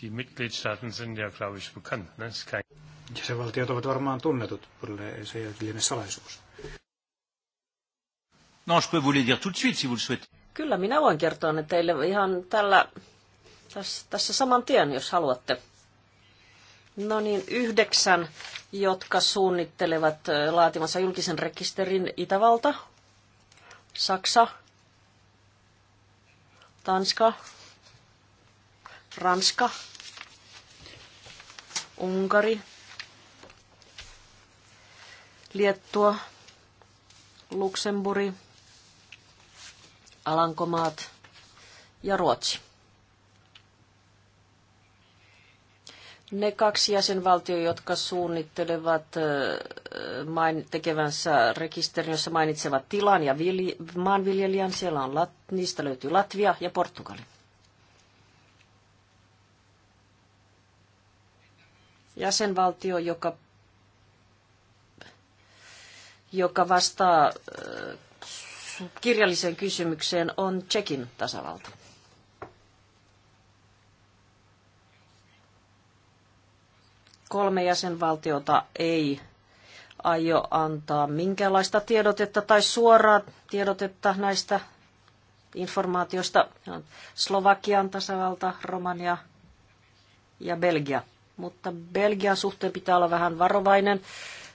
S1: Die Mitgliedstaaten sind ja, glaube ich, bekannt. Ne? Ist kein... Jäsenvaltiot ovat
S2: varmaan tunnetut, se ei liene salaisuus.
S1: Non, je peux vous le dire tout de suite, si vous le souhaitez.
S4: Kyllä minä voin kertoa ne teille ihan tällä tässä, tässä saman tien, jos haluatte. No niin, yhdeksän, jotka suunnittelevat laatimassa julkisen rekisterin Itävalta, Saksa, Tanska, Ranska, Unkari, Liettua, Luxemburi, Alankomaat ja Ruotsi. Ne kaksi jäsenvaltio, jotka suunnittelevat main, tekevänsä rekisterin, jossa mainitsevat tilan ja vilj, maanviljelijän, siellä on, niistä löytyy Latvia ja Portugali. Jäsenvaltio, joka, joka vastaa kirjalliseen kysymykseen, on Tsekin tasavalta. kolme jäsenvaltiota ei aio antaa minkäänlaista tiedotetta tai suoraa tiedotetta näistä informaatiosta. Slovakian tasavalta, Romania ja Belgia. Mutta Belgian suhteen pitää olla vähän varovainen,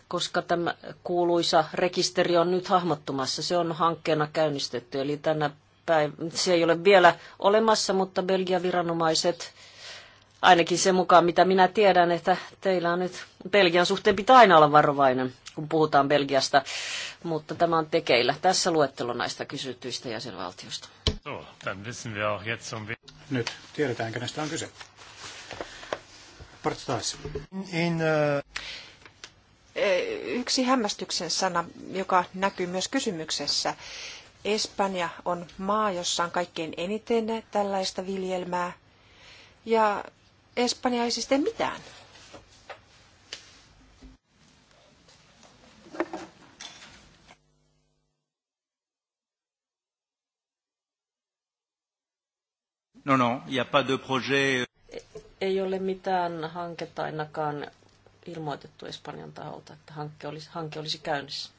S4: koska tämä kuuluisa rekisteri on nyt hahmottumassa. Se on hankkeena käynnistetty, eli tänä päivänä se ei ole vielä olemassa, mutta Belgian viranomaiset Ainakin sen mukaan, mitä minä tiedän, että teillä on nyt Belgian suhteen pitää aina olla varovainen, kun puhutaan Belgiasta, mutta tämä on tekeillä. Tässä luettelo näistä
S1: kysytyistä jäsenvaltiosta. Um nyt tiedetään, kenestä on kyse. In, uh...
S3: Eh, yksi hämmästyksen sana, joka näkyy myös kysymyksessä. Espanja on maa, jossa on kaikkein eniten tällaista viljelmää. Ja Espanja ei siis tee mitään.
S2: No, no, ja pas de projet.
S4: Ei ole mitään hanketta ainakaan ilmoitettu Espanjan taholta, että hanke olisi, hanke olisi käynnissä.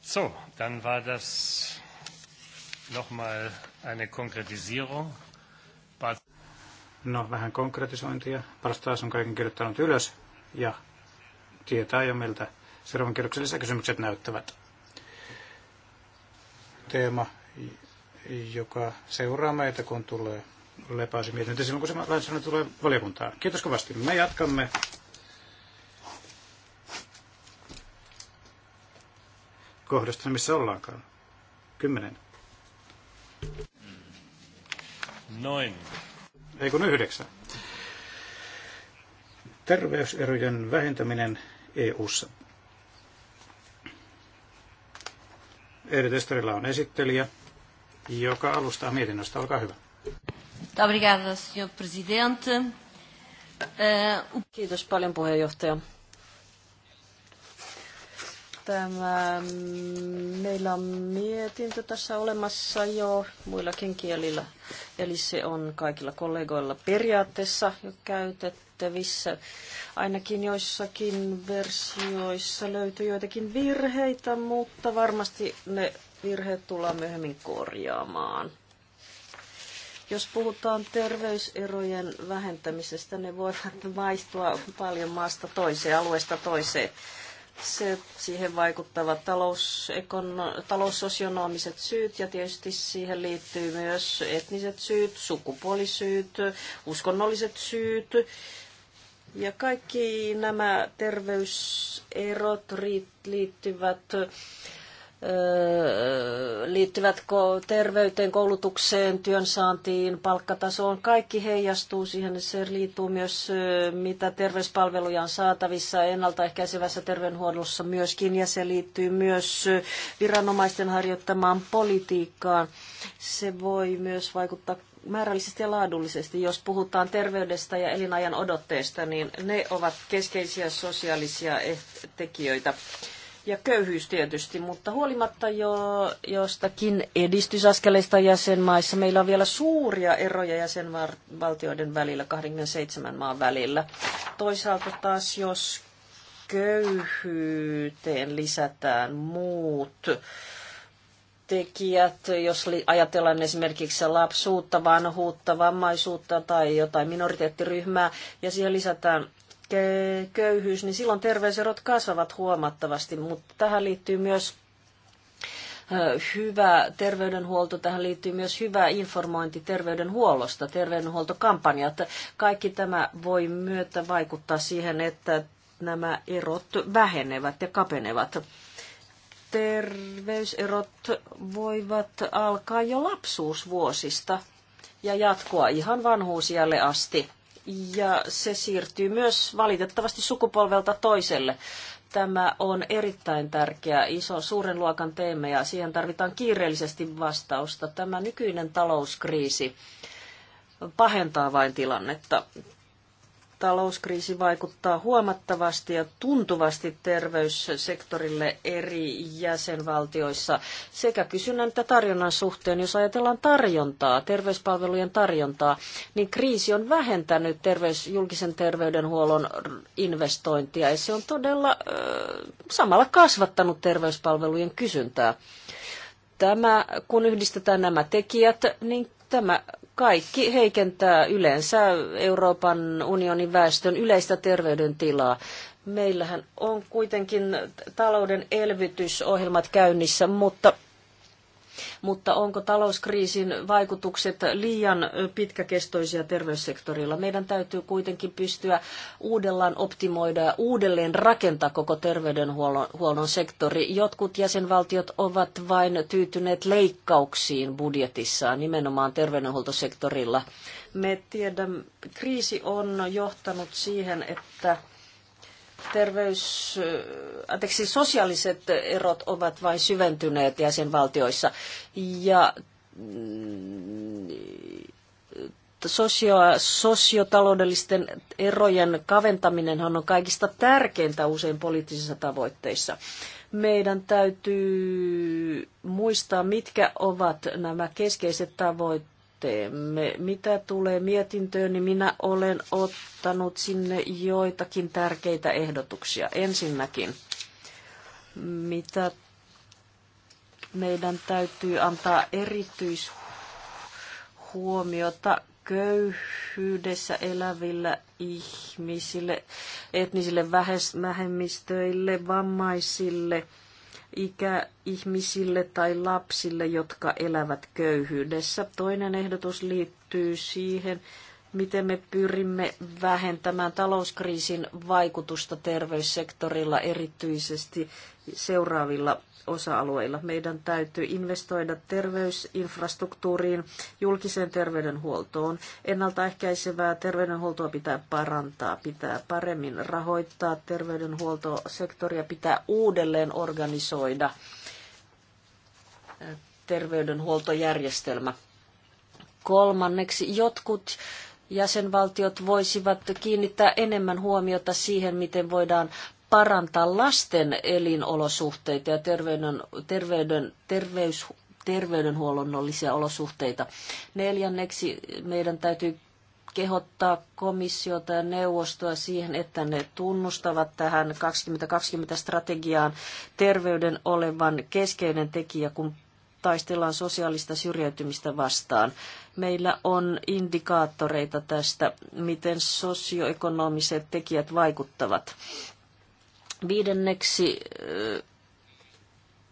S1: So, dann war das nochmal eine Konkretisierung.
S2: No, vähän konkretisointia. Paras taas on kaiken kirjoittanut ylös ja tietää jo miltä seuraavan kierroksen lisäkysymykset näyttävät. Teema, joka seuraa meitä, kun tulee lepäisi mietintä silloin, kun se lainsäädäntö tulee valiokuntaan. Kiitos kovasti. Me jatkamme. kohdasta, missä ollaankaan. Kymmenen. Noin ei kun yhdeksän. Terveyserojen vähentäminen EU-ssa. Erityistarilla on esittelijä, joka alustaa mietinnöstä. Olkaa hyvä.
S4: Eh, Kiitos paljon puheenjohtaja. Tämä, mm, meillä on mietintö tässä olemassa jo muillakin kielillä. Eli se on kaikilla kollegoilla periaatteessa jo käytettävissä. Ainakin joissakin versioissa löytyy joitakin virheitä, mutta varmasti ne virheet tullaan myöhemmin korjaamaan. Jos puhutaan terveyserojen vähentämisestä, ne voivat vaihtua paljon maasta toiseen, alueesta toiseen. Se, siihen vaikuttavat talous, taloussosionomiset syyt ja tietysti siihen liittyy myös etniset syyt, sukupuolisyyt, uskonnolliset syyt. Ja kaikki nämä terveyserot liittyvät liittyvätkö terveyteen, koulutukseen, työnsaantiin, palkkatasoon, kaikki heijastuu siihen. Se liittyy myös, mitä terveyspalveluja on saatavissa ennaltaehkäisevässä terveydenhuollossa myöskin, ja se liittyy myös viranomaisten harjoittamaan politiikkaan. Se voi myös vaikuttaa määrällisesti ja laadullisesti, jos puhutaan terveydestä ja elinajan odotteesta, niin ne ovat keskeisiä sosiaalisia eh-, tekijöitä ja köyhyys tietysti, mutta huolimatta jo jostakin edistysaskeleista jäsenmaissa, meillä on vielä suuria eroja jäsenvaltioiden välillä, 27 maan välillä. Toisaalta taas, jos köyhyyteen lisätään muut tekijät, jos ajatellaan esimerkiksi lapsuutta, vanhuutta, vammaisuutta tai jotain minoriteettiryhmää, ja siihen lisätään köyhyys, niin silloin terveyserot kasvavat huomattavasti, mutta tähän liittyy myös hyvä terveydenhuolto, tähän liittyy myös hyvä informointi terveydenhuollosta, terveydenhuoltokampanjat. Kaikki tämä voi myötä vaikuttaa siihen, että nämä erot vähenevät ja kapenevat. Terveyserot voivat alkaa jo lapsuusvuosista ja jatkoa ihan vanhuusjälle asti ja se siirtyy myös valitettavasti sukupolvelta toiselle. Tämä on erittäin tärkeä, iso, suuren luokan teema ja siihen tarvitaan kiireellisesti vastausta. Tämä nykyinen talouskriisi pahentaa vain tilannetta talouskriisi vaikuttaa huomattavasti ja tuntuvasti terveyssektorille eri jäsenvaltioissa sekä kysynnän että tarjonnan suhteen. Jos ajatellaan tarjontaa, terveyspalvelujen tarjontaa, niin kriisi on vähentänyt terveys, julkisen terveydenhuollon investointia ja se on todella ö, samalla kasvattanut terveyspalvelujen kysyntää tämä, kun yhdistetään nämä tekijät, niin Tämä kaikki heikentää yleensä Euroopan unionin väestön yleistä terveydentilaa. Meillähän on kuitenkin talouden elvytysohjelmat käynnissä, mutta mutta onko talouskriisin vaikutukset liian pitkäkestoisia terveyssektorilla? Meidän täytyy kuitenkin pystyä uudellaan optimoida ja uudelleen rakentaa koko terveydenhuollon sektori. Jotkut jäsenvaltiot ovat vain tyytyneet leikkauksiin budjetissaan nimenomaan terveydenhuoltosektorilla. Me tiedämme, kriisi on johtanut siihen, että terveys, anteeksi, sosiaaliset erot ovat vain syventyneet jäsenvaltioissa. Ja mm, sosio, sosiotaloudellisten erojen kaventaminen on kaikista tärkeintä usein poliittisissa tavoitteissa. Meidän täytyy muistaa, mitkä ovat nämä keskeiset tavoitteet teemme. Mitä tulee mietintöön, niin minä olen ottanut sinne joitakin tärkeitä ehdotuksia. Ensinnäkin, mitä meidän täytyy antaa erityishuomiota köyhyydessä elävillä ihmisille, etnisille vähemmistöille, vammaisille – ikäihmisille tai lapsille, jotka elävät köyhyydessä. Toinen ehdotus liittyy siihen, miten me pyrimme vähentämään talouskriisin vaikutusta terveyssektorilla erityisesti seuraavilla osa-alueilla. Meidän täytyy investoida terveysinfrastruktuuriin, julkiseen terveydenhuoltoon. Ennaltaehkäisevää terveydenhuoltoa pitää parantaa, pitää paremmin rahoittaa terveydenhuoltosektoria, pitää uudelleen organisoida terveydenhuoltojärjestelmä. Kolmanneksi, jotkut jäsenvaltiot voisivat kiinnittää enemmän huomiota siihen, miten voidaan parantaa lasten elinolosuhteita ja terveyden, terveyden, terveys, terveydenhuollonnollisia olosuhteita. Neljänneksi meidän täytyy kehottaa komissiota ja neuvostoa siihen, että ne tunnustavat tähän 2020-strategiaan terveyden olevan keskeinen tekijä, kun taistellaan sosiaalista syrjäytymistä vastaan. Meillä on indikaattoreita tästä, miten sosioekonomiset tekijät vaikuttavat Viidenneksi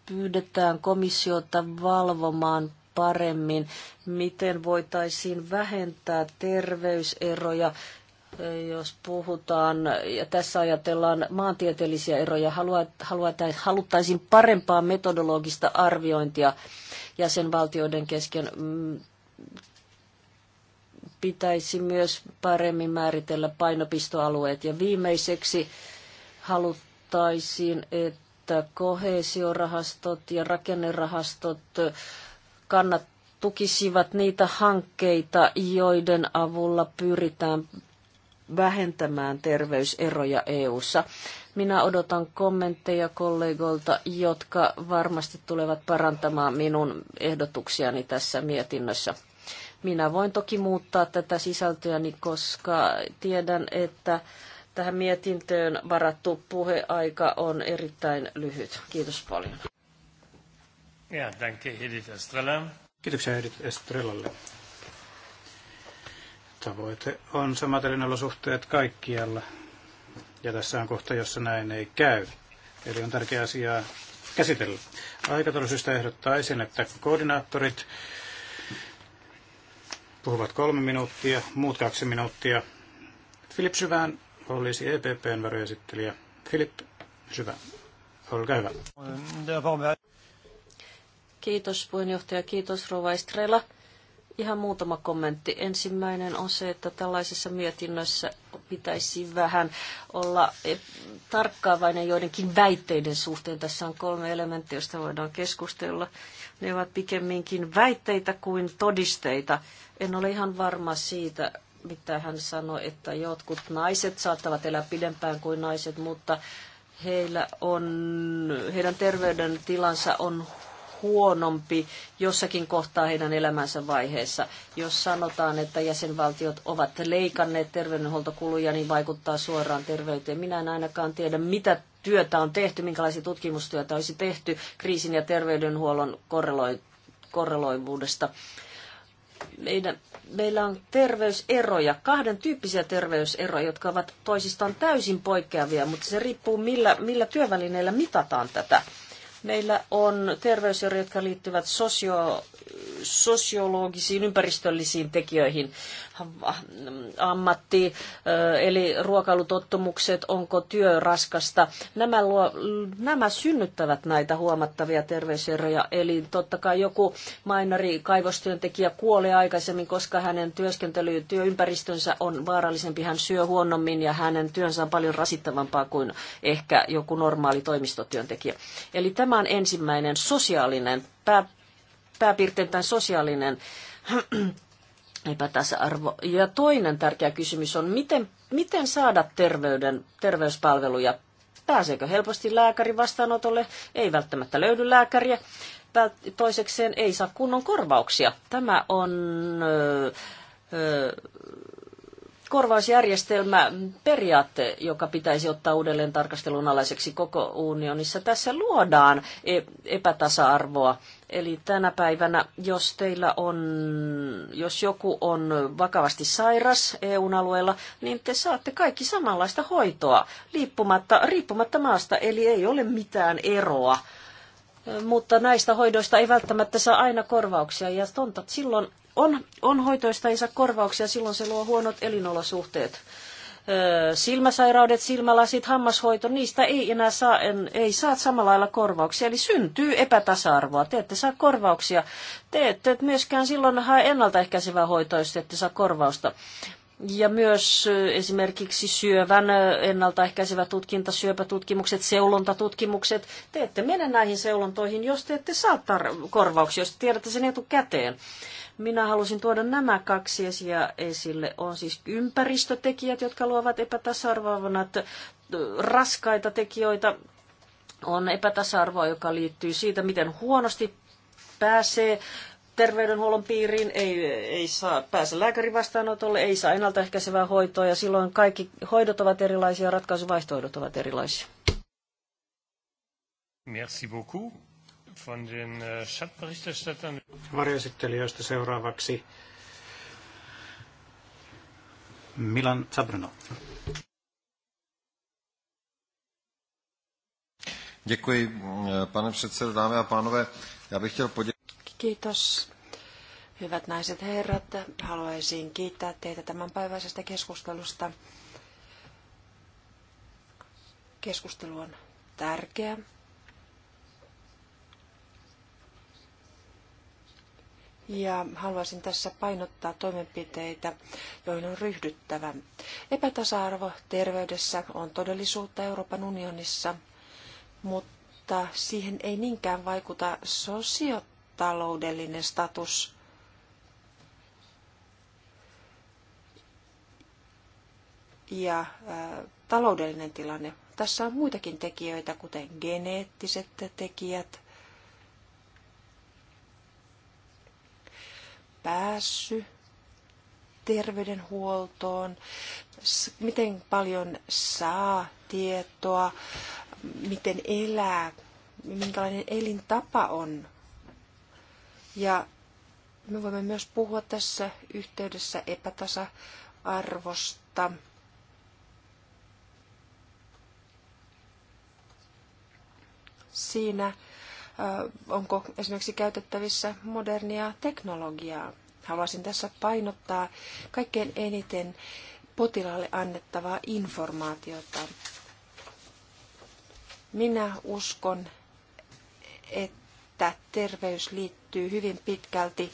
S4: pyydetään komissiota valvomaan paremmin, miten voitaisiin vähentää terveyseroja, jos puhutaan, ja tässä ajatellaan maantieteellisiä eroja, haluttaisiin parempaa metodologista arviointia jäsenvaltioiden kesken. Mm, pitäisi myös paremmin määritellä painopistoalueet. Ja viimeiseksi haluttaisiin ehdottaisin, että kohesiorahastot ja rakennerahastot kannat tukisivat niitä hankkeita, joiden avulla pyritään vähentämään terveyseroja EU:ssa. Minä odotan kommentteja kollegoilta, jotka varmasti tulevat parantamaan minun ehdotuksiani tässä mietinnössä. Minä voin toki muuttaa tätä sisältöäni, koska tiedän, että Tähän mietintöön varattu puheaika on erittäin lyhyt. Kiitos paljon.
S1: Ja, danke Edith Estrella.
S2: Kiitoksia Edith Estrellalle. Tavoite on samat olosuhteet kaikkialla. Ja tässä on kohta, jossa näin ei käy. Eli on tärkeä asia käsitellä. Aikataulusystä ehdottaisin, että koordinaattorit puhuvat kolme minuuttia, muut kaksi minuuttia. Filip Syvään poliisi EPPn varjoesittelijä Filip Syvä. Olkaa hyvä.
S4: Kiitos puheenjohtaja, kiitos Rova Estrella. Ihan muutama kommentti. Ensimmäinen on se, että tällaisessa mietinnössä pitäisi vähän olla tarkkaavainen joidenkin väitteiden suhteen. Tässä on kolme elementtiä, joista voidaan keskustella. Ne ovat pikemminkin väitteitä kuin todisteita. En ole ihan varma siitä, mitä hän sanoi, että jotkut naiset saattavat elää pidempään kuin naiset, mutta heillä on, heidän terveydentilansa on huonompi jossakin kohtaa heidän elämänsä vaiheessa. Jos sanotaan, että jäsenvaltiot ovat leikanneet terveydenhuoltokuluja, niin vaikuttaa suoraan terveyteen. Minä en ainakaan tiedä, mitä työtä on tehty, minkälaisia tutkimustyötä olisi tehty kriisin ja terveydenhuollon korreloi, korreloivuudesta meidän, meillä on terveyseroja, kahden tyyppisiä terveyseroja, jotka ovat toisistaan täysin poikkeavia, mutta se riippuu millä, millä työvälineillä mitataan tätä Meillä on terveyseroja, jotka liittyvät sosio, sosiologisiin, ympäristöllisiin tekijöihin, ammatti, eli ruokailutottumukset, onko työ raskasta. Nämä, luo, nämä synnyttävät näitä huomattavia terveyseroja, eli totta kai joku mainari kaivostyöntekijä kuolee aikaisemmin, koska hänen työskentely, työympäristönsä on vaarallisempi, hän syö huonommin ja hänen työnsä on paljon rasittavampaa kuin ehkä joku normaali toimistotyöntekijä. Eli tämä Tämä on ensimmäinen sosiaalinen, pää, pääpiirteintään sosiaalinen epätasa-arvo. Ja toinen tärkeä kysymys on, miten, miten saada terveyden, terveyspalveluja? Pääseekö helposti lääkäri vastaanotolle? Ei välttämättä löydy lääkäriä. Toisekseen ei saa kunnon korvauksia. Tämä on... Öö, öö, korvausjärjestelmä periaatte, joka pitäisi ottaa uudelleen tarkastelun alaiseksi koko unionissa. Tässä luodaan e- epätasa-arvoa. Eli tänä päivänä, jos teillä on, jos joku on vakavasti sairas EU-alueella, niin te saatte kaikki samanlaista hoitoa riippumatta, riippumatta maasta, eli ei ole mitään eroa. Mutta näistä hoidoista ei välttämättä saa aina korvauksia ja tontat silloin on, on hoitoista ei saa korvauksia, silloin se luo huonot elinolosuhteet. Silmäsairaudet, silmälasit, hammashoito, niistä ei enää saa, en, ei saa samalla lailla korvauksia. Eli syntyy epätasa-arvoa. Te ette saa korvauksia. Te ette myöskään silloin hae ennaltaehkäisevää hoitoa, jos te ette saa korvausta. Ja myös esimerkiksi syövän ennaltaehkäisevä tutkinta, syöpätutkimukset, seulontatutkimukset. Te ette mene näihin seulontoihin, jos te ette saa tar- korvauksia, jos te tiedätte sen etukäteen. Minä halusin tuoda nämä kaksi asiaa esille. On siis ympäristötekijät, jotka luovat epätasa-arvoavana raskaita tekijöitä. On epätasa-arvoa, joka liittyy siitä, miten huonosti pääsee terveydenhuollon piiriin, ei, ei saa pääse lääkärin vastaanotolle, ei saa ennaltaehkäisevää hoitoa ja silloin kaikki hoidot ovat erilaisia, ratkaisuvaihtoehdot ovat
S2: erilaisia.
S1: Merci beaucoup von den äh, Schattenberichterstattern.
S2: Varjoesittelijöistä seuraavaksi Milan Zabrno.
S1: Děkuji, eh, pane předsedo, dámy a pánové. Já bych chtěl poděkovat.
S3: Kiitos. Hyvät naiset herrat, haluaisin kiittää teitä tämänpäiväisestä keskustelusta. Keskustelu on tärkeä ja haluaisin tässä painottaa toimenpiteitä, joihin on ryhdyttävä. Epätasa-arvo terveydessä on todellisuutta Euroopan unionissa, mutta siihen ei niinkään vaikuta sosiotaloudellinen status. Ja taloudellinen tilanne. Tässä on muitakin tekijöitä, kuten geneettiset tekijät, pääsy terveydenhuoltoon, miten paljon saa tietoa, miten elää, minkälainen elintapa on. Ja me voimme myös puhua tässä yhteydessä epätasa-arvosta. Siinä onko esimerkiksi käytettävissä modernia teknologiaa. Haluaisin tässä painottaa kaikkein eniten potilaalle annettavaa informaatiota. Minä uskon, että terveys liittyy hyvin pitkälti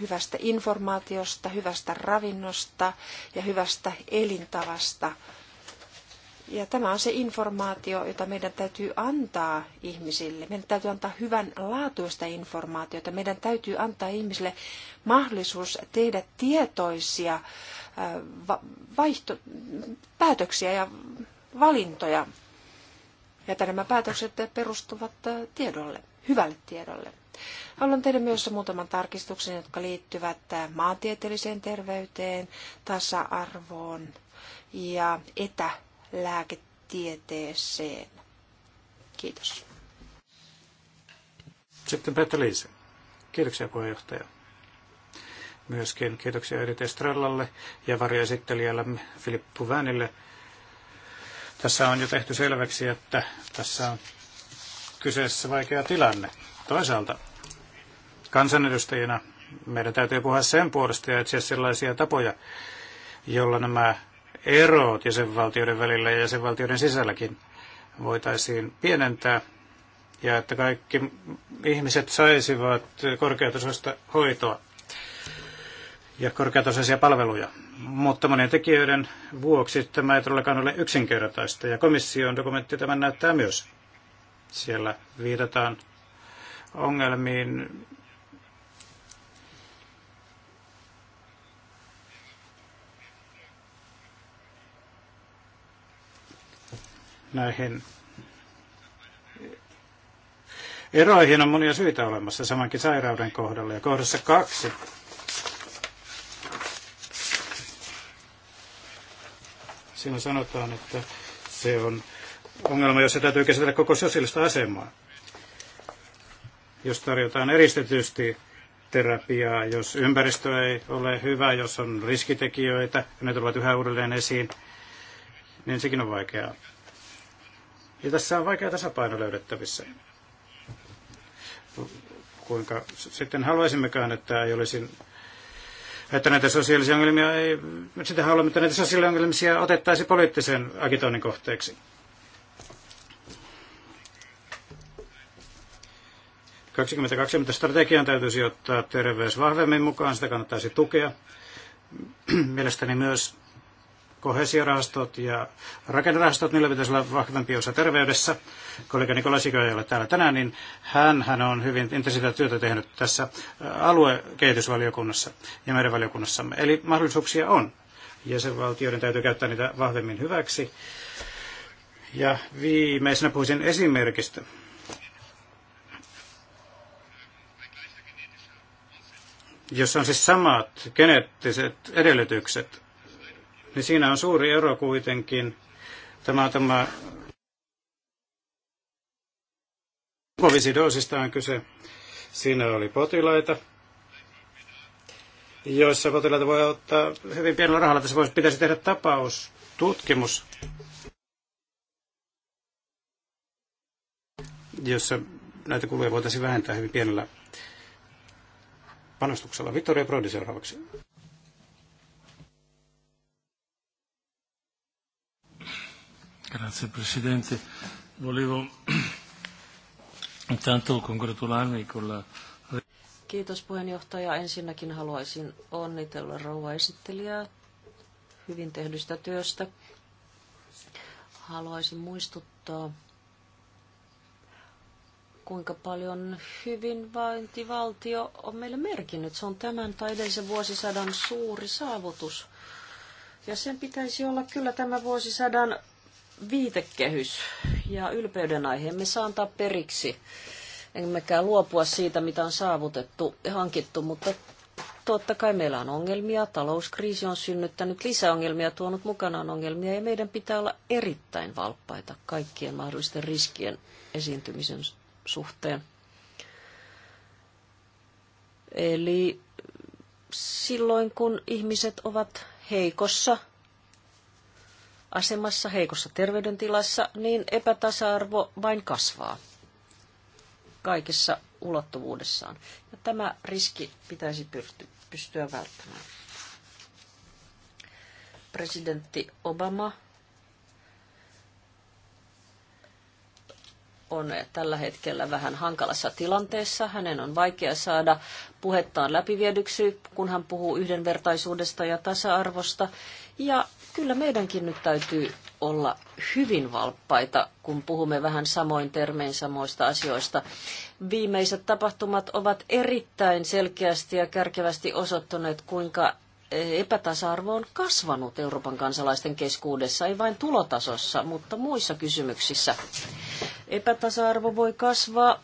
S3: hyvästä informaatiosta, hyvästä ravinnosta ja hyvästä elintavasta ja tämä on se informaatio, jota meidän täytyy antaa ihmisille. Meidän täytyy antaa hyvän laatuista informaatiota. Meidän täytyy antaa ihmisille mahdollisuus tehdä tietoisia vaihto- päätöksiä ja valintoja. Ja että nämä päätökset perustuvat tiedolle, hyvälle tiedolle. Haluan tehdä myös muutaman tarkistuksen, jotka liittyvät maantieteelliseen terveyteen, tasa-arvoon ja etä lääketieteeseen.
S2: Kiitos. Sitten Petra Liise. Kiitoksia puheenjohtaja. Myöskin kiitoksia Edith Estrellalle ja varjoesittelijällemme Filippu Väänille. Tässä on jo tehty selväksi, että tässä on kyseessä vaikea tilanne. Toisaalta kansanedustajina meidän täytyy puhua sen puolesta ja etsiä sellaisia tapoja, jolla nämä erot jäsenvaltioiden välillä ja jäsenvaltioiden sisälläkin voitaisiin pienentää ja että kaikki ihmiset saisivat korkeatasoista hoitoa ja korkeatasoisia palveluja. Mutta monien tekijöiden vuoksi tämä ei todellakaan ole yksinkertaista, ja komission dokumentti tämän näyttää myös. Siellä viitataan ongelmiin näihin eroihin on monia syitä olemassa samankin sairauden kohdalla. Ja kohdassa kaksi siinä sanotaan, että se on ongelma, jossa täytyy käsitellä koko sosiaalista asemaa. Jos tarjotaan eristetysti terapiaa, jos ympäristö ei ole hyvä, jos on riskitekijöitä, ja ne tulevat yhä uudelleen esiin, niin sekin on vaikeaa. Ja tässä on vaikea tasapaino löydettävissä. Kuinka sitten haluaisimmekaan, että ei olisi että näitä sosiaalisia ongelmia ei, sitä haluamme, että näitä sosiaalisia ongelmia otettaisiin poliittisen agitoinnin kohteeksi. 2020 strategian täytyisi ottaa terveys vahvemmin mukaan, sitä kannattaisi tukea. Mielestäni myös kohesiorahastot ja rakennerahastot, niillä pitäisi olla vahvempi osa terveydessä. Kollega Nikolasiko ei ole täällä tänään, niin hän, hän on hyvin intensiivistä työtä tehnyt tässä aluekehitysvaliokunnassa ja meidän valiokunnassamme. Eli mahdollisuuksia on. Jäsenvaltioiden täytyy käyttää niitä vahvemmin hyväksi. Ja viimeisenä puhuisin esimerkistä. jossa on siis samat geneettiset edellytykset niin siinä on suuri ero kuitenkin. Tämä tämä Kovisidoosista on kyse. Siinä oli potilaita, joissa potilaita voi ottaa hyvin pienellä rahalla. Tässä voisi, pitäisi tehdä tapaus, tutkimus, jossa näitä kuluja voitaisiin vähentää hyvin pienellä panostuksella. Vittoria Prodi seuraavaksi.
S1: Grazie Presidente. Volevo intanto congratularmi con la...
S4: Kiitos puheenjohtaja. Ensinnäkin haluaisin onnitella rouva esittelijää hyvin tehdystä työstä. Haluaisin muistuttaa, kuinka paljon hyvinvointivaltio on meille merkinnyt. Se on tämän tai edellisen vuosisadan suuri saavutus. Ja sen pitäisi olla kyllä tämän vuosisadan viitekehys ja ylpeyden aihe. Me saa antaa periksi, emmekä luopua siitä, mitä on saavutettu ja hankittu, mutta totta kai meillä on ongelmia. Talouskriisi on synnyttänyt lisäongelmia, tuonut mukanaan ongelmia ja meidän pitää olla erittäin valppaita kaikkien mahdollisten riskien esiintymisen suhteen. Eli silloin kun ihmiset ovat heikossa asemassa, heikossa terveydentilassa, niin epätasa-arvo vain kasvaa kaikessa ulottuvuudessaan. Ja tämä riski pitäisi pystyä välttämään. Presidentti Obama on tällä hetkellä vähän hankalassa tilanteessa. Hänen on vaikea saada puhettaan läpiviedyksi, kun hän puhuu yhdenvertaisuudesta ja tasa-arvosta. Ja Kyllä meidänkin nyt täytyy olla hyvin valppaita, kun puhumme vähän samoin termein samoista asioista. Viimeiset tapahtumat ovat erittäin selkeästi ja kärkevästi osoittaneet, kuinka epätasa-arvo on kasvanut Euroopan kansalaisten keskuudessa, ei vain tulotasossa, mutta muissa kysymyksissä. Epätasa-arvo voi kasvaa,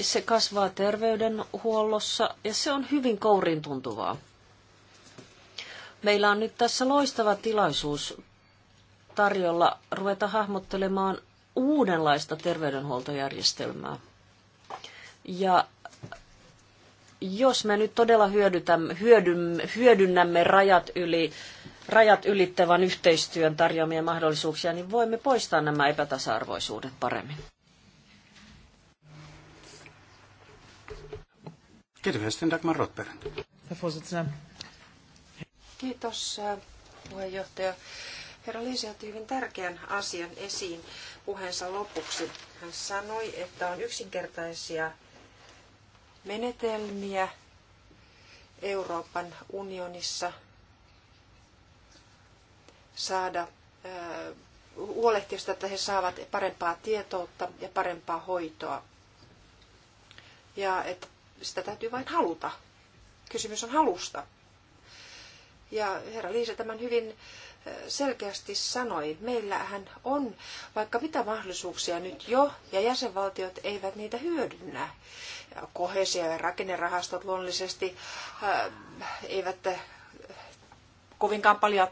S4: se kasvaa terveydenhuollossa ja se on hyvin kourin tuntuvaa. Meillä on nyt tässä loistava tilaisuus tarjolla ruveta hahmottelemaan uudenlaista terveydenhuoltojärjestelmää. Ja jos me nyt todella hyödytämme, hyödymme, hyödynnämme rajat, yli, rajat ylittävän yhteistyön tarjoamia mahdollisuuksia, niin voimme poistaa nämä
S2: epätasa-arvoisuudet paremmin. Kiitos, Dagmar Rotberg. Herr Vorsitzender,
S3: Kiitos puheenjohtaja. Herra Liisi otti hyvin tärkeän asian esiin puheensa lopuksi. Hän sanoi, että on yksinkertaisia menetelmiä Euroopan unionissa saada huolehtia sitä, että he saavat parempaa tietoutta ja parempaa hoitoa. Ja että sitä täytyy vain haluta. Kysymys on halusta. Ja herra Liisa tämän hyvin selkeästi sanoi, meillähän on vaikka mitä mahdollisuuksia nyt jo, ja jäsenvaltiot eivät niitä hyödynnä. Kohesia ja rakennerahastot luonnollisesti eivät kovinkaan paljon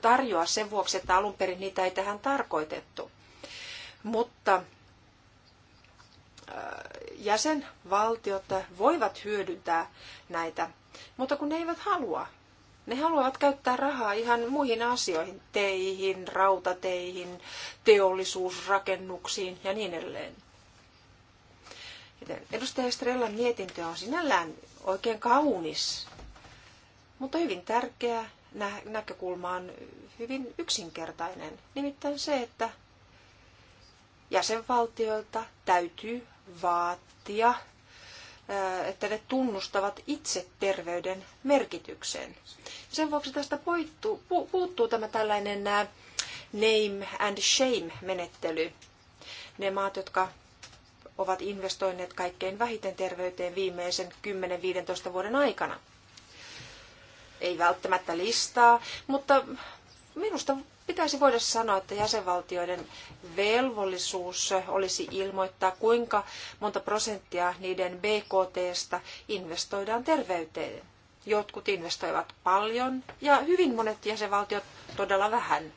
S3: tarjoa sen vuoksi, että alun perin niitä ei tähän tarkoitettu. Mutta jäsenvaltiot voivat hyödyntää näitä, mutta kun ne eivät halua, ne haluavat käyttää rahaa ihan muihin asioihin, teihin, rautateihin, teollisuusrakennuksiin ja niin edelleen. edustaja Estrellan mietintö on sinällään oikein kaunis, mutta hyvin tärkeä nä- näkökulma on hyvin yksinkertainen. Nimittäin se, että jäsenvaltioilta täytyy vaatia että ne tunnustavat itse terveyden merkityksen. Sen vuoksi tästä poittuu, pu, puuttuu tämä tällainen name and shame-menettely. Ne maat, jotka ovat investoineet kaikkein vähiten terveyteen viimeisen 10-15 vuoden aikana. Ei välttämättä listaa, mutta Minusta pitäisi voida sanoa, että jäsenvaltioiden velvollisuus olisi ilmoittaa, kuinka monta prosenttia niiden BKTstä investoidaan terveyteen. Jotkut investoivat paljon ja hyvin monet jäsenvaltiot todella vähän.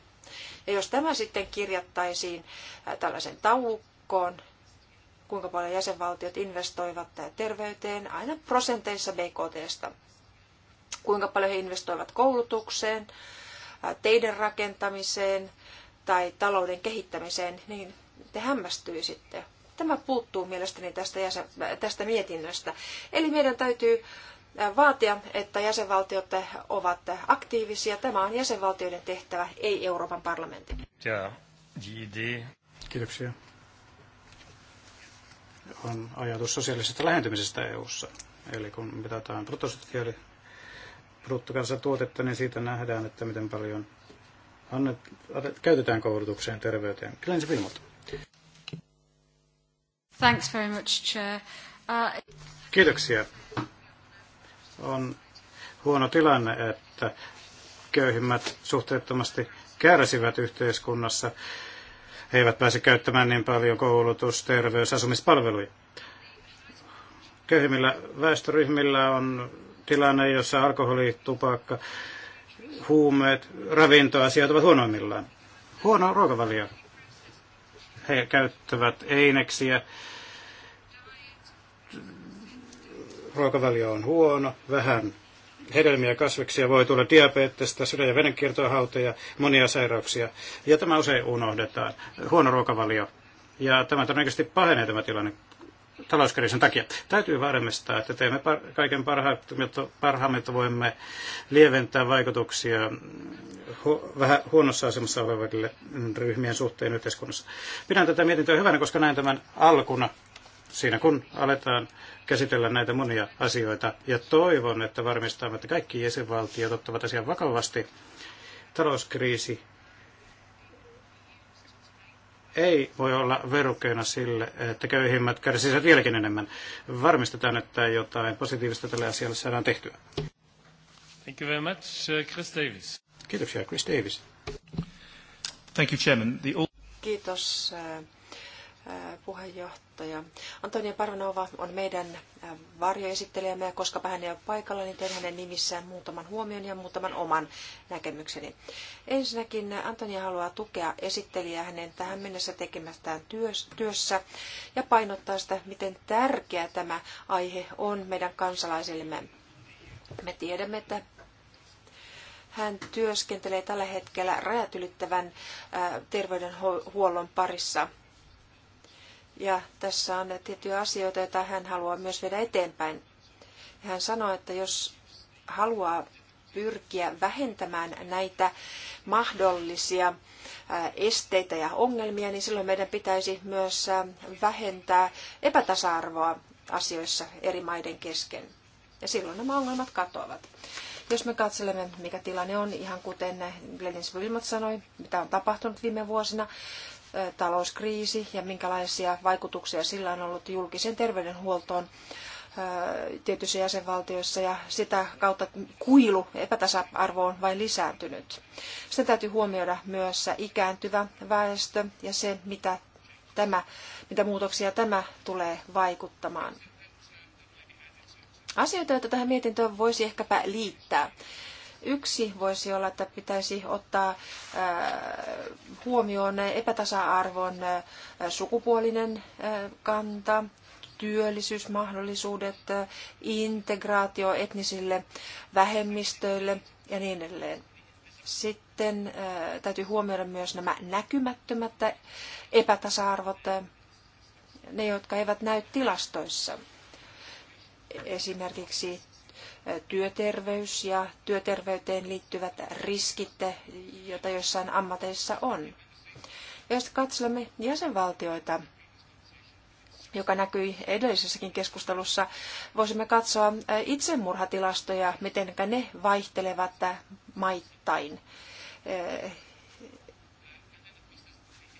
S3: Ja jos tämä sitten kirjattaisiin äh, tällaisen taulukkoon, kuinka paljon jäsenvaltiot investoivat äh, terveyteen aina prosenteissa BKTstä, kuinka paljon he investoivat koulutukseen, teiden rakentamiseen tai talouden kehittämiseen, niin te hämmästyisitte. Tämä puuttuu mielestäni tästä, jäsen, tästä mietinnöstä. Eli meidän täytyy äh, vaatia, että jäsenvaltiot ovat aktiivisia. Tämä on jäsenvaltioiden tehtävä, ei Euroopan parlamentin.
S1: Ja, GD.
S2: Kiitoksia. On ajatus sosiaalisesta lähentymisestä EU-ssa. Eli kun mitataan bruttosotiaali bruttokansantuotetta, niin siitä nähdään, että miten paljon annet, annet, käytetään koulutukseen, terveyteen. Glenn Spilmot.
S5: Thanks very much, Chair. Uh...
S2: Kiitoksia. On huono tilanne, että köyhimmät suhteettomasti kärsivät yhteiskunnassa. He eivät pääse käyttämään niin paljon koulutus-, terveys-, asumispalveluja. Köyhimmillä väestöryhmillä on tilanne, jossa alkoholi, tupakka, huumeet, ravintoasiat ovat huonoimmillaan. Huono ruokavalio. He käyttävät eineksiä. Ruokavalio on huono, vähän hedelmiä, kasviksia, voi tulla diabeettista, sydän- ja venenkiertohauteja, monia sairauksia. Ja tämä usein unohdetaan. Huono ruokavalio. Ja tämä todennäköisesti pahenee tämä tilanne talouskriisin takia. Täytyy varmistaa, että teemme kaiken parhaamme, että voimme lieventää vaikutuksia vähän huonossa asemassa oleville ryhmien suhteen yhteiskunnassa. Pidän tätä mietintöä hyvänä, koska näen tämän alkuna siinä, kun aletaan käsitellä näitä monia asioita. Ja toivon, että varmistamme, että kaikki jäsenvaltiot ottavat asian vakavasti. Talouskriisi ei voi olla verukkeena sille, että köyhimmät kärsisivät vieläkin enemmän. Varmistetaan, että jotain positiivista tälle asialle saadaan tehtyä.
S1: Thank you very much, uh, Chris Davis.
S2: Kiitoksia, Chris Davis. Thank you, Chairman. The...
S1: Kiitos
S3: uh, puheenjohtaja. Antonia Parvanova on meidän varjoesittelijämme ja koska hän ei ole paikalla, niin teen hänen nimissään muutaman huomion ja muutaman oman näkemykseni. Ensinnäkin Antonia haluaa tukea esittelijää hänen tähän mennessä tekemästään työssä ja painottaa sitä, miten tärkeä tämä aihe on meidän kansalaisillemme. Me tiedämme, että hän työskentelee tällä hetkellä rajat ylittävän terveydenhuollon parissa – ja tässä on tiettyjä asioita, joita hän haluaa myös viedä eteenpäin. Hän sanoi, että jos haluaa pyrkiä vähentämään näitä mahdollisia äh, esteitä ja ongelmia, niin silloin meidän pitäisi myös äh, vähentää epätasa-arvoa asioissa eri maiden kesken. Ja silloin nämä ongelmat katoavat. Jos me katselemme, mikä tilanne on, ihan kuten Glenis Wilmot sanoi, mitä on tapahtunut viime vuosina, talouskriisi ja minkälaisia vaikutuksia sillä on ollut julkiseen terveydenhuoltoon tietyissä jäsenvaltioissa ja sitä kautta kuilu epätasa-arvo on vain lisääntynyt. Sitten täytyy huomioida myös ikääntyvä väestö ja se, mitä, tämä, mitä muutoksia tämä tulee vaikuttamaan. Asioita, joita tähän mietintöön voisi ehkäpä liittää. Yksi voisi olla, että pitäisi ottaa äh, huomioon epätasa-arvon äh, sukupuolinen äh, kanta, työllisyysmahdollisuudet, integraatio etnisille vähemmistöille ja niin edelleen. Sitten täytyy huomioida myös nämä näkymättömät epätasa-arvot, ne jotka eivät näy tilastoissa. Esimerkiksi työterveys ja työterveyteen liittyvät riskit, joita joissain ammateissa on. Ja jos katsomme jäsenvaltioita, joka näkyi edellisessäkin keskustelussa, voisimme katsoa itsemurhatilastoja, miten ne vaihtelevat maittain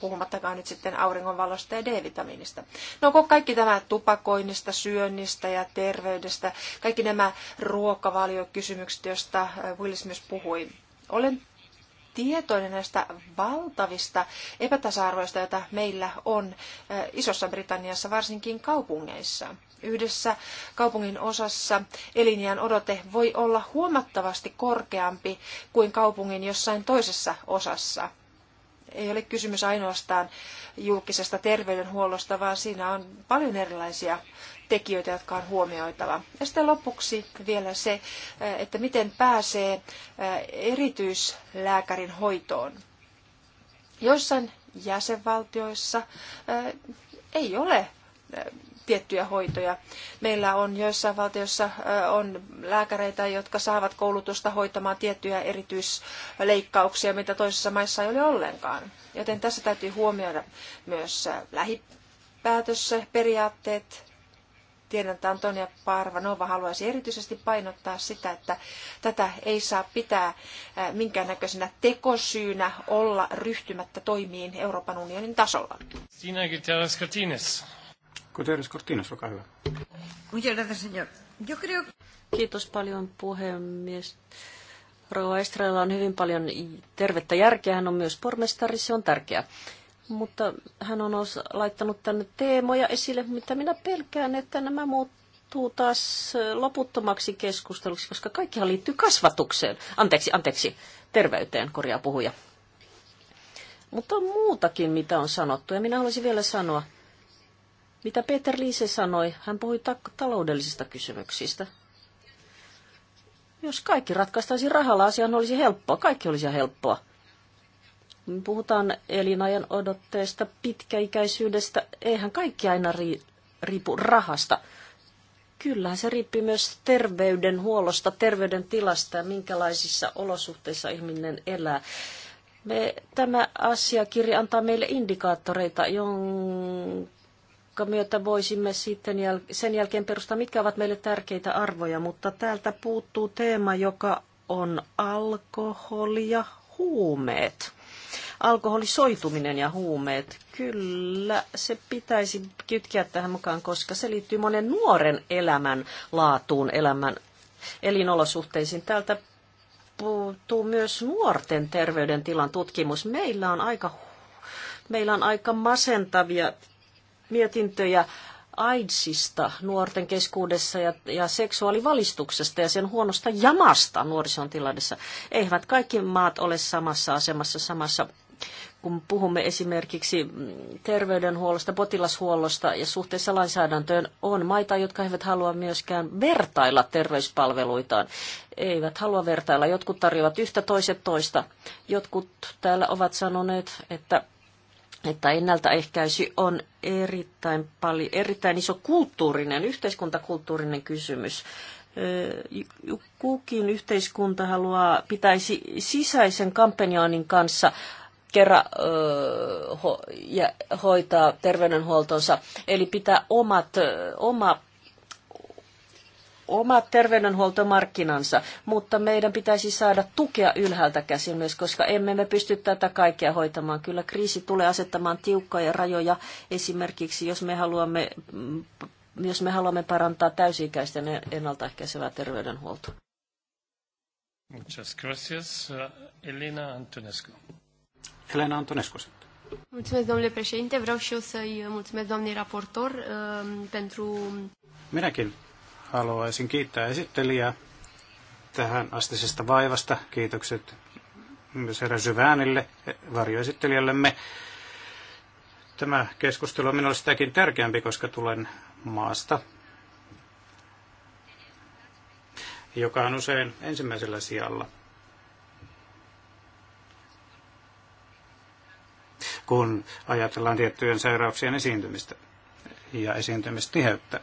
S3: puhumattakaan nyt sitten auringonvalosta ja D-vitamiinista. No kun kaikki tämä tupakoinnista, syönnistä ja terveydestä, kaikki nämä ruokavaliokysymykset, joista äh, Willis myös puhui. Olen tietoinen näistä valtavista epätasa-arvoista, joita meillä on äh, Isossa Britanniassa, varsinkin kaupungeissa. Yhdessä kaupungin osassa elinjään odote voi olla huomattavasti korkeampi kuin kaupungin jossain toisessa osassa ei ole kysymys ainoastaan julkisesta terveydenhuollosta, vaan siinä on paljon erilaisia tekijöitä, jotka on huomioitava. Ja sitten lopuksi vielä se, että miten pääsee erityislääkärin hoitoon. Joissain jäsenvaltioissa ei ole tiettyjä hoitoja. Meillä on joissain valtioissa on lääkäreitä, jotka saavat koulutusta hoitamaan tiettyjä erityisleikkauksia, mitä toisissa maissa ei ole ollenkaan. Joten tässä täytyy huomioida myös lähipäätössä periaatteet, tiedän, että Antonia Parvanova haluaisi erityisesti painottaa sitä, että tätä ei saa pitää minkäännäköisenä tekosyynä olla ryhtymättä toimiin Euroopan unionin tasolla.
S1: Sina Gutierrez Cortines. Guterres olkaa hyvä.
S4: Kiitos paljon puhemies. Rova Estrella on hyvin paljon tervettä järkeä, hän on myös pormestari, se on tärkeää. Mutta hän on osa, laittanut tänne teemoja esille, mitä minä pelkään, että nämä muuttuu taas loputtomaksi keskusteluksi, koska kaikkihan liittyy kasvatukseen. Anteeksi, anteeksi, terveyteen, korjaa puhuja. Mutta on muutakin, mitä on sanottu, ja minä haluaisin vielä sanoa mitä Peter Liise sanoi, hän puhui ta- taloudellisista kysymyksistä. Jos kaikki ratkaistaisiin rahalla, asiaan olisi helppoa. Kaikki olisi helppoa. Puhutaan elinajan odotteesta, pitkäikäisyydestä. Eihän kaikki aina ri- riipu rahasta. Kyllähän se riippuu myös terveydenhuollosta, terveydentilasta ja minkälaisissa olosuhteissa ihminen elää. Me, tämä asiakirja antaa meille indikaattoreita, jon, jonka myötä voisimme sitten jäl- sen jälkeen perustaa, mitkä ovat meille tärkeitä arvoja, mutta täältä puuttuu teema, joka on alkoholi ja huumeet. Alkoholisoituminen ja huumeet. Kyllä, se pitäisi kytkeä tähän mukaan, koska se liittyy monen nuoren elämän laatuun, elämän elinolosuhteisiin. Täältä puuttuu myös nuorten terveydentilan tutkimus. Meillä on aika meillä on aika masentavia mietintöjä AIDSista nuorten keskuudessa ja, ja seksuaalivalistuksesta ja sen huonosta jamasta nuorison tilannessa. Eivät kaikki maat ole samassa asemassa, samassa kun puhumme esimerkiksi terveydenhuollosta, potilashuollosta ja suhteessa lainsäädäntöön, on maita, jotka eivät halua myöskään vertailla terveyspalveluitaan. Eivät halua vertailla. Jotkut tarjoavat yhtä toiset toista. Jotkut täällä ovat sanoneet, että että ennaltaehkäisy on erittäin, paljon, erittäin iso kulttuurinen, yhteiskuntakulttuurinen kysymys. Kukin yhteiskunta haluaa, pitäisi sisäisen kampanjoinnin kanssa kerran ho, ja hoitaa terveydenhuoltonsa, eli pitää omat, oma omat terveydenhuoltomarkkinansa, mutta meidän pitäisi saada tukea ylhäältä käsin myös, koska emme me pysty tätä kaikkea hoitamaan. Kyllä kriisi tulee asettamaan tiukkoja rajoja esimerkiksi, jos me haluamme, mm, jos me haluamme parantaa täysi-ikäisten ennaltaehkäisevää terveydenhuoltoa.
S1: Muchas gracias. Uh, Elena Antonescu. Elena Antonescu. Mulțumesc, domnule președinte. Vreau
S5: și eu să-i mulțumesc doamnei raportor um, pentru...
S1: Minäkin
S2: haluaisin kiittää esittelijää tähän astisesta vaivasta. Kiitokset myös herra Syväänille, varjoesittelijällemme. Tämä keskustelu on minulle sitäkin tärkeämpi, koska tulen maasta, joka on usein ensimmäisellä sijalla. kun ajatellaan tiettyjen sairauksien esiintymistä ja esiintymistiheyttä.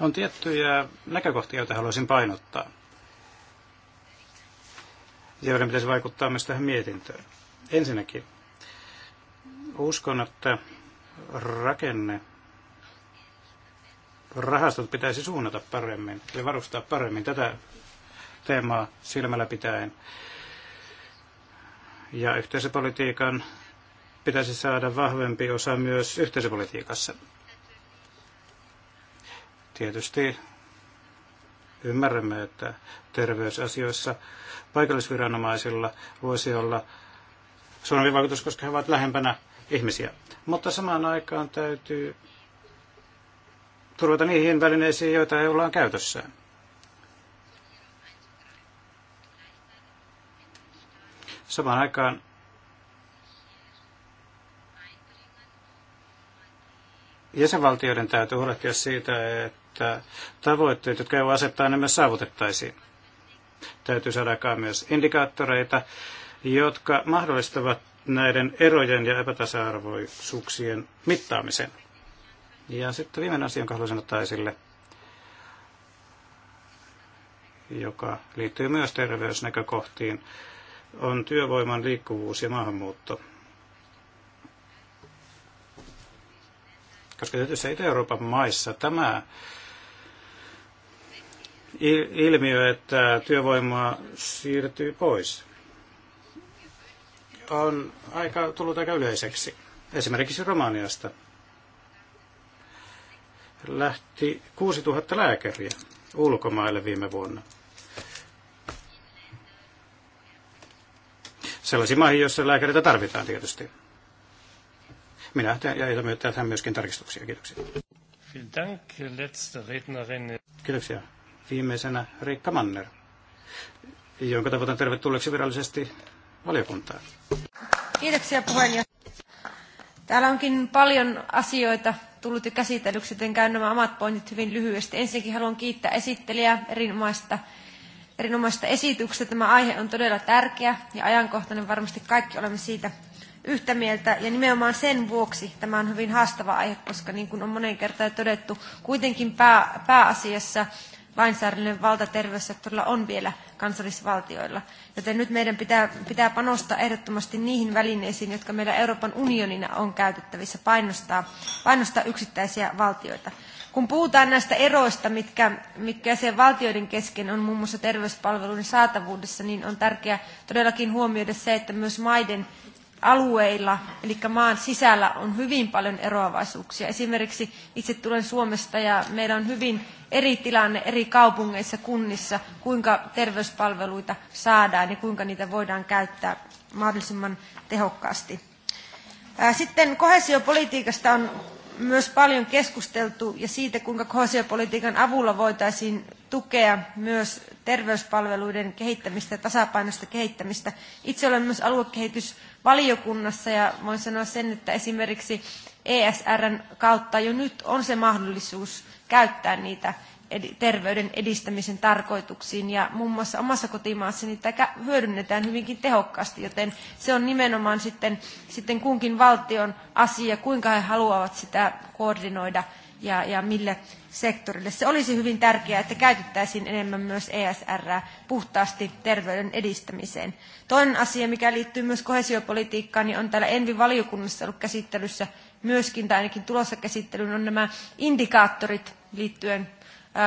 S2: On tiettyjä näkökohtia, joita haluaisin painottaa. Joiden pitäisi vaikuttaa myös tähän mietintöön. Ensinnäkin uskon, että rakenne rahastot pitäisi suunnata paremmin ja varustaa paremmin tätä teemaa silmällä pitäen. Ja yhteisöpolitiikan pitäisi saada vahvempi osa myös yhteisöpolitiikassa. Tietysti ymmärrämme, että terveysasioissa paikallisviranomaisilla voisi olla suurempi vaikutus, koska he ovat lähempänä ihmisiä. Mutta samaan aikaan täytyy turvata niihin välineisiin, joita EUlla on käytössään. Samaan aikaan jäsenvaltioiden täytyy huolehtia siitä, että tavoitteet, jotka EU asettaa, ne myös saavutettaisiin. Täytyy saada aikaan myös indikaattoreita, jotka mahdollistavat näiden erojen ja epätasa-arvoisuuksien mittaamisen. Ja sitten viimeinen asia, jonka haluaisin ottaa esille, joka liittyy myös terveysnäkökohtiin, on työvoiman liikkuvuus ja maahanmuutto. koska tietysti Itä-Euroopan maissa tämä ilmiö, että työvoimaa siirtyy pois, on aika, tullut aika yleiseksi. Esimerkiksi Romaniasta lähti 6000 lääkäriä ulkomaille viime vuonna. Sellaisiin maihin, joissa lääkäreitä tarvitaan tietysti. Minä jätän tähän myöskin tarkistuksia. Kiitoksia.
S1: Kiitoksia. Viimeisenä
S2: Riikka Manner, jonka tavoitan tervetulleeksi virallisesti valiokuntaan.
S5: Kiitoksia puheenjohtaja. Täällä onkin paljon asioita tullut jo käsitellyksi, joten käyn nämä omat pointit hyvin lyhyesti. Ensinnäkin haluan kiittää esittelijää erinomaista, erinomaista esityksestä. Tämä aihe on todella tärkeä ja ajankohtainen. Varmasti kaikki olemme siitä yhtä mieltä ja nimenomaan sen vuoksi tämä on hyvin haastava aihe, koska niin kuin on monen kertaan todettu, kuitenkin pää, pääasiassa lainsäädännön valta terveyssektorilla on vielä kansallisvaltioilla. Joten nyt meidän pitää, pitää panostaa ehdottomasti niihin välineisiin, jotka meillä Euroopan unionina on käytettävissä painostaa, painostaa yksittäisiä valtioita. Kun puhutaan näistä eroista, mitkä, mitkä se valtioiden kesken on muun muassa terveyspalveluiden saatavuudessa, niin on tärkeää todellakin huomioida se, että myös maiden alueilla, eli maan sisällä on hyvin paljon eroavaisuuksia. Esimerkiksi itse tulen Suomesta ja meillä on hyvin eri tilanne eri kaupungeissa, kunnissa, kuinka terveyspalveluita saadaan ja kuinka niitä voidaan käyttää mahdollisimman tehokkaasti. Sitten kohesiopolitiikasta on myös paljon keskusteltu ja siitä, kuinka kohesiopolitiikan avulla voitaisiin tukea myös terveyspalveluiden kehittämistä ja tasapainosta kehittämistä. Itse olen myös aluekehitys valiokunnassa ja voin sanoa sen, että esimerkiksi ESRn kautta jo nyt on se mahdollisuus käyttää niitä terveyden edistämisen tarkoituksiin ja muun mm. muassa omassa kotimaassa niitä hyödynnetään hyvinkin tehokkaasti, joten se on nimenomaan sitten, sitten kunkin valtion asia, kuinka he haluavat sitä koordinoida ja, ja mille sektorille. Se olisi hyvin tärkeää, että käytettäisiin enemmän myös ESR puhtaasti terveyden edistämiseen. Toinen asia, mikä liittyy myös kohesiopolitiikkaan, niin on täällä Envi-valiokunnassa ollut käsittelyssä myöskin, tai ainakin tulossa käsittelyyn, on nämä indikaattorit liittyen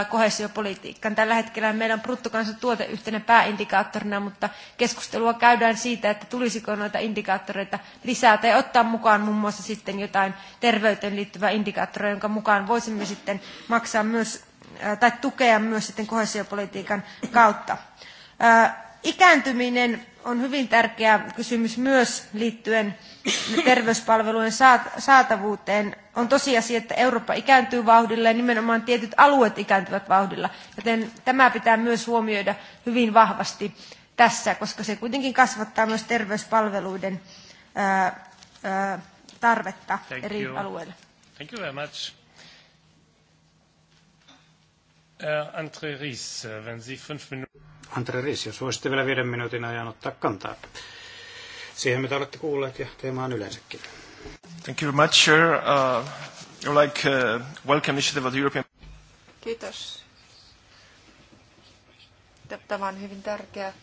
S5: kohesiopolitiikkaan. Tällä hetkellä meillä on bruttokansantuote yhtenä pääindikaattorina, mutta keskustelua käydään siitä, että tulisiko noita indikaattoreita lisää tai ottaa mukaan muun muassa sitten jotain terveyteen liittyvää indikaattoria, jonka mukaan voisimme sitten maksaa myös tai tukea myös sitten kohesiopolitiikan kautta. Ikääntyminen on hyvin tärkeä kysymys myös liittyen terveyspalvelujen saatavuuteen. On tosiasia, että Eurooppa ikääntyy vauhdilla ja nimenomaan tietyt alueet ikääntyvät vauhdilla, joten tämä pitää myös huomioida hyvin vahvasti tässä, koska se kuitenkin kasvattaa myös terveyspalveluiden tarvetta Thank eri you. alueilla.
S1: Thank you very much. Äh, Andre Ries, äh, wenn Sie fünf Minuten...
S2: Ries, jos voisitte vielä viiden minuutin ajan ottaa kantaa. Siihen mitä olette kuulleet ja teemaan yleensäkin. Thank you very much, sir. Uh, like, uh, welcome initiative of the European...
S3: Kiitos. Tämä on hyvin tärkeä,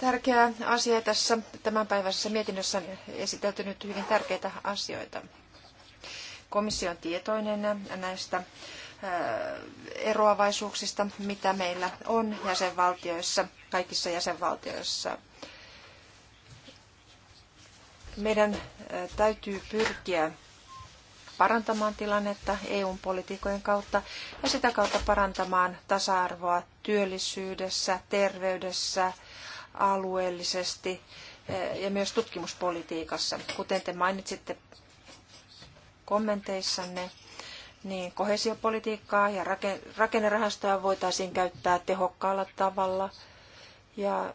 S3: tärkeä asia tässä tämänpäiväisessä mietinnössä esitelty nyt hyvin tärkeitä asioita. Komissio on tietoinen näistä eroavaisuuksista, mitä meillä on jäsenvaltioissa, kaikissa jäsenvaltioissa. Meidän täytyy pyrkiä parantamaan tilannetta EU-politiikojen kautta ja sitä kautta parantamaan tasa-arvoa työllisyydessä, terveydessä, alueellisesti ja myös tutkimuspolitiikassa. Kuten te mainitsitte kommenteissanne, niin kohesiopolitiikkaa ja rakennerahastoja voitaisiin käyttää tehokkaalla tavalla. Ja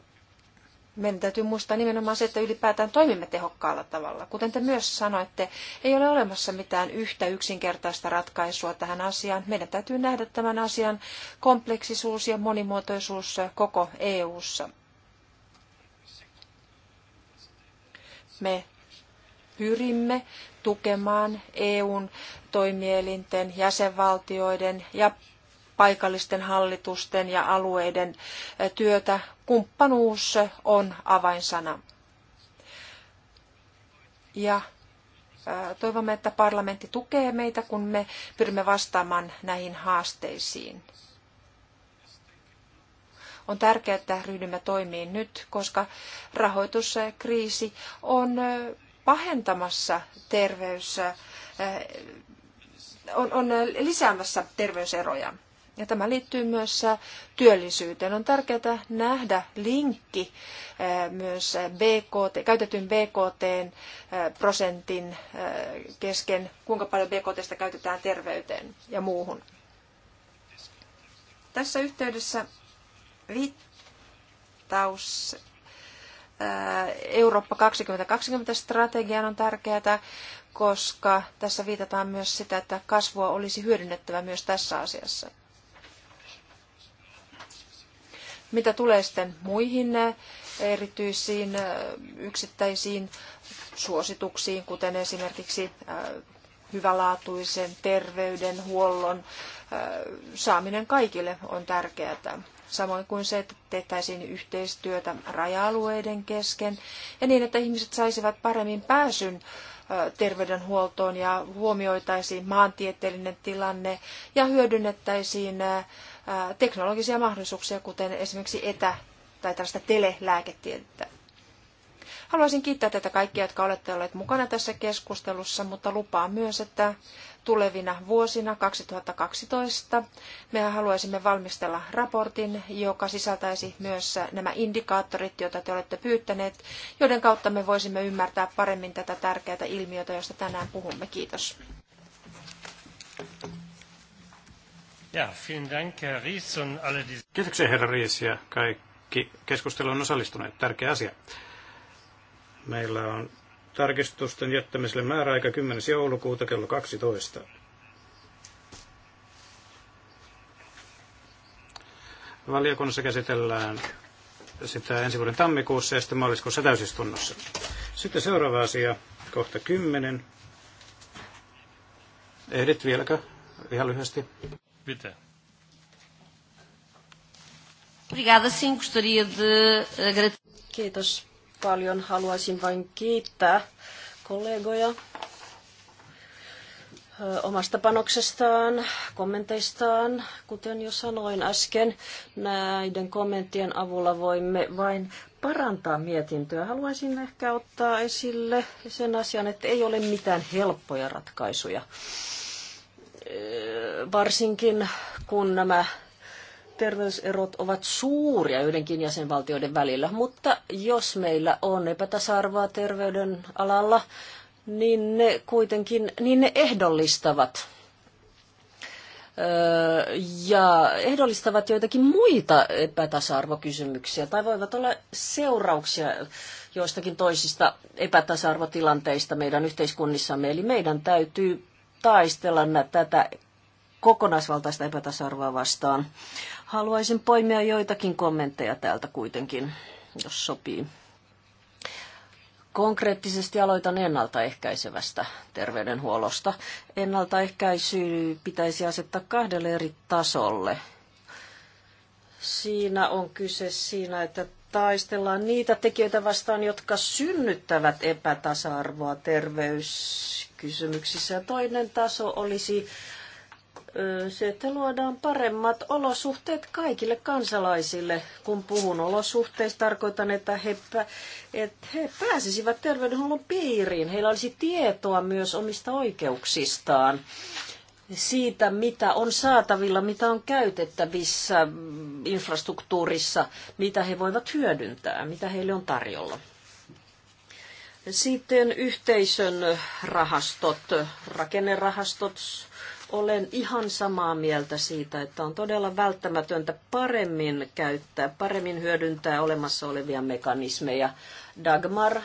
S3: meidän täytyy muistaa nimenomaan se, että ylipäätään toimimme tehokkaalla tavalla. Kuten te myös sanoitte, ei ole olemassa mitään yhtä yksinkertaista ratkaisua tähän asiaan. Meidän täytyy nähdä tämän asian kompleksisuus ja monimuotoisuus koko EU:ssa. Me pyrimme tukemaan EUn toimielinten, jäsenvaltioiden ja paikallisten hallitusten ja alueiden työtä. Kumppanuus on avainsana. Ja toivomme, että parlamentti tukee meitä, kun me pyrimme vastaamaan näihin haasteisiin. On tärkeää, että ryhdymme toimiin nyt, koska rahoituskriisi on pahentamassa terveys on, on lisäämässä terveyseroja. Ja tämä liittyy myös äh, työllisyyteen. On tärkeää nähdä linkki äh, myös äh, BKT, käytetyn BKT-prosentin kesken, kuinka paljon BKTstä käytetään terveyteen ja muuhun. Tässä yhteydessä viittaus Eurooppa 2020-strategiaan on tärkeää, koska tässä viitataan myös sitä, että kasvua olisi hyödynnettävä myös tässä asiassa. Mitä tulee sitten muihin erityisiin yksittäisiin suosituksiin, kuten esimerkiksi hyvälaatuisen terveydenhuollon saaminen kaikille on tärkeää samoin kuin se, että tehtäisiin yhteistyötä raja-alueiden kesken ja niin, että ihmiset saisivat paremmin pääsyn terveydenhuoltoon ja huomioitaisiin maantieteellinen tilanne ja hyödynnettäisiin teknologisia mahdollisuuksia, kuten esimerkiksi etä- tai tällaista telelääketiedettä. Haluaisin kiittää teitä kaikkia, jotka olette olleet mukana tässä keskustelussa, mutta lupaan myös, että tulevina vuosina 2012 me haluaisimme valmistella raportin, joka sisältäisi myös nämä indikaattorit, joita te olette pyytäneet, joiden kautta me voisimme ymmärtää paremmin tätä tärkeää ilmiötä, josta tänään puhumme. Kiitos.
S1: Ja, Dank, Herr Ries alle die... Kiitoksia, herra Riis ja
S2: kaikki keskusteluun osallistuneet. Tärkeä asia. Meillä on tarkistusten jättämiselle määräaika 10. joulukuuta kello 12. Valiokunnassa käsitellään sitä ensi vuoden tammikuussa ja sitten maaliskuussa täysistunnossa. Sitten seuraava asia, kohta 10. Ehdit vieläkö ihan lyhyesti?
S1: Mitä?
S4: Kiitos paljon. Haluaisin vain kiittää kollegoja omasta panoksestaan, kommenteistaan. Kuten jo sanoin äsken, näiden kommenttien avulla voimme vain parantaa mietintöä. Haluaisin ehkä ottaa esille sen asian, että ei ole mitään helppoja ratkaisuja. Varsinkin kun nämä terveyserot ovat suuria yhdenkin jäsenvaltioiden välillä, mutta jos meillä on epätasa-arvoa terveyden alalla, niin ne kuitenkin niin ne ehdollistavat öö, ja ehdollistavat joitakin muita epätasa-arvokysymyksiä tai voivat olla seurauksia joistakin toisista epätasa-arvotilanteista meidän yhteiskunnissamme. Eli meidän täytyy taistella tätä kokonaisvaltaista epätasa-arvoa vastaan Haluaisin poimia joitakin kommentteja täältä kuitenkin, jos sopii. Konkreettisesti aloitan ennaltaehkäisevästä terveydenhuollosta. Ennaltaehkäisy pitäisi asettaa kahdelle eri tasolle. Siinä on kyse siinä, että taistellaan niitä tekijöitä vastaan, jotka synnyttävät epätasa-arvoa terveyskysymyksissä. Ja toinen taso olisi se, että luodaan paremmat olosuhteet kaikille kansalaisille. Kun puhun olosuhteista, tarkoitan, että he, että he pääsisivät terveydenhuollon piiriin. Heillä olisi tietoa myös omista oikeuksistaan siitä, mitä on saatavilla, mitä on käytettävissä mm, infrastruktuurissa, mitä he voivat hyödyntää, mitä heille on tarjolla. Sitten yhteisön rahastot, rakennerahastot, olen ihan samaa mieltä siitä, että on todella välttämätöntä paremmin käyttää, paremmin hyödyntää olemassa olevia mekanismeja. Dagmar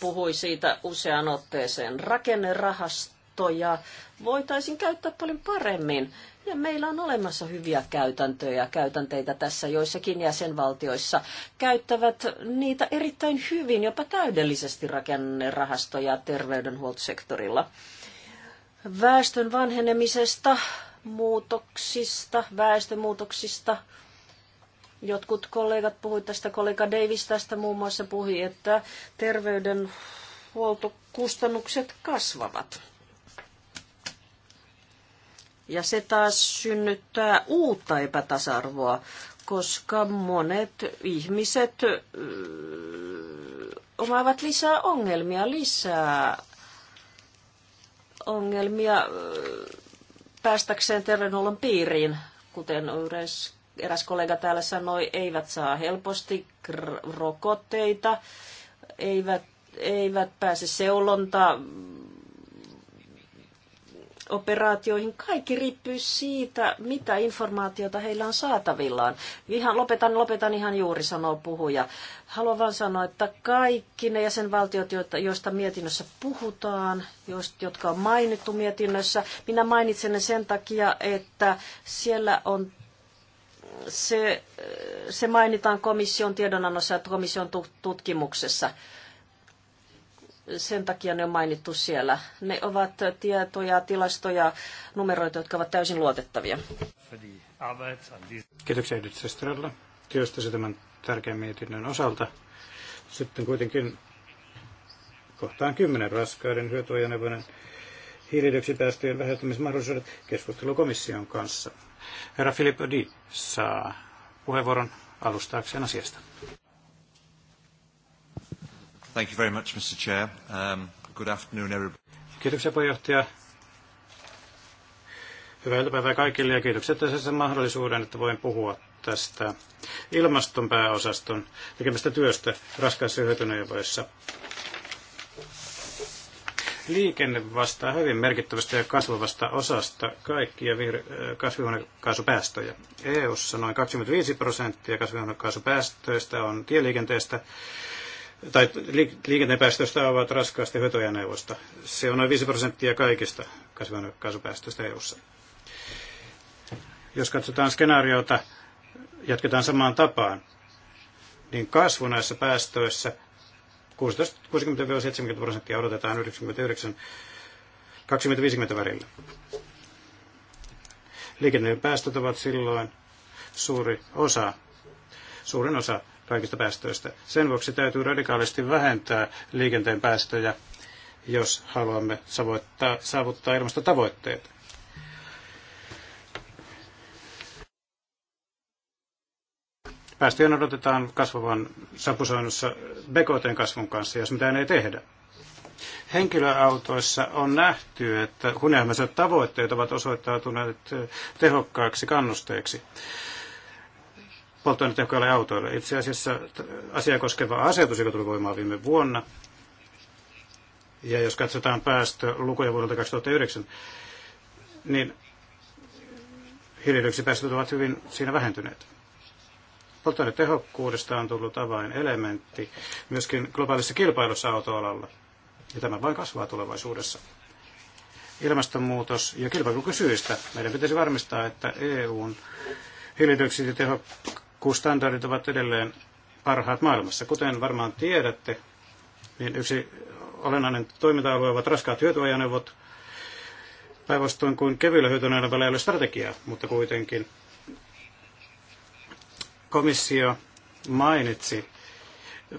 S4: puhui siitä usean otteeseen rakennerahastoja. Voitaisiin käyttää paljon paremmin. Ja meillä on olemassa hyviä käytäntöjä, käytänteitä tässä joissakin jäsenvaltioissa. Käyttävät niitä erittäin hyvin, jopa täydellisesti rakennerahastoja terveydenhuoltosektorilla väestön vanhenemisesta, muutoksista, väestömuutoksista. Jotkut kollegat puhuivat tästä, kollega Davis tästä muun muassa puhui, että terveydenhuoltokustannukset kasvavat. Ja se taas synnyttää uutta epätasarvoa, koska monet ihmiset omaavat lisää ongelmia, lisää ongelmia päästäkseen terveydenhuollon piiriin, kuten eräs kollega täällä sanoi, eivät saa helposti rokotteita, eivät, eivät pääse seulontaan operaatioihin. Kaikki riippuu siitä, mitä informaatiota heillä on saatavillaan. Ihan, lopetan, lopetan ihan juuri, sanoo puhuja. Haluan vain sanoa, että kaikki ne jäsenvaltiot, joista mietinnössä puhutaan, jotka on mainittu mietinnössä, minä mainitsen ne sen takia, että siellä on se, se mainitaan komission tiedonannossa ja komission tutkimuksessa sen takia ne on mainittu siellä. Ne ovat tietoja, tilastoja, numeroita, jotka ovat täysin luotettavia.
S1: Kiitoksia Edith Sestrella
S2: työstäsi tämän tärkeän mietinnön osalta. Sitten kuitenkin kohtaan kymmenen raskaiden hyötyajoneuvojen hiilidioksidipäästöjen vähentämismahdollisuudet keskustelukomission kanssa. Herra Filippo Di saa puheenvuoron alustaakseen asiasta. Thank you very much, Mr. Chair. Um, good afternoon, everybody. Kiitoksia puheenjohtaja. Hyvää iltapäivää kaikille ja kiitokset sen mahdollisuuden, että voin puhua tästä ilmaston pääosaston tekemästä työstä raskaassa hyötynäjavoissa. Liikenne vastaa hyvin merkittävästä ja kasvavasta osasta kaikkia vir- äh, kasvihuonekaasupäästöjä. EU:ssa noin 25 prosenttia kasvihuonekaasupäästöistä on tieliikenteestä tai liikennepäästöistä ovat raskaasti hyötyajaneuvosta. Se on noin 5 prosenttia kaikista kasvihuonekaasupäästöistä EU-ssa. Jos katsotaan skenaariota, jatketaan samaan tapaan, niin kasvu näissä päästöissä 60-70 prosenttia odotetaan 99-2050 välillä. Liikenteen päästöt ovat silloin suuri osa, suurin osa kaikista päästöistä. Sen vuoksi täytyy radikaalisti vähentää liikenteen päästöjä, jos haluamme saavuttaa, saavuttaa ilmastotavoitteet. Päästöjen odotetaan kasvavan sapusoinnussa BKTn kasvun kanssa, jos mitään ei tehdä. Henkilöautoissa on nähty, että kunnianhimoiset tavoitteet ovat osoittautuneet tehokkaaksi kannusteeksi polttoainetehokkaille autoille. Itse asiassa asia koskeva asetus, joka tuli voimaan viime vuonna, ja jos katsotaan päästölukuja vuodelta 2009, niin hiilidioksidipäästöt ovat hyvin siinä vähentyneet. Polttoainetehokkuudesta on tullut avainelementti myöskin globaalissa kilpailussa autoalalla, ja tämä vain kasvaa tulevaisuudessa. Ilmastonmuutos ja kilpailukysyistä. meidän pitäisi varmistaa, että EUn hiilidioksiditehokkuus kun standardit ovat edelleen parhaat maailmassa. Kuten varmaan tiedätte, niin yksi olennainen toiminta-alue ovat raskaat hyötyajoneuvot, päinvastoin kuin kevyillä hyötyajoneuvoilla ei ole strategiaa, mutta kuitenkin komissio mainitsi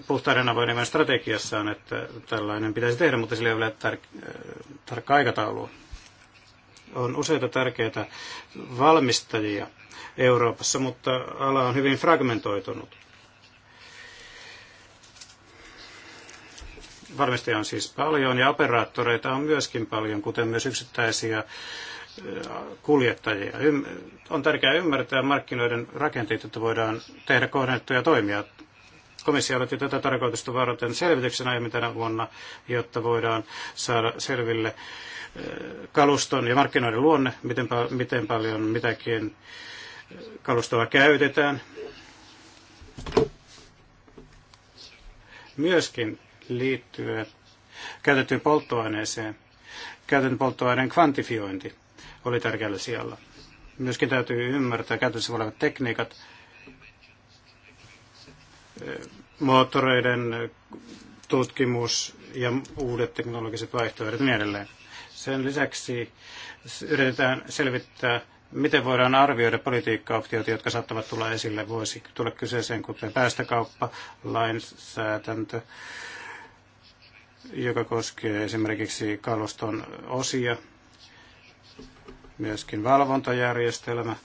S2: puhtaiden avoimen strategiassaan, että tällainen pitäisi tehdä, mutta sillä ei ole tar- aikataulua. On useita tärkeitä valmistajia Euroopassa, mutta ala on hyvin fragmentoitunut. Valmistajia on siis paljon ja operaattoreita on myöskin paljon, kuten myös yksittäisiä kuljettajia. On tärkeää ymmärtää markkinoiden rakenteet, että voidaan tehdä kohdennettuja toimia. Komissio aloitti tätä tarkoitusta varten selvityksen aiemmin tänä vuonna, jotta voidaan saada selville kaluston ja markkinoiden luonne, miten, miten paljon mitäkin kalustoa käytetään. Myöskin liittyen käytettyyn polttoaineeseen, käytetyn polttoaineen kvantifiointi oli tärkeällä sijalla. Myöskin täytyy ymmärtää käytössä olevat tekniikat, moottoreiden tutkimus ja uudet teknologiset vaihtoehdot ja niin edelleen. Sen lisäksi yritetään selvittää, miten voidaan arvioida politiikkaoptioita, jotka saattavat tulla esille, voisi tulla kyseeseen, kuten päästökauppa, lainsäädäntö, joka koskee esimerkiksi kaluston osia, myöskin valvontajärjestelmä,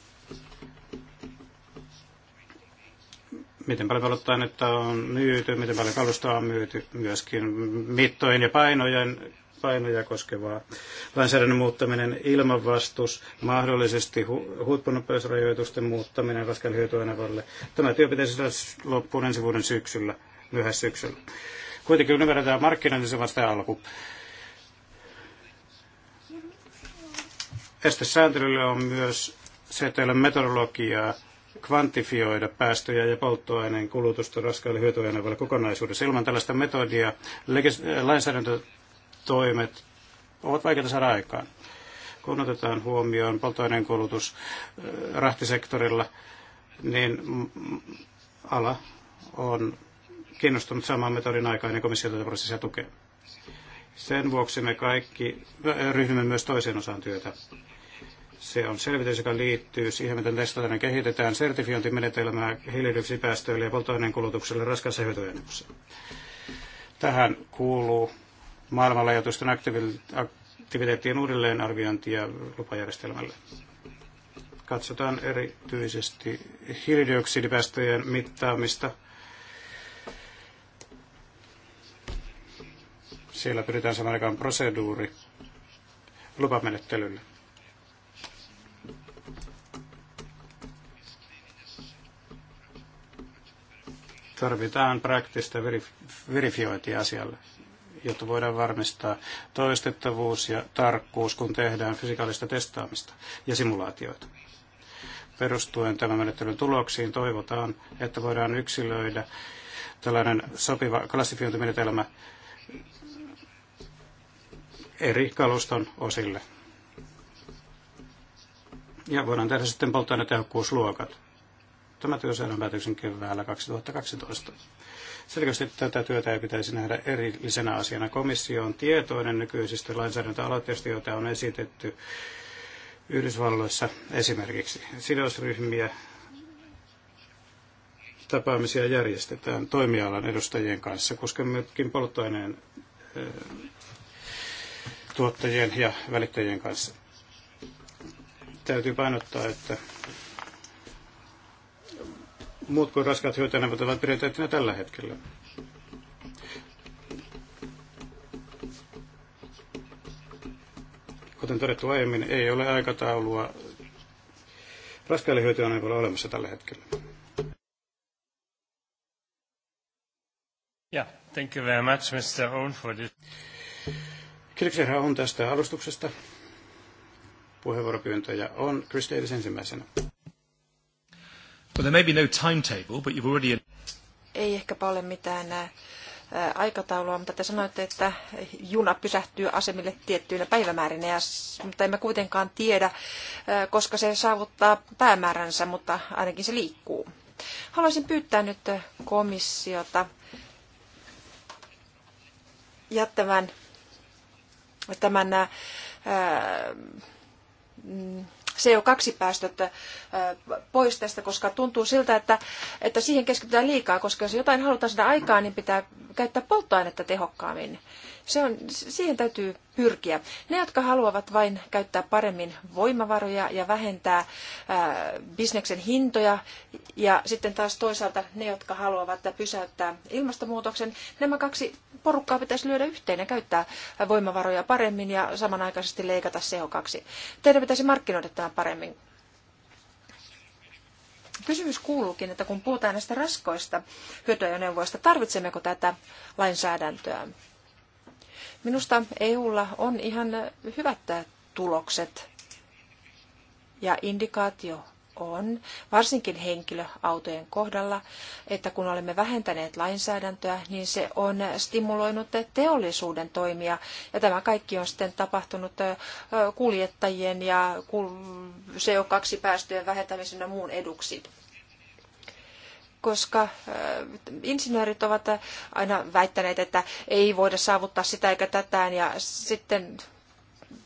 S2: miten paljon että on myyty, miten paljon kalustoa on myyty, myöskin mittojen ja painojen painoja koskevaa lainsäädännön muuttaminen, ilmanvastus, mahdollisesti hu- huippunopeusrajoitusten muuttaminen raskan hyötyainevalle. Tämä työ pitäisi saada loppuun ensi vuoden syksyllä, syksyllä. Kuitenkin ymmärretään markkinointi niin se vasta alku. Este sääntelylle on myös se, että ei ole metodologiaa kvantifioida päästöjä ja polttoaineen kulutusta raskaille hyötyaineille kokonaisuudessa. Ilman tällaista metodia lainsäädäntö toimet ovat vaikeita saada aikaan. Kun otetaan huomioon polttoaineen kulutus eh, rahtisektorilla, niin ala on kiinnostunut saamaan metodin aikaan ja komission tätä prosessia tukee. Sen vuoksi me kaikki ryhdymme myös toiseen osaan työtä. Se on selvitys, joka liittyy siihen, miten testataan ja kehitetään sertifiointimenetelmää hiilidioksidipäästöille ja polttoaineen kulutukselle raskaassa hyötyajoneuvossa. Tähän kuuluu maailmanlaajuisten aktiviteettien uudelleenarviointia lupajärjestelmälle. Katsotaan erityisesti hiilidioksidipäästöjen mittaamista. Siellä pyritään saman aikaan proseduuri lupamenettelylle. tarvitaan praktista verifiointia asialle jotta voidaan varmistaa toistettavuus ja tarkkuus, kun tehdään fysikaalista testaamista ja simulaatioita. Perustuen tämän menettelyn tuloksiin toivotaan, että voidaan yksilöidä tällainen sopiva klassifiointimenetelmä eri kaluston osille. Ja voidaan tehdä sitten polttoainetehokkuusluokat. Tämä työ saadaan päätöksen keväällä 2012. Selkeästi tätä työtä ei pitäisi nähdä erillisenä asiana. Komissio on tietoinen nykyisistä lainsäädäntöaloitteista, joita on esitetty Yhdysvalloissa esimerkiksi. Sidosryhmiä tapaamisia järjestetään toimialan edustajien kanssa, koska myöskin polttoaineen eh, tuottajien ja välittäjien kanssa. Täytyy painottaa, että muut kuin raskaat hyötänevät ovat prioriteettina tällä hetkellä. Kuten todettu aiemmin, ei ole aikataulua raskaille hyötyaneuvoille olemassa tällä hetkellä.
S1: Yeah, thank you very much, Mr. Oon, for this. Kiitoksia herra on tästä alustuksesta.
S2: Puheenvuoropyyntöjä on Chris Davis ensimmäisenä there may be no timetable, but you've already...
S3: Ei ehkäpä ole mitään aikataulua, mutta te sanoitte, että juna pysähtyy asemille tiettyinä päivämäärinä, ja, mutta emme kuitenkaan tiedä, koska se saavuttaa päämääränsä, mutta ainakin se liikkuu. Haluaisin pyytää nyt komissiota jättämään tämän mm, CO2-päästöt pois tästä, koska tuntuu siltä, että, että siihen keskitytään liikaa, koska jos jotain halutaan saada aikaa, niin pitää käyttää polttoainetta tehokkaammin. Se on, siihen täytyy pyrkiä. Ne, jotka haluavat vain käyttää paremmin voimavaroja ja vähentää ää, bisneksen hintoja, ja sitten taas toisaalta ne, jotka haluavat pysäyttää ilmastonmuutoksen, nämä kaksi porukkaa pitäisi lyödä yhteen ja käyttää voimavaroja paremmin ja samanaikaisesti leikata CO2. Teidän pitäisi markkinoida ymmärretään paremmin. Kysymys kuuluukin, että kun puhutaan näistä raskoista hyötyajoneuvoista, tarvitsemmeko tätä lainsäädäntöä? Minusta EUlla on ihan hyvät tulokset ja indikaatio on, varsinkin henkilöautojen kohdalla, että kun olemme vähentäneet lainsäädäntöä, niin se on stimuloinut teollisuuden toimia. Ja tämä kaikki on sitten tapahtunut kuljettajien ja CO2-päästöjen vähentämisen ja muun eduksi koska insinöörit ovat aina väittäneet, että ei voida saavuttaa sitä eikä tätään ja sitten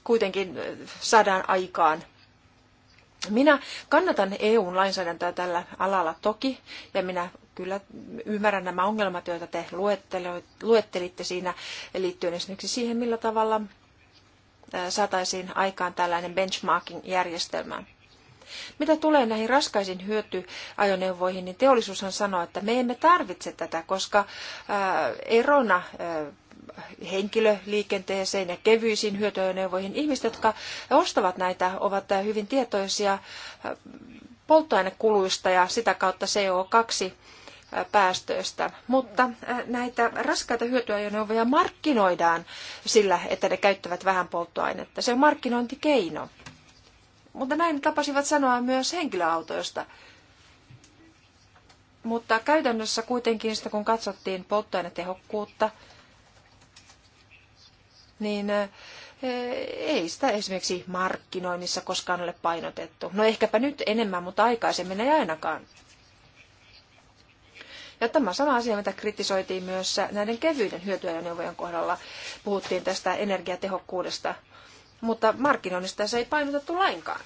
S3: kuitenkin saadaan aikaan minä kannatan EUn lainsäädäntöä tällä alalla toki, ja minä kyllä ymmärrän nämä ongelmat, joita te luettelitte siinä liittyen esimerkiksi siihen, millä tavalla saataisiin aikaan tällainen benchmarking-järjestelmä. Mitä tulee näihin raskaisiin hyötyajoneuvoihin, niin teollisuushan sanoo, että me emme tarvitse tätä, koska erona henkilöliikenteeseen ja kevyisiin hyötyajoneuvoihin. Ihmiset, jotka ostavat näitä, ovat hyvin tietoisia äh, polttoainekuluista ja sitä kautta CO2 äh, päästöistä, mutta äh, näitä raskaita hyötyajoneuvoja markkinoidaan sillä, että ne käyttävät vähän polttoainetta. Se on markkinointikeino. Mutta näin tapasivat sanoa myös henkilöautoista. Mutta käytännössä kuitenkin sitä, kun katsottiin polttoainetehokkuutta, niin ei sitä esimerkiksi markkinoinnissa koskaan ole painotettu. No ehkäpä nyt enemmän, mutta aikaisemmin ei ainakaan. Ja tämä sama asia, mitä kritisoitiin myös näiden kevyiden hyötyajoneuvojen kohdalla. Puhuttiin tästä energiatehokkuudesta, mutta markkinoinnista se ei painotettu lainkaan.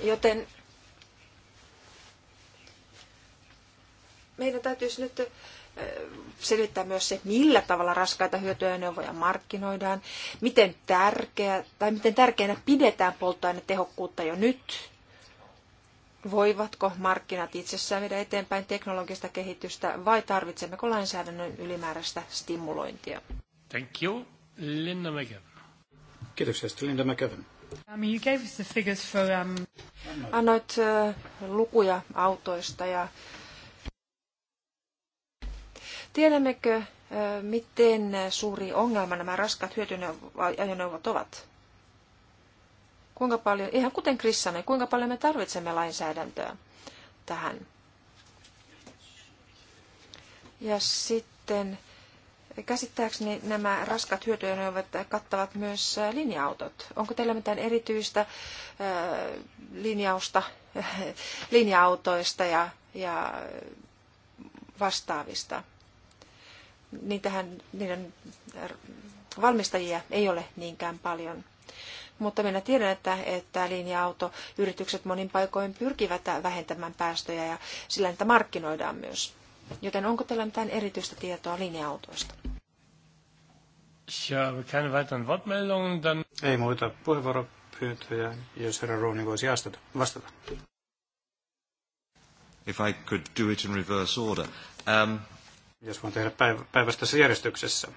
S3: Joten meidän täytyisi nyt selvittää myös se, millä tavalla raskaita hyötyajoneuvoja markkinoidaan, miten, tärkeä, tai miten tärkeänä pidetään polttoainetehokkuutta jo nyt, voivatko markkinat itsessään viedä eteenpäin teknologista kehitystä vai tarvitsemmeko lainsäädännön ylimääräistä stimulointia?
S1: Thank you. Linda McEwen. Kiitoksia, Linda McEwen.
S3: Um, you gave us the figures for, um... Annoit uh, lukuja autoista ja Tiedämmekö, miten suuri ongelma nämä raskaat hyötyajoneuvot ovat? Kuinka paljon, ihan kuten Chris sanoi, kuinka paljon me tarvitsemme lainsäädäntöä tähän? Ja sitten käsittääkseni nämä raskat hyötyajoneuvot kattavat myös linja-autot. Onko teillä mitään erityistä linjausta linja-autoista ja, ja vastaavista? niitähän, niiden äh, valmistajia ei ole niinkään paljon. Mutta minä tiedän, että, että linja-autoyritykset monin paikoin pyrkivät vähentämään päästöjä ja sillä niitä markkinoidaan myös. Joten onko teillä mitään erityistä tietoa linja-autoista?
S1: Ei muita puheenvuoropyyntöjä, jos
S2: herra rooni voisi vastata. If I could do it in
S1: reverse order. Um,
S2: jos voin tehdä päivästä järjestyksessä.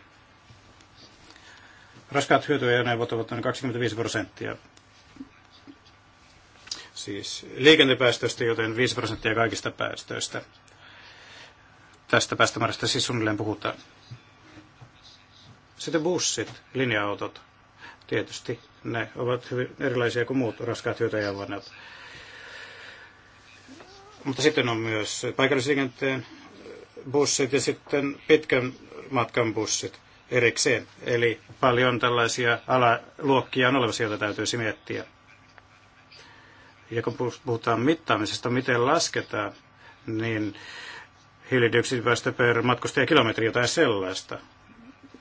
S2: Raskaat hyötyajoneuvot ovat noin 25 prosenttia siis liikennepäästöistä, joten 5 prosenttia kaikista päästöistä. Tästä päästömäärästä siis suunnilleen puhutaan. Sitten bussit, linja-autot. Tietysti ne ovat hyvin erilaisia kuin muut raskaat hyötyajoneuvot. Mutta sitten on myös paikallisliikenteen bussit ja sitten pitkän matkan bussit erikseen. Eli paljon tällaisia alaluokkia on olemassa, joita täytyisi miettiä. Ja kun puhutaan mittaamisesta, miten lasketaan, niin hiilidioksidipäästö per matkustajakilometri jotain sellaista.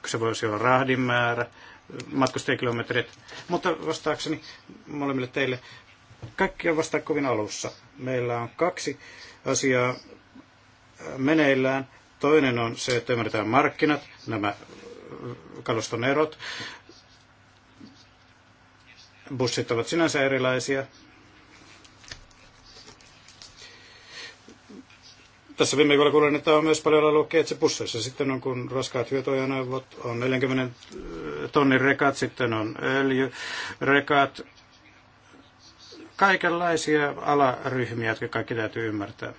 S2: Se voisi olla rahdin määrä, matkustajakilometrit. Mutta vastaakseni molemmille teille, kaikki on vasta kovin alussa. Meillä on kaksi asiaa, meneillään. Toinen on se, että ymmärretään markkinat, nämä kaluston erot. Bussit ovat sinänsä erilaisia. Tässä viime viikolla kuulin, että on myös paljon lukee, että se busseissa sitten on, kun raskaat hyötyajoneuvot, on 40 tonnin rekat, sitten on öljyrekat, kaikenlaisia alaryhmiä, jotka kaikki täytyy ymmärtää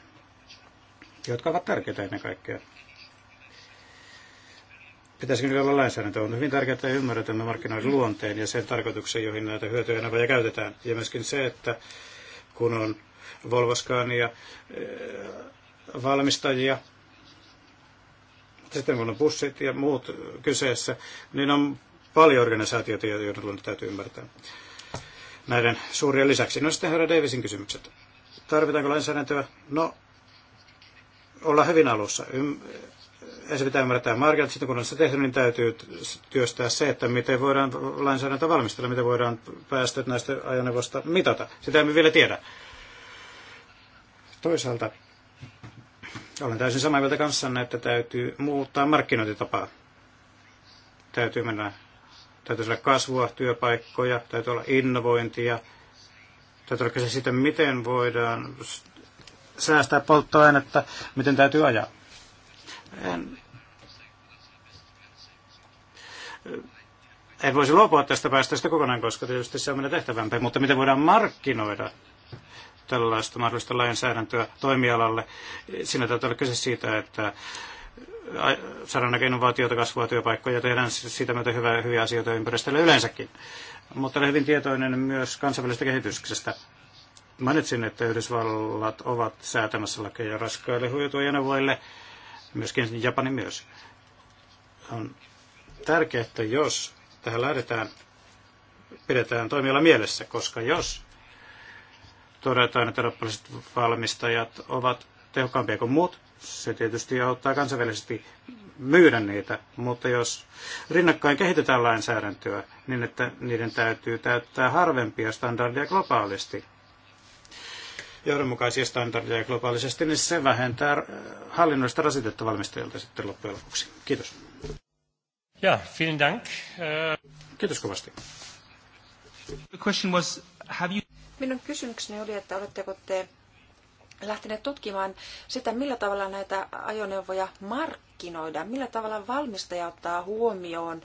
S2: jotka ovat tärkeitä ennen kaikkea. Pitäisikö niillä olla lainsäädäntö? On hyvin tärkeää, että ymmärrämme markkinoiden luonteen ja sen tarkoituksen, joihin näitä hyötyjä ja käytetään. Ja myöskin se, että kun on Scania eh, valmistajia, sitten kun on bussit ja muut kyseessä, niin on paljon organisaatioita, joiden luonne täytyy ymmärtää näiden suurien lisäksi. No sitten herra Davisin kysymykset. Tarvitaanko lainsäädäntöä? No, olla hyvin alussa. Eh, ensin pitää ymmärtää markkinat, sitten kun on se tehty, niin täytyy työstää se, että miten voidaan lainsäädäntö valmistella, miten voidaan päästöt näistä ajoneuvoista mitata. Sitä emme vielä tiedä. Toisaalta olen täysin samaa mieltä kanssanne, että täytyy muuttaa markkinointitapaa. Täytyy mennä, täytyy olla kasvua, työpaikkoja, täytyy olla innovointia, täytyy olla kyse siitä, miten voidaan säästää polttoainetta, miten täytyy ajaa. En, en voisi luopua tästä päästöstä kokonaan, koska tietysti se on meidän tehtävämpi, mutta miten voidaan markkinoida tällaista mahdollista lainsäädäntöä toimialalle. Siinä täytyy olla kyse siitä, että saadaan näkö innovaatioita, kasvua, työpaikkoja ja tehdään siitä myötä hyvää, hyviä asioita ympäristölle yleensäkin. Mutta olen hyvin tietoinen myös kansainvälisestä kehityksestä. Mainitsin, että Yhdysvallat ovat säätämässä lakeja raskaille huijatuajoneuvoille, myöskin Japani myös. On tärkeää, että jos tähän lähdetään, pidetään toimiala mielessä, koska jos todetaan, että eurooppalaiset valmistajat ovat tehokkaampia kuin muut, se tietysti auttaa kansainvälisesti myydä niitä, mutta jos rinnakkain kehitetään lainsäädäntöä, niin että niiden täytyy täyttää harvempia standardeja globaalisti, johdonmukaisia standardeja globaalisesti, niin se vähentää äh, hallinnollista rasitetta valmistajilta sitten loppujen lopuksi. Kiitos.
S1: Ja, vielen dank. Äh, Kiitos kovasti. The question was, have you...
S3: Minun kysymykseni oli, että oletteko te lähteneet tutkimaan sitä, millä tavalla näitä ajoneuvoja markkinoidaan, millä tavalla valmistaja ottaa huomioon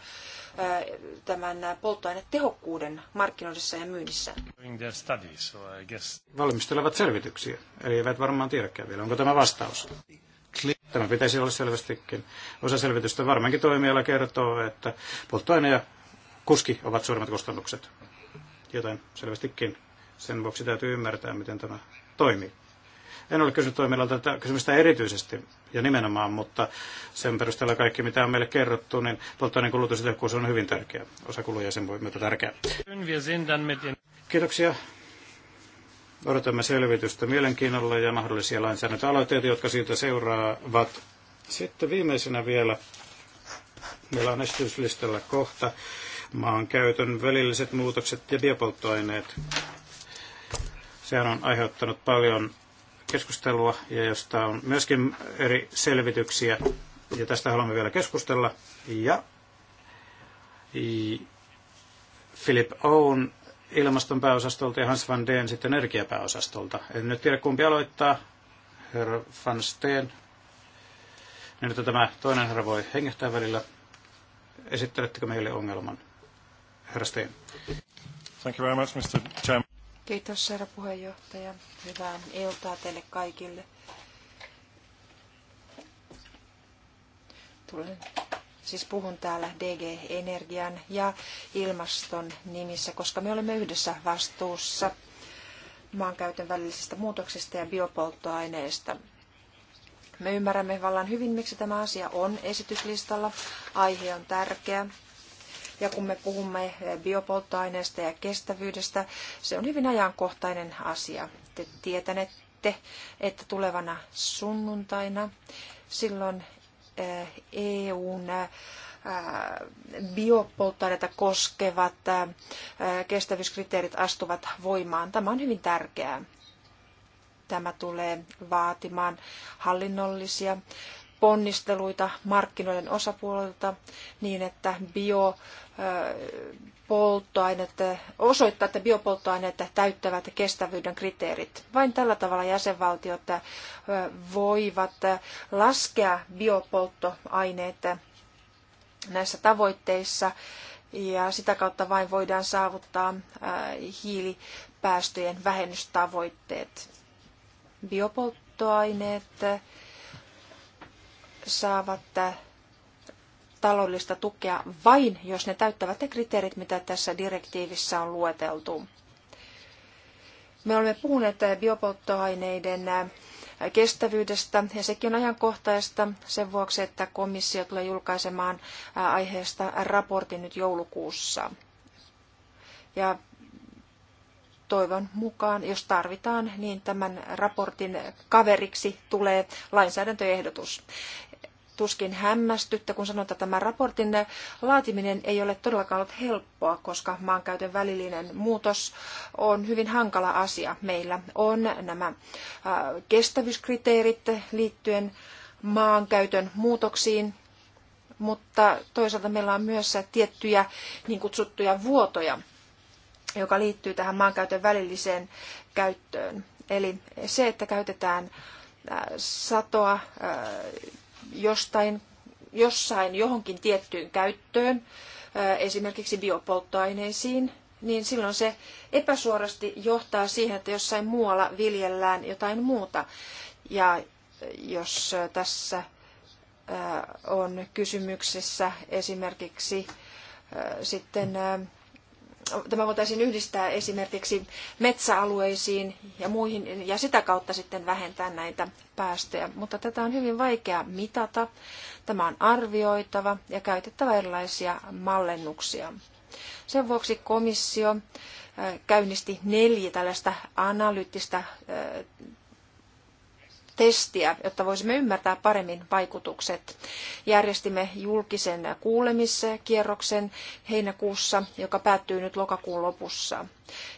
S3: tämän polttoainetehokkuuden markkinoidessa ja myynnissä.
S2: Valmistelevat selvityksiä, eli eivät varmaan tiedäkään vielä, onko tämä vastaus. Tämä pitäisi olla selvästikin osa selvitystä. Varmaankin toimiala kertoo, että polttoaine ja kuski ovat suuremmat kustannukset. Joten selvästikin sen vuoksi täytyy ymmärtää, miten tämä toimii. En ole kysynyt toimialalta tätä kysymystä erityisesti ja nimenomaan, mutta sen perusteella kaikki, mitä on meille kerrottu, niin polttoaineen kulutus on hyvin tärkeä. Osa kuluja sen voi myötä tärkeä. Kiitoksia. Odotamme selvitystä mielenkiinnolla ja mahdollisia lainsäädäntöaloitteita, jotka siitä seuraavat. Sitten viimeisenä vielä meillä on esityslistalla kohta maankäytön välilliset muutokset ja biopolttoaineet. Sehän on aiheuttanut paljon keskustelua ja josta on myöskin eri selvityksiä. Ja tästä haluamme vielä keskustella. Ja Philip Owen ilmaston pääosastolta ja Hans van Deen sitten energiapääosastolta. En nyt tiedä kumpi aloittaa. Herra van Steen. Niin nyt tämä toinen herra voi hengähtää välillä. Esittelettekö meille ongelman? Herra Steen. Thank you very
S1: much, Mr. Chairman.
S3: Kiitos herra puheenjohtaja. Hyvää iltaa teille kaikille. Tulen, siis puhun täällä DG Energian ja ilmaston nimissä, koska me olemme yhdessä vastuussa maankäytön välisistä muutoksista ja biopolttoaineista. Me ymmärrämme vallan hyvin, miksi tämä asia on esityslistalla. Aihe on tärkeä ja kun me puhumme biopolttoaineesta ja kestävyydestä, se on hyvin ajankohtainen asia. Te tietänette, että tulevana sunnuntaina silloin eh, EUn eh, biopolttoaineita koskevat eh, kestävyyskriteerit astuvat voimaan. Tämä on hyvin tärkeää. Tämä tulee vaatimaan hallinnollisia ponnisteluita markkinoiden osapuolilta niin, että biopolttoaineet, osoittaa, että biopolttoaineet täyttävät kestävyyden kriteerit. Vain tällä tavalla jäsenvaltiot voivat laskea biopolttoaineet näissä tavoitteissa ja sitä kautta vain voidaan saavuttaa hiilipäästöjen vähennystavoitteet. Biopolttoaineet saavat taloudellista tukea vain, jos ne täyttävät ne kriteerit, mitä tässä direktiivissä on lueteltu. Me olemme puhuneet biopolttoaineiden kestävyydestä ja sekin on ajankohtaista sen vuoksi, että komissio tulee julkaisemaan aiheesta raportin nyt joulukuussa. Ja toivon mukaan, jos tarvitaan, niin tämän raportin kaveriksi tulee lainsäädäntöehdotus tuskin hämmästyttä, kun sanon, että tämä raportin laatiminen ei ole todellakaan ollut helppoa, koska maankäytön välillinen muutos on hyvin hankala asia. Meillä on nämä kestävyyskriteerit liittyen maankäytön muutoksiin, mutta toisaalta meillä on myös tiettyjä niin kutsuttuja vuotoja, joka liittyy tähän maankäytön välilliseen käyttöön. Eli se, että käytetään satoa jostain, jossain johonkin tiettyyn käyttöön, esimerkiksi biopolttoaineisiin, niin silloin se epäsuorasti johtaa siihen, että jossain muualla viljellään jotain muuta. Ja jos tässä on kysymyksessä esimerkiksi sitten tämä voitaisiin yhdistää esimerkiksi metsäalueisiin ja muihin ja sitä kautta sitten vähentää näitä päästöjä. Mutta tätä on hyvin vaikea mitata. Tämä on arvioitava ja käytettävä erilaisia mallennuksia. Sen vuoksi komissio äh, käynnisti neljä tällaista analyyttistä äh, testiä, jotta voisimme ymmärtää paremmin vaikutukset. Järjestimme julkisen kuulemiskierroksen heinäkuussa, joka päättyy nyt lokakuun lopussa.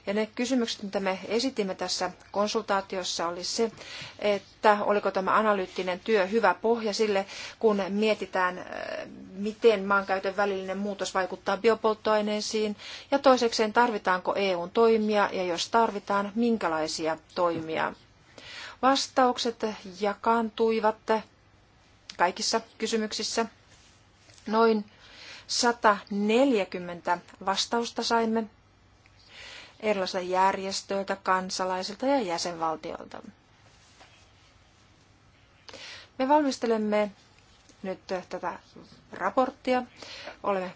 S3: Ja ne kysymykset, mitä me esitimme tässä konsultaatiossa, oli se, että oliko tämä analyyttinen työ hyvä pohja sille, kun mietitään, äh, miten maankäytön välillinen muutos vaikuttaa biopolttoaineisiin, ja toisekseen tarvitaanko EUn toimia, ja jos tarvitaan, minkälaisia toimia Vastaukset jakaantuivat kaikissa kysymyksissä. Noin 140 vastausta saimme erilaisilta järjestöiltä, kansalaisilta ja jäsenvaltioilta. Me valmistelemme nyt tätä raporttia. Olemme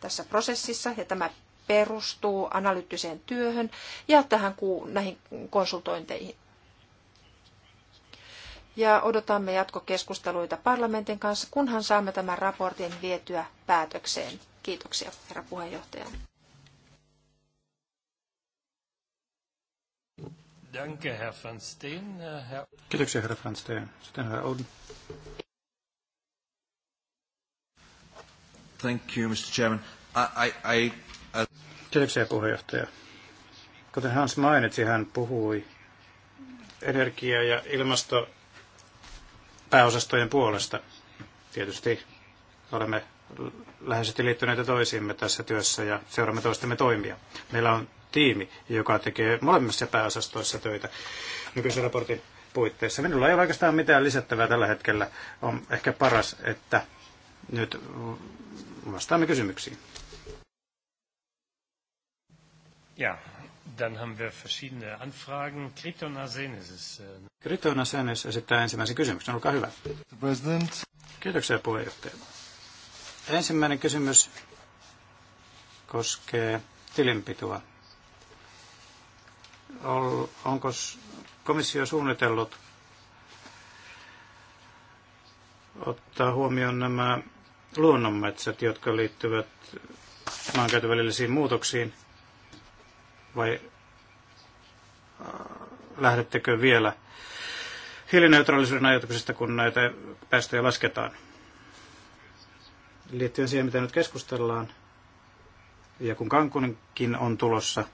S3: tässä prosessissa ja tämä perustuu analyyttiseen työhön ja tähän näihin konsultointeihin ja odotamme jatkokeskusteluita parlamentin kanssa, kunhan saamme tämän raportin vietyä päätökseen. Kiitoksia, herra puheenjohtaja.
S1: Danke, herr van Steen. Herr...
S2: Kiitoksia, herra van Steen. Sitten herra Oden. Thank you, Mr. Chairman. I, I, I... Kiitoksia, puheenjohtaja. Kuten Hans mainitsi, hän puhui energia- ja ilmasto pääosastojen puolesta. Tietysti olemme läheisesti liittyneitä toisiimme tässä työssä ja seuraamme toistemme toimia. Meillä on tiimi, joka tekee molemmissa pääosastoissa töitä nykyisen raportin puitteissa. Minulla ei ole oikeastaan mitään lisättävää tällä hetkellä. On ehkä paras, että nyt vastaamme kysymyksiin.
S1: Ja, Dann haben wir verschiedene Anfragen. Kriton Asenis ist... Äh,
S2: Kriton Arsenis esittää ensimmäisen kysymyksen. Olkaa hyvä.
S1: President.
S2: Kiitoksia puheenjohtaja. Ensimmäinen kysymys koskee tilinpitoa. Onko komissio suunnitellut ottaa huomioon nämä luonnonmetsät, jotka liittyvät maankäytön välillisiin muutoksiin – vai äh, lähdettekö vielä hiilineutraalisuuden ajatuksesta, kun näitä päästöjä lasketaan? Liittyen siihen, mitä nyt keskustellaan, ja kun Kankunkin on tulossa,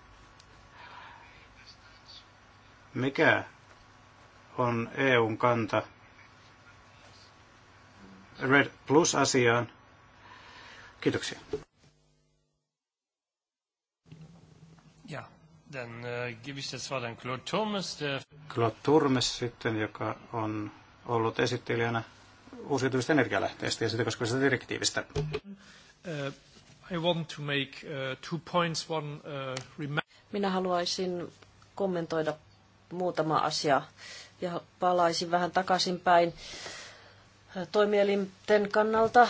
S2: mikä on EUn kanta Red Plus-asiaan? Kiitoksia.
S1: Uh, Claude Turmes.
S2: Claude Turmes sitten, joka on ollut esittelijänä uusiutuvista energialähteistä ja sitä koskevasta direktiivistä. Uh,
S1: I want to make uh, two points, one uh, Minä haluaisin
S4: kommentoida muutama asia ja palaisin vähän takaisinpäin toimielinten kannalta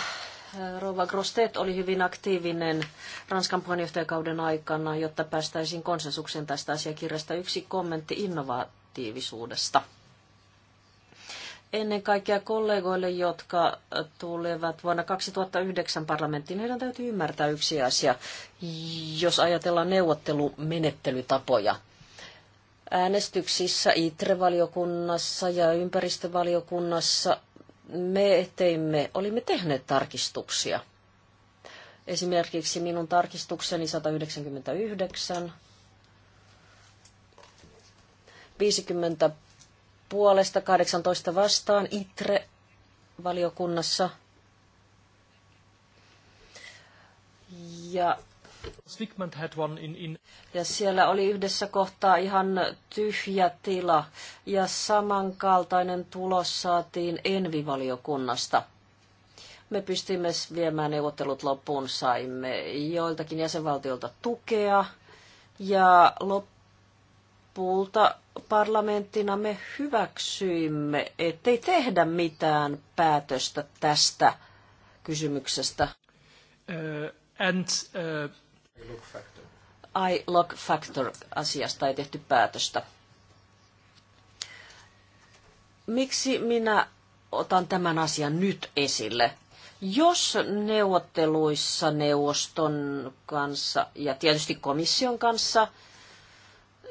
S4: Rova Grostet oli hyvin aktiivinen Ranskan puheenjohtajakauden aikana, jotta päästäisiin konsensuksen tästä asiakirjasta. Yksi kommentti innovatiivisuudesta. Ennen kaikkea kollegoille, jotka tulevat vuonna 2009 parlamenttiin, heidän täytyy ymmärtää yksi asia, jos ajatellaan neuvottelumenettelytapoja äänestyksissä ITRE-valiokunnassa ja ympäristövaliokunnassa me teimme, olimme tehneet tarkistuksia. Esimerkiksi minun tarkistukseni 199, 50 puolesta 18 vastaan ITRE valiokunnassa. Ja
S1: Sigmund had one in, in... Ja siellä oli
S4: yhdessä kohtaa ihan tyhjä tila ja samankaltainen tulos saatiin Envivaliokunnasta. Me pystimme viemään neuvottelut loppuun, saimme joiltakin jäsenvaltiolta tukea ja lopulta parlamenttina me hyväksyimme, ettei tehdä mitään päätöstä tästä kysymyksestä. Uh, and, uh... I-Lock Factor-asiasta ei tehty päätöstä. Miksi minä otan tämän asian nyt esille? Jos neuvotteluissa neuvoston kanssa ja tietysti komission kanssa,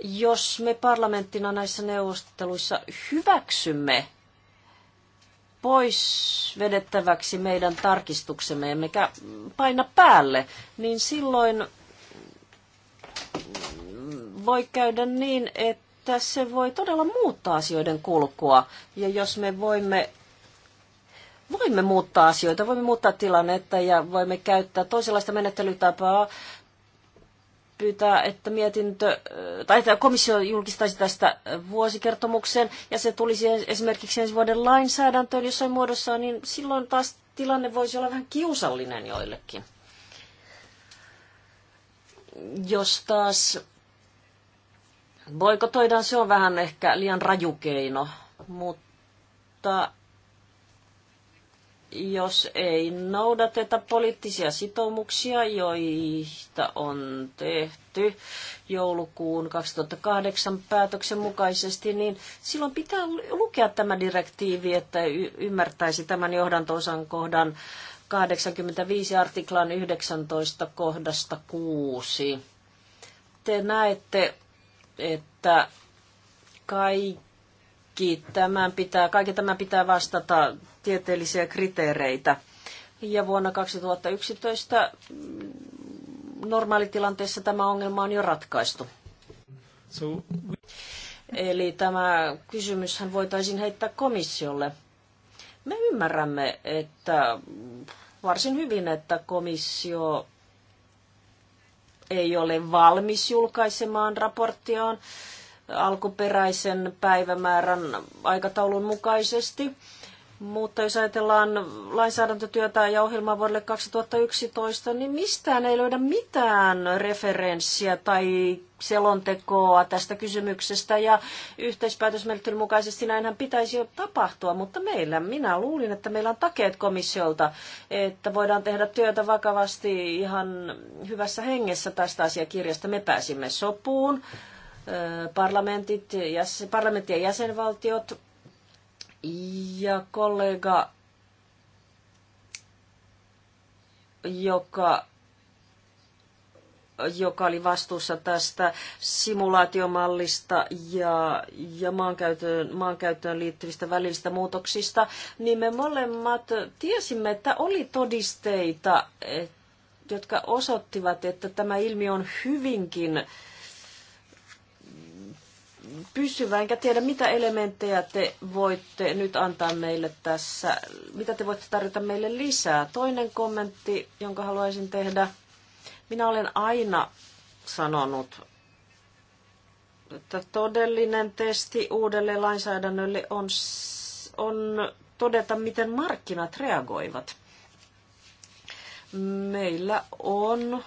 S4: jos me parlamenttina näissä neuvotteluissa hyväksymme pois vedettäväksi meidän tarkistuksemme, mikä paina päälle, niin silloin voi käydä niin, että se voi todella muuttaa asioiden kulkua. Ja jos me voimme voimme muuttaa asioita, voimme muuttaa tilannetta ja voimme käyttää toisenlaista menettelytapaa, pyytää, että mietintö, äh, tai että komissio julkistaisi tästä vuosikertomuksen, ja se tulisi esimerkiksi ensi vuoden lainsäädäntöön jossain muodossa, niin silloin taas tilanne voisi olla vähän kiusallinen joillekin. Jos taas boikotoidaan, se on vähän ehkä liian rajukeino, mutta jos ei noudateta poliittisia sitoumuksia, joita on tehty joulukuun 2008 päätöksen mukaisesti, niin silloin pitää lukea tämä direktiivi, että ymmärtäisi tämän johdantosan kohdan 85 artiklan 19 kohdasta 6. Te näette että kaikki tämän pitää, kaikki tämän pitää vastata tieteellisiä kriteereitä. Ja vuonna 2011 normaalitilanteessa tämä ongelma on jo ratkaistu. So... Eli tämä kysymyshän voitaisiin heittää komissiolle. Me ymmärrämme, että varsin hyvin, että komissio ei ole valmis julkaisemaan raporttiaan alkuperäisen päivämäärän aikataulun mukaisesti. Mutta jos ajatellaan lainsäädäntötyötä ja ohjelmaa vuodelle 2011, niin mistään ei löydä mitään referenssiä tai selontekoa tästä kysymyksestä. Ja yhteispäätösmenettelyn mukaisesti näinhän pitäisi jo tapahtua, mutta meillä, minä luulin, että meillä on takeet komissiolta, että voidaan tehdä työtä vakavasti ihan hyvässä hengessä tästä asiakirjasta. Me pääsimme sopuun, parlamentit, parlamentti ja jäsenvaltiot ja kollega, joka joka oli vastuussa tästä simulaatiomallista ja, ja maankäyttöön, maankäyttöön liittyvistä välistä muutoksista, niin me molemmat tiesimme, että oli todisteita, jotka osoittivat, että tämä ilmiö on hyvinkin pysyvä, enkä tiedä mitä elementtejä te voitte nyt antaa meille tässä, mitä te voitte tarjota meille lisää. Toinen kommentti, jonka haluaisin tehdä, minä olen aina sanonut, että todellinen testi uudelle lainsäädännölle on, on todeta, miten markkinat reagoivat. Meillä on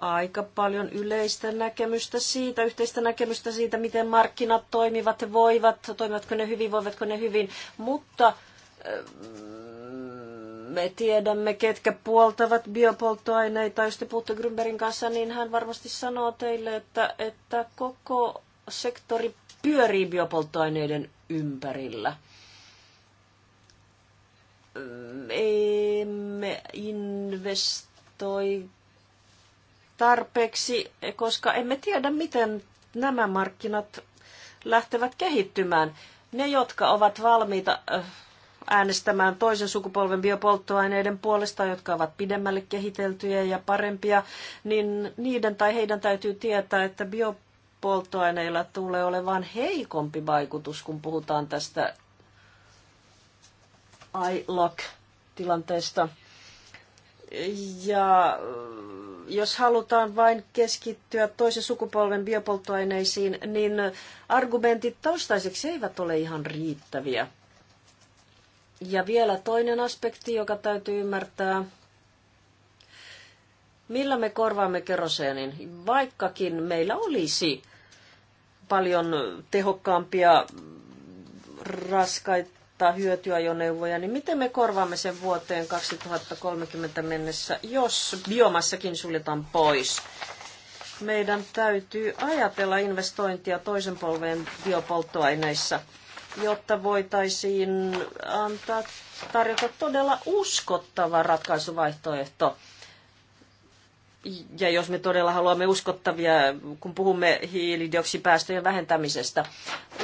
S4: aika paljon yleistä näkemystä siitä, yhteistä näkemystä siitä, miten markkinat toimivat, voivat, toimivatko ne hyvin, voivatko ne hyvin, mutta ähm, me tiedämme, ketkä puoltavat biopolttoaineita. Jos te puhutte Grünbergin kanssa, niin hän varmasti sanoo teille, että, että koko sektori pyörii biopolttoaineiden ympärillä. Emme investoi tarpeeksi, koska emme tiedä, miten nämä markkinat lähtevät kehittymään. Ne, jotka ovat valmiita äh, äänestämään toisen sukupolven biopolttoaineiden puolesta, jotka ovat pidemmälle kehiteltyjä ja parempia, niin niiden tai heidän täytyy tietää, että biopolttoaineilla tulee olemaan heikompi vaikutus, kun puhutaan tästä ILOC-tilanteesta. Ja äh, jos halutaan vain keskittyä toisen sukupolven biopolttoaineisiin, niin argumentit taustaiseksi eivät ole ihan riittäviä. Ja vielä toinen aspekti, joka täytyy ymmärtää. Millä me korvaamme keroseenin? Vaikkakin meillä olisi paljon tehokkaampia raskaita tuottaa hyötyä niin miten me korvaamme sen vuoteen 2030 mennessä, jos biomassakin suljetaan pois? Meidän täytyy ajatella investointia toisen polven biopolttoaineissa, jotta voitaisiin antaa tarjota todella uskottava ratkaisuvaihtoehto – ja jos me todella haluamme uskottavia, kun puhumme hiilidioksipäästöjen vähentämisestä,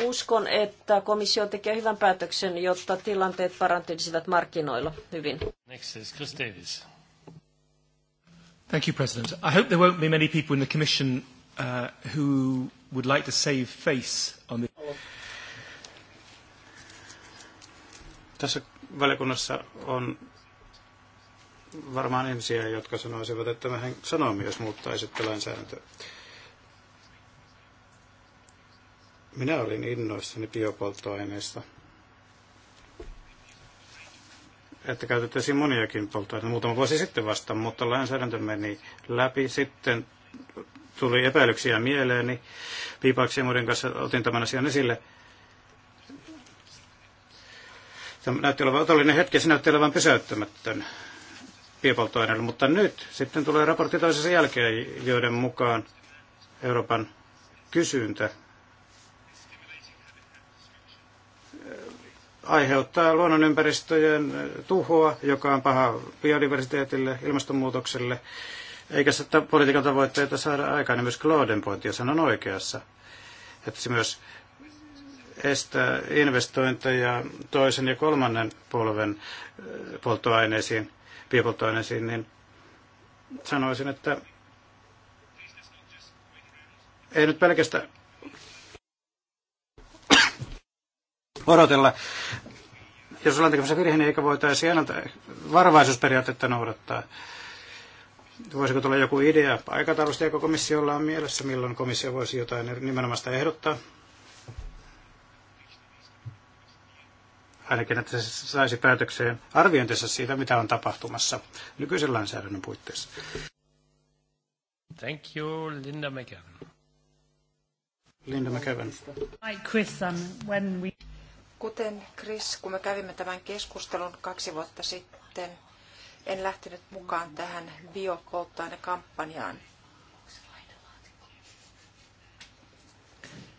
S4: uskon, että komissio tekee hyvän päätöksen, jotta tilanteet parantelisivat markkinoilla hyvin.
S1: Next is Chris Davis. Thank you, President. I hope there won't be many people in the Commission uh, who would like to save face on the...
S2: Tässä valiokunnassa on varmaan ihmisiä, jotka sanoisivat, että vähän sanomme, jos muuttaisitte lainsäädäntöä. Minä olin innoissani biopolttoaineista. Että käytettäisiin moniakin polttoaineita muutama vuosi sitten vasta, mutta lainsäädäntö meni läpi. Sitten tuli epäilyksiä mieleeni. Piipaaksi ja muiden kanssa otin tämän asian esille. Tämä näytti olevan otollinen hetki, se näytti olevan pysäyttämättön biopolttoaineille, mutta nyt sitten tulee raportti toisensa jälkeen, joiden mukaan Euroopan kysyntä eh, aiheuttaa luonnonympäristöjen eh, tuhoa, joka on paha biodiversiteetille, ilmastonmuutokselle, eikä sitä politiikan tavoitteita saada aikaan, niin myös Clauden pointti, jos hän on oikeassa. Että se myös estää investointeja toisen ja kolmannen polven eh, polttoaineisiin biopolttoaineisiin, niin sanoisin, että ei nyt pelkästään odotella. Jos ollaan tekemässä virhe, niin eikä voitaisi ennalta varvaisuusperiaatetta noudattaa. Voisiko tulla joku idea aikataulusta, joka komissiolla on mielessä, milloin komissio voisi jotain nimenomaista ehdottaa? ainakin että se saisi päätökseen arviointinsa siitä, mitä on tapahtumassa nykyisen lainsäädännön puitteissa.
S1: Thank you, Linda McEwen.
S2: Linda McEwen. Hi, Chris, um, when we...
S3: Kuten Chris, kun me kävimme tämän keskustelun kaksi vuotta sitten, en lähtenyt mukaan tähän biopolttoainekampanjaan.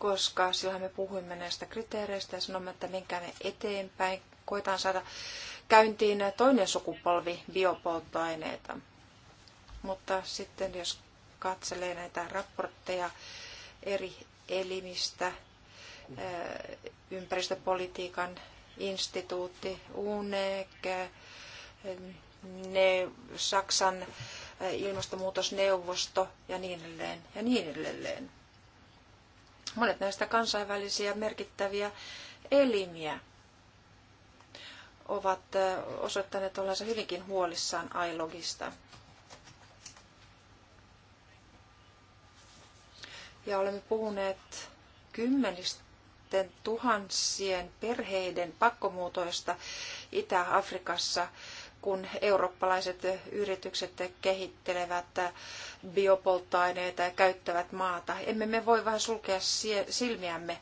S3: koska silloin me puhuimme näistä kriteereistä ja sanomme, että me eteenpäin. Koitaan saada käyntiin toinen sukupolvi biopolttoaineita. Mutta sitten jos katselee näitä raportteja eri elimistä, eh, ympäristöpolitiikan instituutti, UNEC, eh, ne, Saksan eh, ilmastonmuutosneuvosto ja niin edelleen ja niin edelleen monet näistä kansainvälisiä merkittäviä elimiä ovat osoittaneet olevansa hyvinkin huolissaan ailogista. Ja olemme puhuneet kymmenisten tuhansien perheiden pakkomuutoista Itä-Afrikassa kun eurooppalaiset yritykset kehittelevät biopolttoaineita ja käyttävät maata. Emme me voi vain sulkea silmiämme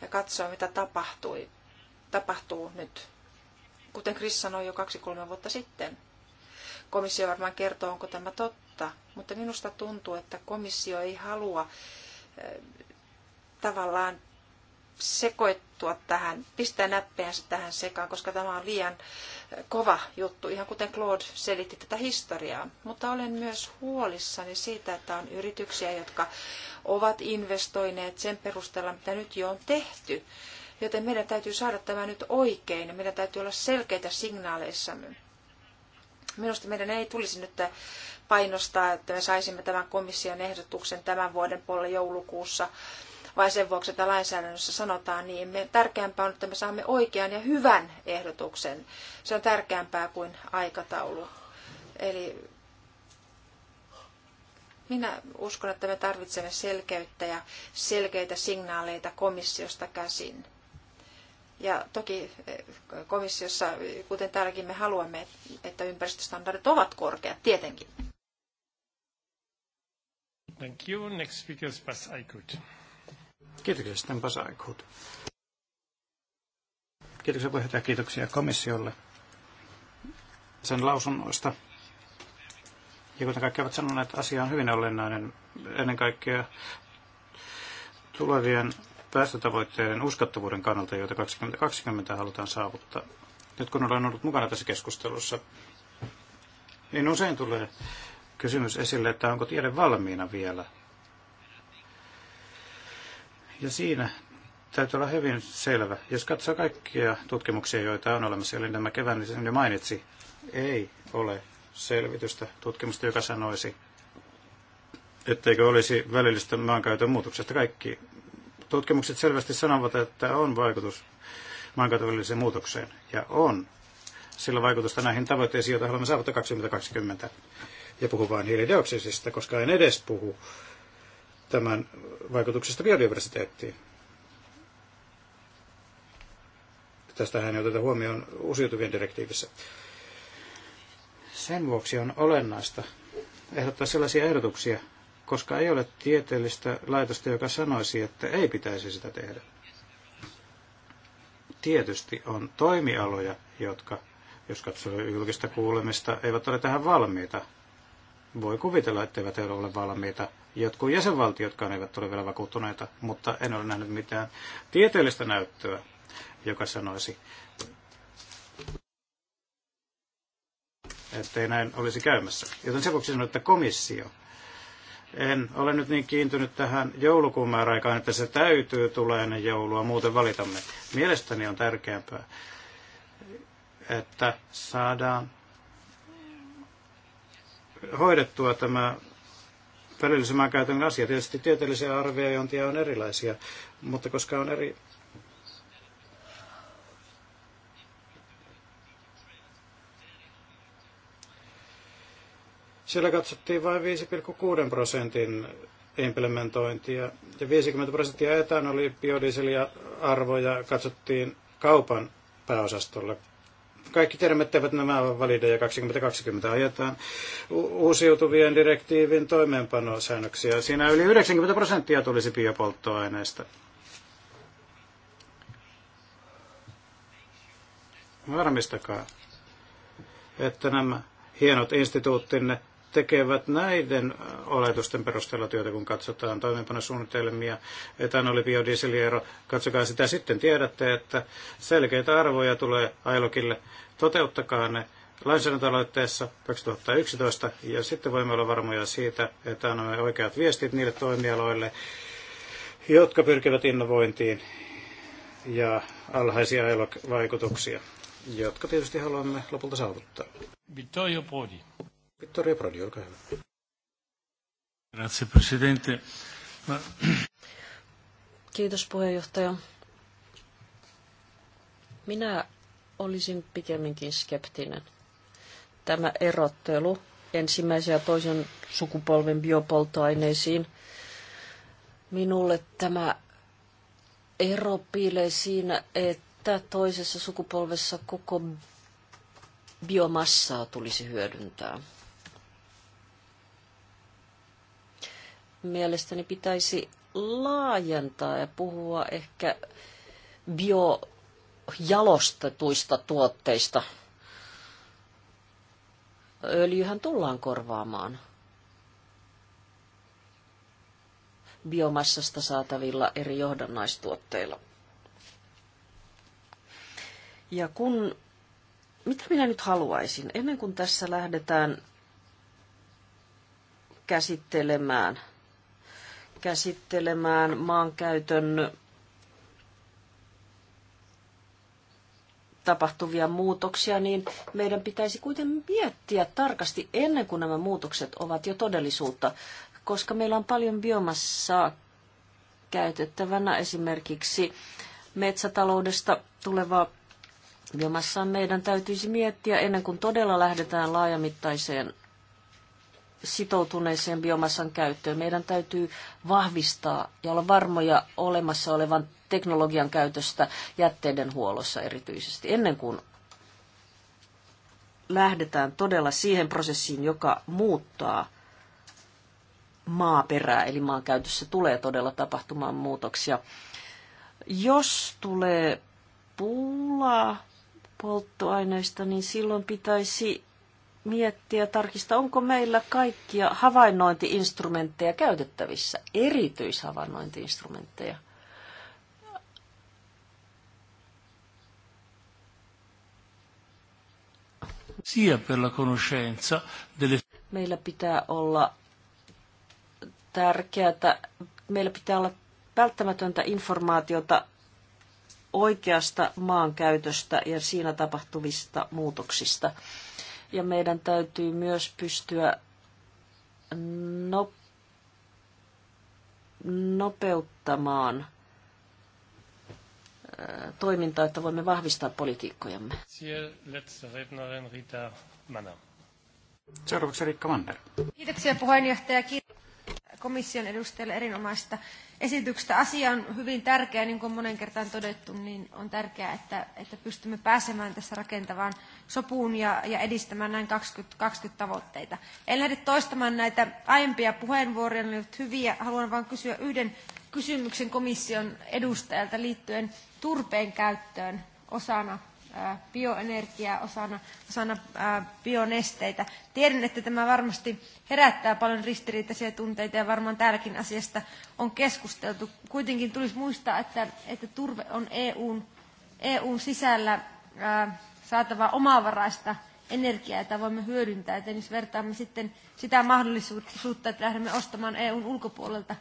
S3: ja katsoa, mitä tapahtui, tapahtuu nyt. Kuten Chris sanoi jo kaksi-kolme vuotta sitten. Komissio varmaan kertoo, onko tämä totta, mutta minusta tuntuu, että komissio ei halua eh, tavallaan sekoittua tähän, pistää näppeänsä tähän sekaan, koska tämä on liian kova juttu, ihan kuten Claude selitti tätä historiaa. Mutta olen myös huolissani siitä, että on yrityksiä, jotka ovat investoineet sen perusteella, mitä nyt jo on tehty. Joten meidän täytyy saada tämä nyt oikein ja meidän täytyy olla selkeitä signaaleissamme. Minusta meidän ei tulisi nyt painostaa, että me saisimme tämän komission ehdotuksen tämän vuoden puolella joulukuussa vain sen vuoksi, että lainsäädännössä sanotaan niin. Me, tärkeämpää on, että me saamme oikean ja hyvän ehdotuksen. Se on tärkeämpää kuin aikataulu. Eli minä uskon, että me tarvitsemme selkeyttä ja selkeitä signaaleita komissiosta käsin. Ja toki eh, komissiossa, kuten täälläkin me haluamme, että ympäristöstandardit ovat korkeat, tietenkin.
S1: Thank you. Next speaker is Pas Aikut.
S2: Kiitoksia sitten Pasaikut. Kiitoksia puheenjohtaja, kiitoksia komissiolle sen lausunnoista. Ja kuten kaikki ovat sanoneet, asia on hyvin olennainen ennen kaikkea tulevien päästötavoitteiden uskottavuuden kannalta, joita 2020 halutaan saavuttaa. Nyt kun olen ollut mukana tässä keskustelussa, niin usein tulee kysymys esille, että onko tiede valmiina vielä ja siinä täytyy olla hyvin selvä. Jos katsoo kaikkia tutkimuksia, joita on olemassa, eli nämä kevään, niin sen jo mainitsi, ei ole selvitystä, tutkimusta, joka sanoisi, etteikö olisi välillistä maankäytön muutoksesta. Kaikki tutkimukset selvästi sanovat, että on vaikutus maankäytön muutokseen, ja on sillä vaikutusta näihin tavoitteisiin, joita haluamme saavuttaa 2020. Ja puhu vain hiilidioksidista, koska en edes puhu tämän vaikutuksesta biodiversiteettiin. Tästähän ei oteta huomioon uusiutuvien direktiivissä. Sen vuoksi on olennaista ehdottaa sellaisia ehdotuksia, koska ei ole tieteellistä laitosta, joka sanoisi, että ei pitäisi sitä tehdä. Tietysti on toimialoja, jotka, jos katsoo julkista kuulemista, eivät ole tähän valmiita, voi kuvitella, etteivät he ole valmiita. Jotkut jäsenvaltiotkaan eivät ole vielä vakuuttuneita, mutta en ole nähnyt mitään tieteellistä näyttöä, joka sanoisi, ettei näin olisi käymässä. Joten se vuoksi sanon, että komissio en ole nyt niin kiintynyt tähän joulukuun määräaikaan, että se täytyy tulla ennen joulua, muuten valitamme. Mielestäni on tärkeämpää, että saadaan hoidettua tämä välillisen maankäytön asia. Tietysti tieteellisiä arviointia on erilaisia, mutta koska on eri Siellä katsottiin vain 5,6 prosentin implementointia ja 50 prosenttia etanoli biodieselia arvoja katsottiin kaupan pääosastolla kaikki tiedämme, etteivät nämä ole valideja 2020 ajetaan uusiutuvien direktiivin toimeenpanosäännöksiä. Siinä yli 90 prosenttia tulisi biopolttoaineista. Varmistakaa, että nämä hienot instituuttinne tekevät näiden äh, oletusten perusteella työtä, kun katsotaan toimeenpanosuunnitelmia, etanoli, biodieseliero, Katsokaa sitä sitten. Tiedätte, että selkeitä arvoja tulee Ailokille. Toteuttakaa ne lainsäädäntöaloitteessa 2011 ja sitten voimme olla varmoja siitä, että annamme oikeat viestit niille toimialoille, jotka pyrkivät innovointiin ja alhaisia vaikutuksia, jotka tietysti haluamme lopulta saavuttaa.
S1: Vittorio Prodi. Vittorio Prodi, olkaa hyvä. Grazie, presidente.
S4: Kiitos puheenjohtaja. Minä olisin pikemminkin skeptinen. Tämä erottelu ensimmäisen ja toisen sukupolven biopolttoaineisiin. Minulle tämä ero piilee siinä, että toisessa sukupolvessa koko biomassaa tulisi hyödyntää. mielestäni pitäisi laajentaa ja puhua ehkä biojalostetuista tuotteista. Öljyhän tullaan korvaamaan biomassasta saatavilla eri johdannaistuotteilla. Ja kun, mitä minä nyt haluaisin, ennen kuin tässä lähdetään käsittelemään – käsittelemään maankäytön tapahtuvia muutoksia, niin meidän pitäisi kuitenkin miettiä tarkasti ennen kuin nämä muutokset ovat jo todellisuutta, koska meillä on paljon biomassaa käytettävänä esimerkiksi metsätaloudesta tulevaa biomassaa meidän täytyisi miettiä ennen kuin todella lähdetään laajamittaiseen sitoutuneeseen biomassan käyttöön. Meidän täytyy vahvistaa ja olla varmoja olemassa olevan teknologian käytöstä jätteiden huollossa erityisesti, ennen kuin lähdetään todella siihen prosessiin, joka muuttaa maaperää, eli maan käytössä tulee todella tapahtumaan muutoksia. Jos tulee pulaa polttoaineista, niin silloin pitäisi miettiä ja tarkistaa, onko meillä kaikkia havainnointiinstrumentteja käytettävissä, erityishavainnointiinstrumentteja. Meillä pitää olla tärkeää, meillä pitää olla välttämätöntä informaatiota oikeasta maankäytöstä ja siinä tapahtuvista muutoksista ja meidän täytyy myös pystyä nopeuttamaan äh, toimintaa, että voimme vahvistaa politiikkojamme.
S2: Seuraavaksi Riikka Manner.
S5: Kiitoksia puheenjohtaja. Kiitos komission edustajalle erinomaista esityksestä. Asia on hyvin tärkeä, niin kuin on monen kertaan todettu, niin on tärkeää, että, että pystymme pääsemään tässä rakentavaan sopuun ja, ja edistämään näin 2020 tavoitteita. En lähde toistamaan näitä aiempia puheenvuoroja, ne olivat hyviä. Haluan vain kysyä yhden kysymyksen komission edustajalta liittyen turpeen käyttöön osana bioenergiaa osana, osana ää, bionesteitä. Tiedän, että tämä varmasti herättää paljon ristiriitaisia tunteita ja varmaan täälläkin asiasta on keskusteltu. Kuitenkin tulisi muistaa, että, että turve on EUn, EUn sisällä ää, saatava omavaraista energiaa, jota voimme hyödyntää. Joten jos vertaamme sitten sitä mahdollisuutta, että lähdemme ostamaan EUn ulkopuolelta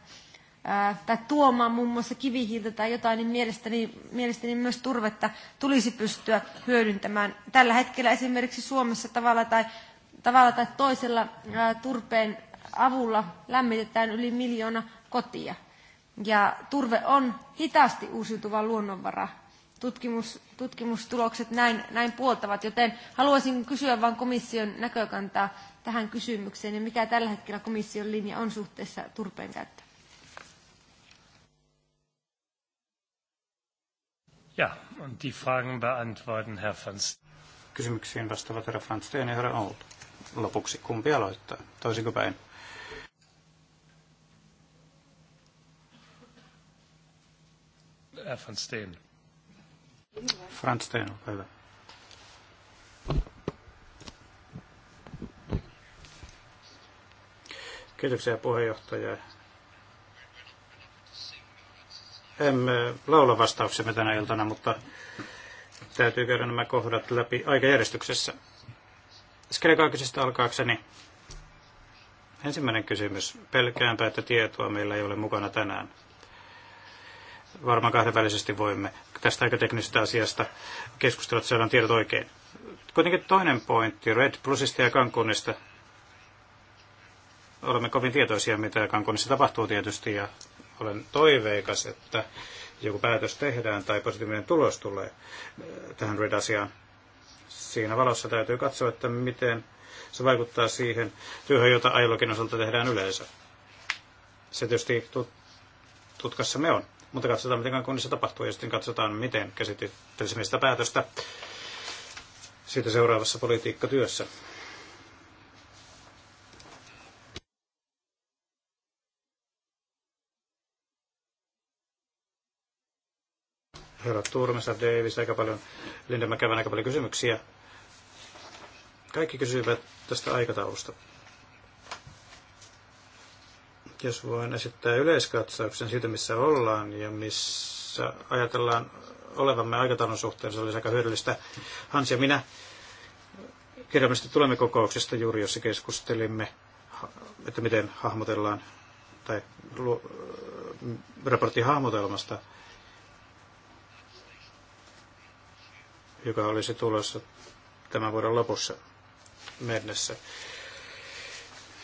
S5: tai tuomaan muun muassa kivihiiltä tai jotain, niin mielestäni, mielestäni myös turvetta tulisi pystyä hyödyntämään. Tällä hetkellä esimerkiksi Suomessa tavalla tai, tavalla tai toisella turpeen avulla lämmitetään yli miljoona kotia. Ja turve on hitaasti uusiutuva luonnonvara. Tutkimus tutkimustulokset näin, näin puoltavat, joten haluaisin kysyä vain komission näkökantaa tähän kysymykseen ja mikä tällä hetkellä komission linja on suhteessa turpeen käyttöön.
S1: Ja, und die Fragen beantworten Herr van
S2: Kysymyksiin vastaavat herra van ja herra Old. Lopuksi kumpi aloittaa? Toisinko
S1: päin? Herr van Steen. Frans Teen, olkaa hyvä.
S2: Kiitoksia puheenjohtaja. Emme äh, laula vastauksemme tänä iltana, mutta täytyy käydä nämä kohdat läpi aikajärjestyksessä. kaikisesta alkaakseni. Ensimmäinen kysymys. Pelkäänpä, että tietoa meillä ei ole mukana tänään. Varmaan kahdenvälisesti voimme tästä aika teknisestä asiasta että saadaan tiedot oikein. Kuitenkin toinen pointti Red Plusista ja Cancunista. Olemme kovin tietoisia, mitä Cancunissa tapahtuu tietysti, ja olen toiveikas, että joku päätös tehdään tai positiivinen tulos tulee tähän Red-asiaan. Siinä valossa täytyy katsoa, että miten se vaikuttaa siihen työhön, jota ailokin osalta tehdään yleensä. Se tietysti tutkassa me on. Mutta katsotaan, miten kunnissa tapahtuu ja sitten katsotaan, miten käsittelisimme sitä päätöstä siitä seuraavassa politiikkatyössä. herra Turmesta, Davis, aika paljon, Linda Mäkävän aika paljon kysymyksiä. Kaikki kysyivät tästä aikataulusta jos voin esittää yleiskatsauksen siitä, missä ollaan ja missä ajatellaan olevamme aikataulun suhteen, se olisi aika hyödyllistä. Hans ja minä kirjallisesti tulemme kokouksesta juuri, jossa keskustelimme, että miten hahmotellaan tai raportti hahmotelmasta, joka olisi tulossa tämän vuoden lopussa mennessä.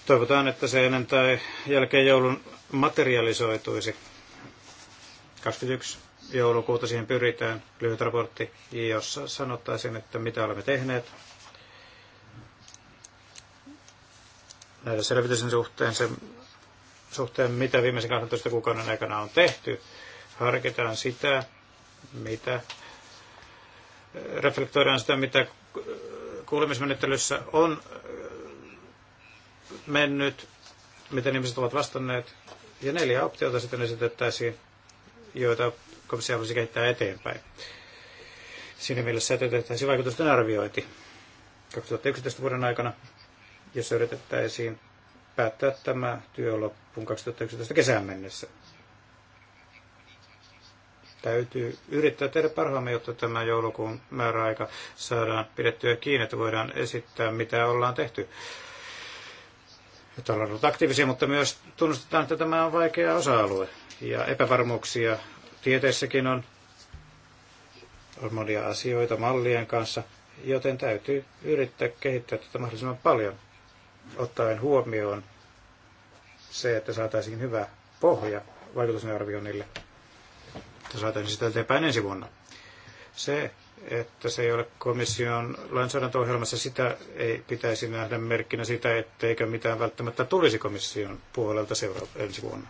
S2: Toivotaan, että se ennen tai jälkeen joulun materialisoituisi. 21 joulukuuta siihen pyritään, lyhyt raportti, jossa sanottaisiin, että mitä olemme tehneet näiden selvitysten suhteen, sen suhteen, mitä viimeisen 12 kuukauden aikana on tehty. Harkitaan sitä, mitä reflektoidaan sitä, mitä kuulemismenettelyssä on mennyt, miten ihmiset ovat vastanneet. Ja neljä optiota sitten esitettäisiin, joita komissio voisi kehittää eteenpäin. Siinä mielessä, että tehtäisiin vaikutusten arviointi 2011 vuoden aikana, jos yritettäisiin päättää tämä työ loppuun 2011 kesään mennessä. Täytyy yrittää tehdä parhaamme, jotta tämä joulukuun määräaika saadaan pidettyä kiinni, että voidaan esittää, mitä ollaan tehty nyt ollaan ollut aktiivisia, mutta myös tunnustetaan, että tämä on vaikea osa-alue. Ja epävarmuuksia tieteessäkin on, on monia asioita mallien kanssa, joten täytyy yrittää kehittää tätä mahdollisimman paljon, ottaen huomioon se, että saataisiin hyvä pohja vaikutusarvioinnille, että saataisiin sitä eteenpäin ensi vuonna. Se, että se ei ole komission lainsäädäntöohjelmassa, sitä ei pitäisi nähdä merkkinä sitä, etteikö mitään välttämättä tulisi komission puolelta seuraava ensi vuonna.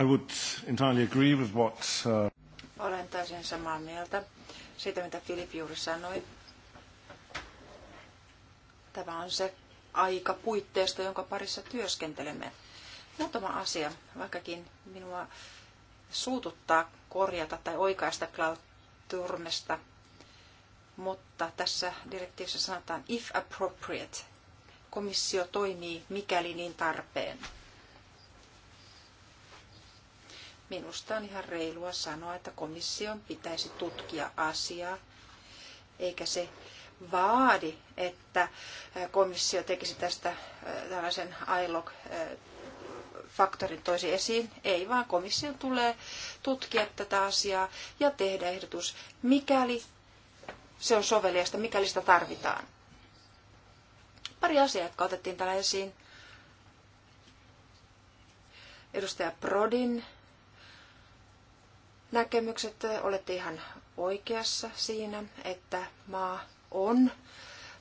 S1: I would entirely agree with what, uh...
S3: Olen täysin samaa mieltä siitä, mitä Filip juuri sanoi. Tämä on se aika puitteista, jonka parissa työskentelemme. Muutama asia, vaikkakin minua suututtaa, korjata tai oikaista Cloud Turmesta, mutta tässä direktiivissä sanotaan if appropriate. Komissio toimii mikäli niin tarpeen. Minusta on ihan reilua sanoa, että komission pitäisi tutkia asiaa, eikä se vaadi, että komissio tekisi tästä äh, tällaisen ILOC äh, faktorin toisi esiin. Ei, vaan komission tulee tutkia tätä asiaa ja tehdä ehdotus, mikäli se on soveliasta, mikäli sitä tarvitaan. Pari asiaa, jotka otettiin täällä esiin. Edustaja Prodin näkemykset, olette ihan oikeassa siinä, että maa on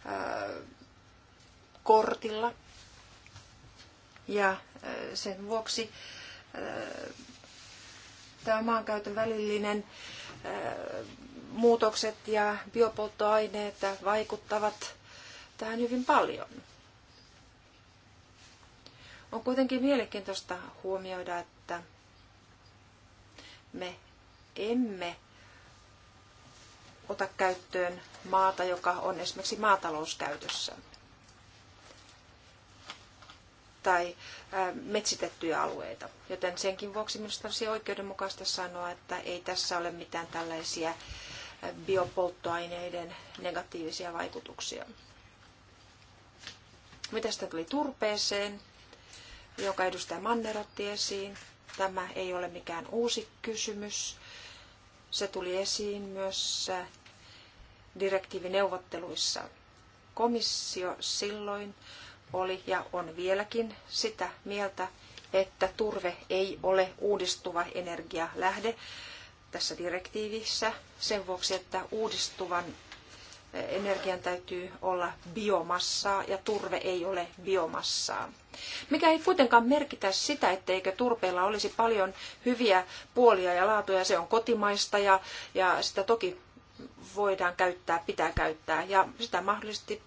S3: äh, kortilla. Ja sen vuoksi äh, tämä maankäytön välillinen äh, muutokset ja biopolttoaineet vaikuttavat tähän hyvin paljon. On kuitenkin mielenkiintoista huomioida, että me emme ota käyttöön maata, joka on esimerkiksi maatalouskäytössä tai metsitettyjä alueita. Joten senkin vuoksi minusta olisi oikeudenmukaista sanoa, että ei tässä ole mitään tällaisia biopolttoaineiden negatiivisia vaikutuksia. Mitä sitten tuli turpeeseen, joka edustaja Manner otti esiin? Tämä ei ole mikään uusi kysymys. Se tuli esiin myös direktiivineuvotteluissa. Komissio silloin oli ja on vieläkin sitä mieltä, että turve ei ole uudistuva energialähde tässä direktiivissä sen vuoksi, että uudistuvan eh, energian täytyy olla biomassaa ja turve ei ole biomassaa. Mikä ei kuitenkaan merkitä sitä, etteikö turpeella olisi paljon hyviä puolia ja laatuja. Se on kotimaista ja, ja sitä toki voidaan käyttää, pitää käyttää ja sitä mahdollisesti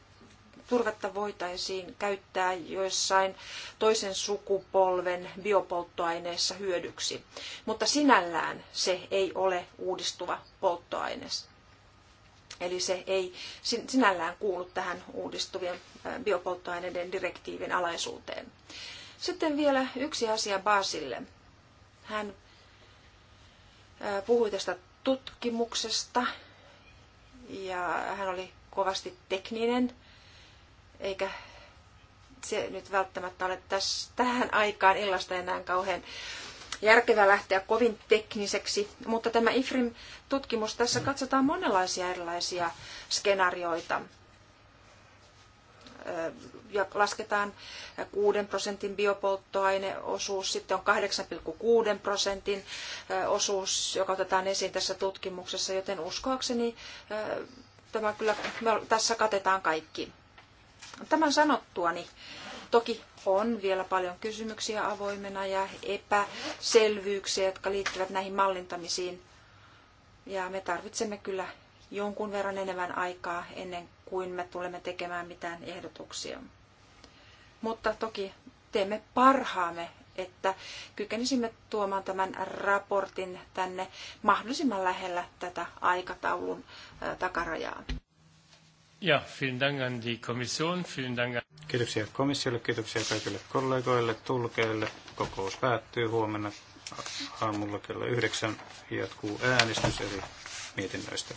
S3: turvetta voitaisiin käyttää joissain toisen sukupolven biopolttoaineissa hyödyksi, mutta sinällään se ei ole uudistuva polttoaine. Eli se ei sinällään kuulu tähän uudistuvien biopolttoaineiden direktiivin alaisuuteen. Sitten vielä yksi asia Baasille. Hän puhui tästä tutkimuksesta ja hän oli kovasti tekninen eikä se nyt välttämättä ole tässä, tähän aikaan illasta enää kauhean järkevää lähteä kovin tekniseksi, mutta tämä IFRIM-tutkimus, tässä katsotaan monenlaisia erilaisia skenaarioita. Ja lasketaan 6 prosentin biopolttoaineosuus, sitten on 8,6 prosentin osuus, joka otetaan esiin tässä tutkimuksessa, joten uskoakseni tämä kyllä, tässä katetaan kaikki. Tämän sanottuani toki on vielä paljon kysymyksiä avoimena ja epäselvyyksiä, jotka liittyvät näihin mallintamisiin. Ja me tarvitsemme kyllä jonkun verran enemmän aikaa ennen kuin me tulemme tekemään mitään ehdotuksia. Mutta toki teemme parhaamme, että kykenisimme tuomaan tämän raportin tänne mahdollisimman lähellä tätä aikataulun takarajaa.
S1: Ja, vielen Dank an die Kommission, vielen Dank an... Kiitoksia komissiolle, kiitoksia kaikille kollegoille,
S2: tulkeille. Kokous päättyy huomenna aamulla kello yhdeksän. Jatkuu äänestys eri mietinnöistä.